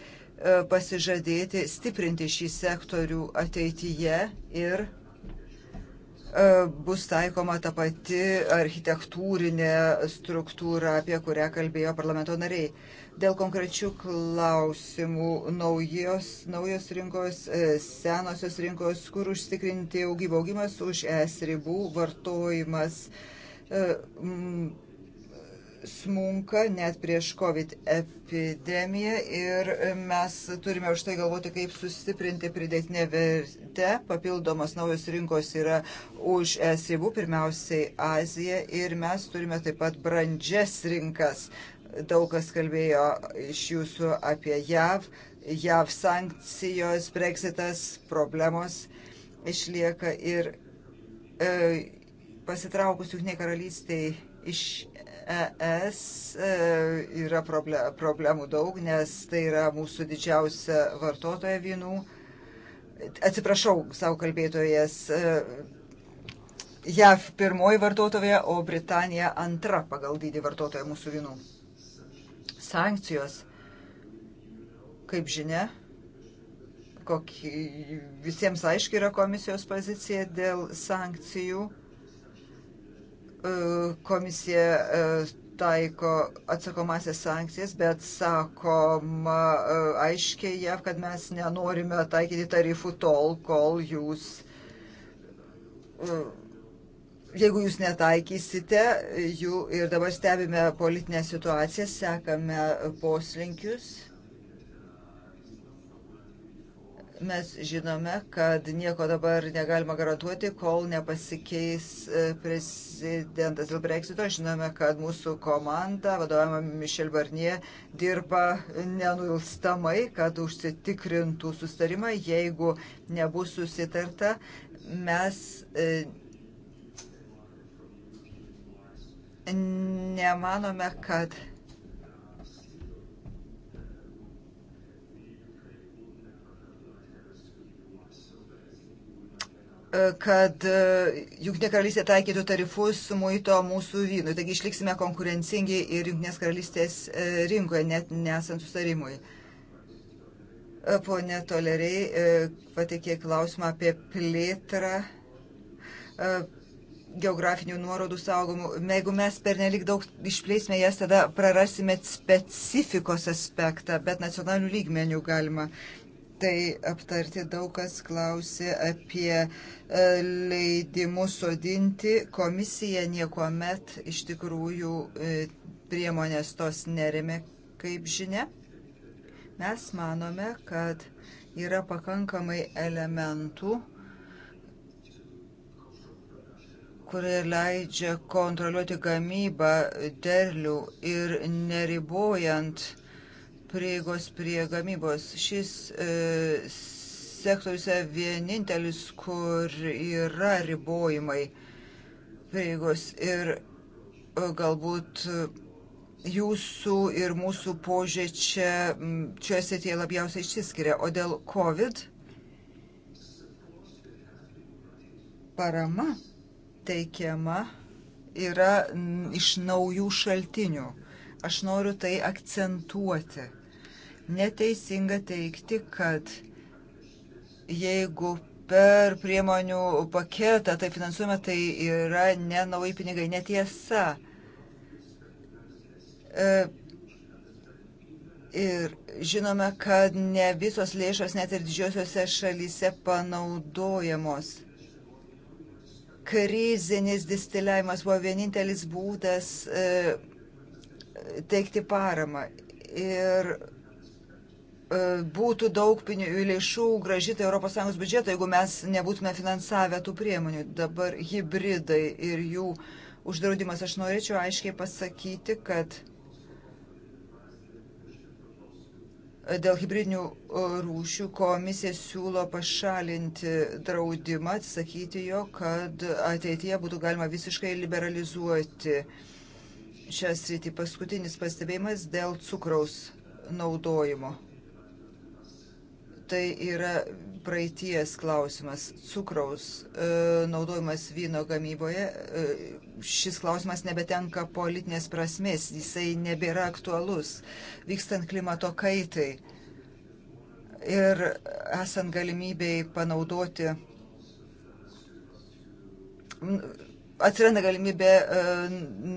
pasižadėti stiprinti šį sektorių ateityje ir e, bus taikoma ta pati architektūrinė struktūra, apie kurią kalbėjo parlamento nariai. Dėl konkrečių klausimų naujos, naujos rinkos, e, senosios rinkos, kur užtikrinti augimą, augimas už es ribų, vartojimas smunka net prieš COVID epidemiją ir mes turime už tai galvoti, kaip sustiprinti pridėtinę vertę. Papildomos naujos rinkos yra už es ribų, pirmiausiai Azija ir mes turime taip pat brandžias rinkas. Daug kas kalbėjo iš jūsų apie JAV, JAV sankcijos, Brexitas, problemos išlieka ir e, pasitraukus Junktinė karalystėje iš ES e, yra problemų daug, nes tai yra mūsų didžiausia vartotoja vynų. Atsiprašau, savo kalbėtojas, e, JAV pirmoji vartotoja, o Britanija antra pagal dydį vartotoja mūsų vynų. Sankcijos, kaip žinia, kokį, visiems aiškiai yra komisijos pozicija dėl sankcijų E, komisija e, taiko atsakomasias sankcijas, bet sakoma e, aiškiai jav, kad mes nenorime taikyti tarifų tol, kol jūs, jeigu jūs netaikysite jų ir dabar stebime politinę situaciją, sekame poslinkius Mes žinome, kad nieko dabar negalima garantuoti, kol nepasikeis e, prezidentas dėl breksito. Žinome, kad mūsų komanda, vadovama Mišel Barnie, dirba nenuilstamai, kad užsitikrintų sustarimą. Jeigu nebus susitarta, mes e, nemanome, kad kad e, Junktinė karalystė taikytų tarifus muito mūsų vynui. Taigi išliksime konkurencingi ir Junktinės karalystės e, rinkoje, net nesant sustarimui. E, pone Toleriai pateikė klausimą apie plėtrą geografinių nuorodų saugomų. Jeigu mes pernelik daug išplėsime jas, tada prarasime specifikos aspektą, bet nacionalinių lygmenių galima tai aptarti daug kas klausė apie e, leidimus sodinti. Komisija nieko met iš tikrųjų e, priemonės tos nerime, kaip žinia. Mes manome, kad yra pakankamai elementų, kurie leidžia kontroliuoti gamybą derlių ir neribojant uh, prieigos prie gamybos. Šis e, sektorius yra vienintelis, kur yra ribojimai prieigos ir e, galbūt jūsų ir mūsų požiūrė čia, čia esate labiausiai išsiskiria. O dėl COVID parama teikiama yra iš naujų šaltinių. Aš noriu tai akcentuoti. Neteisinga teikti, kad jeigu per priemonių paketą tai finansuojama, tai yra ne naujai pinigai, netiesa. E, ir žinome, kad ne visos lėšos net ir didžiosiuose šalyse panaudojamos. Krizinis distiliavimas buvo vienintelis būdas e, teikti paramą. Ir E, būtų daug lėšų gražyta ES biudžetą, jeigu mes nebūtume finansavę tų priemonių. Dabar hybridai ir jų uždraudimas. Aš norėčiau aiškiai pasakyti, kad dėl hybridinių e, rūšių komisija siūlo pašalinti draudimą, atsakyti jo, kad ateityje būtų galima visiškai liberalizuoti šią sritį. Paskutinis pastebėjimas dėl cukraus naudojimo tai yra praeities klausimas. Cukraus e, naudojimas vyno gamyboje, e, šis klausimas nebetenka politinės prasmės, jisai nebėra aktualus, vykstant klimato kaitai ir esant galimybėjai panaudoti, atsiranda galimybė e,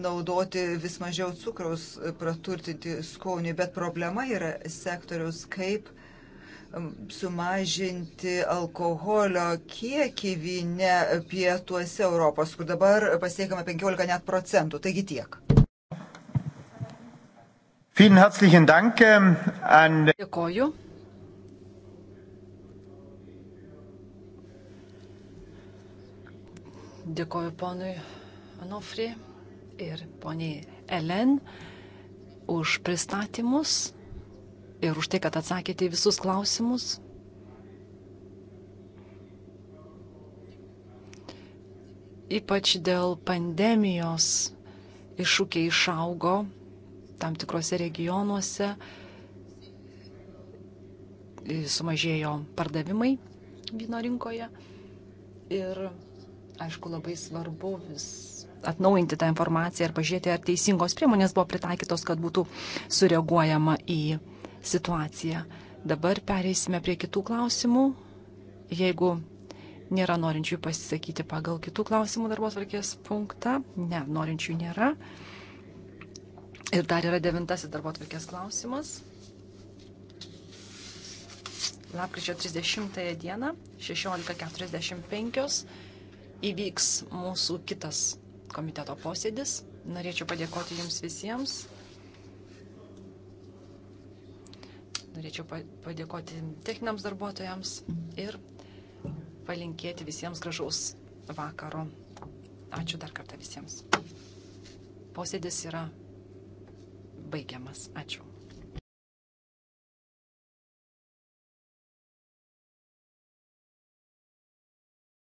naudoti vis mažiau cukraus, praturtinti skonį, bet problema yra sektoriaus kaip sumažinti alkoholio kiekį vyne pietuose Europos, kur dabar pasiekama 15 net procentų. Taigi tiek. Ähm, Dėkoju. Dėkoju ponui Anofri ir poniai Elen už pristatymus ir už tai, kad atsakėte į visus klausimus. Ypač dėl pandemijos iššūkiai išaugo tam tikrose regionuose, sumažėjo pardavimai vyno rinkoje ir, aišku, labai svarbu vis atnaujinti tą informaciją ir pažiūrėti, ar teisingos priemonės buvo pritaikytos, kad būtų sureaguojama į situaciją. Dabar pereisime prie kitų klausimų. Jeigu nėra norinčių pasisakyti pagal kitų klausimų darbos varkės punktą, ne, norinčių nėra. Ir dar yra devintasis darbo atvarkės klausimas. Lapkričio 30 dieną 16.45 įvyks mūsų kitas komiteto posėdis. Norėčiau padėkoti Jums visiems. Norėčiau padėkoti techniniams darbuotojams ir palinkėti visiems gražaus vakaro. Ačiū dar kartą visiems. Posėdis yra baigiamas. Ačiū.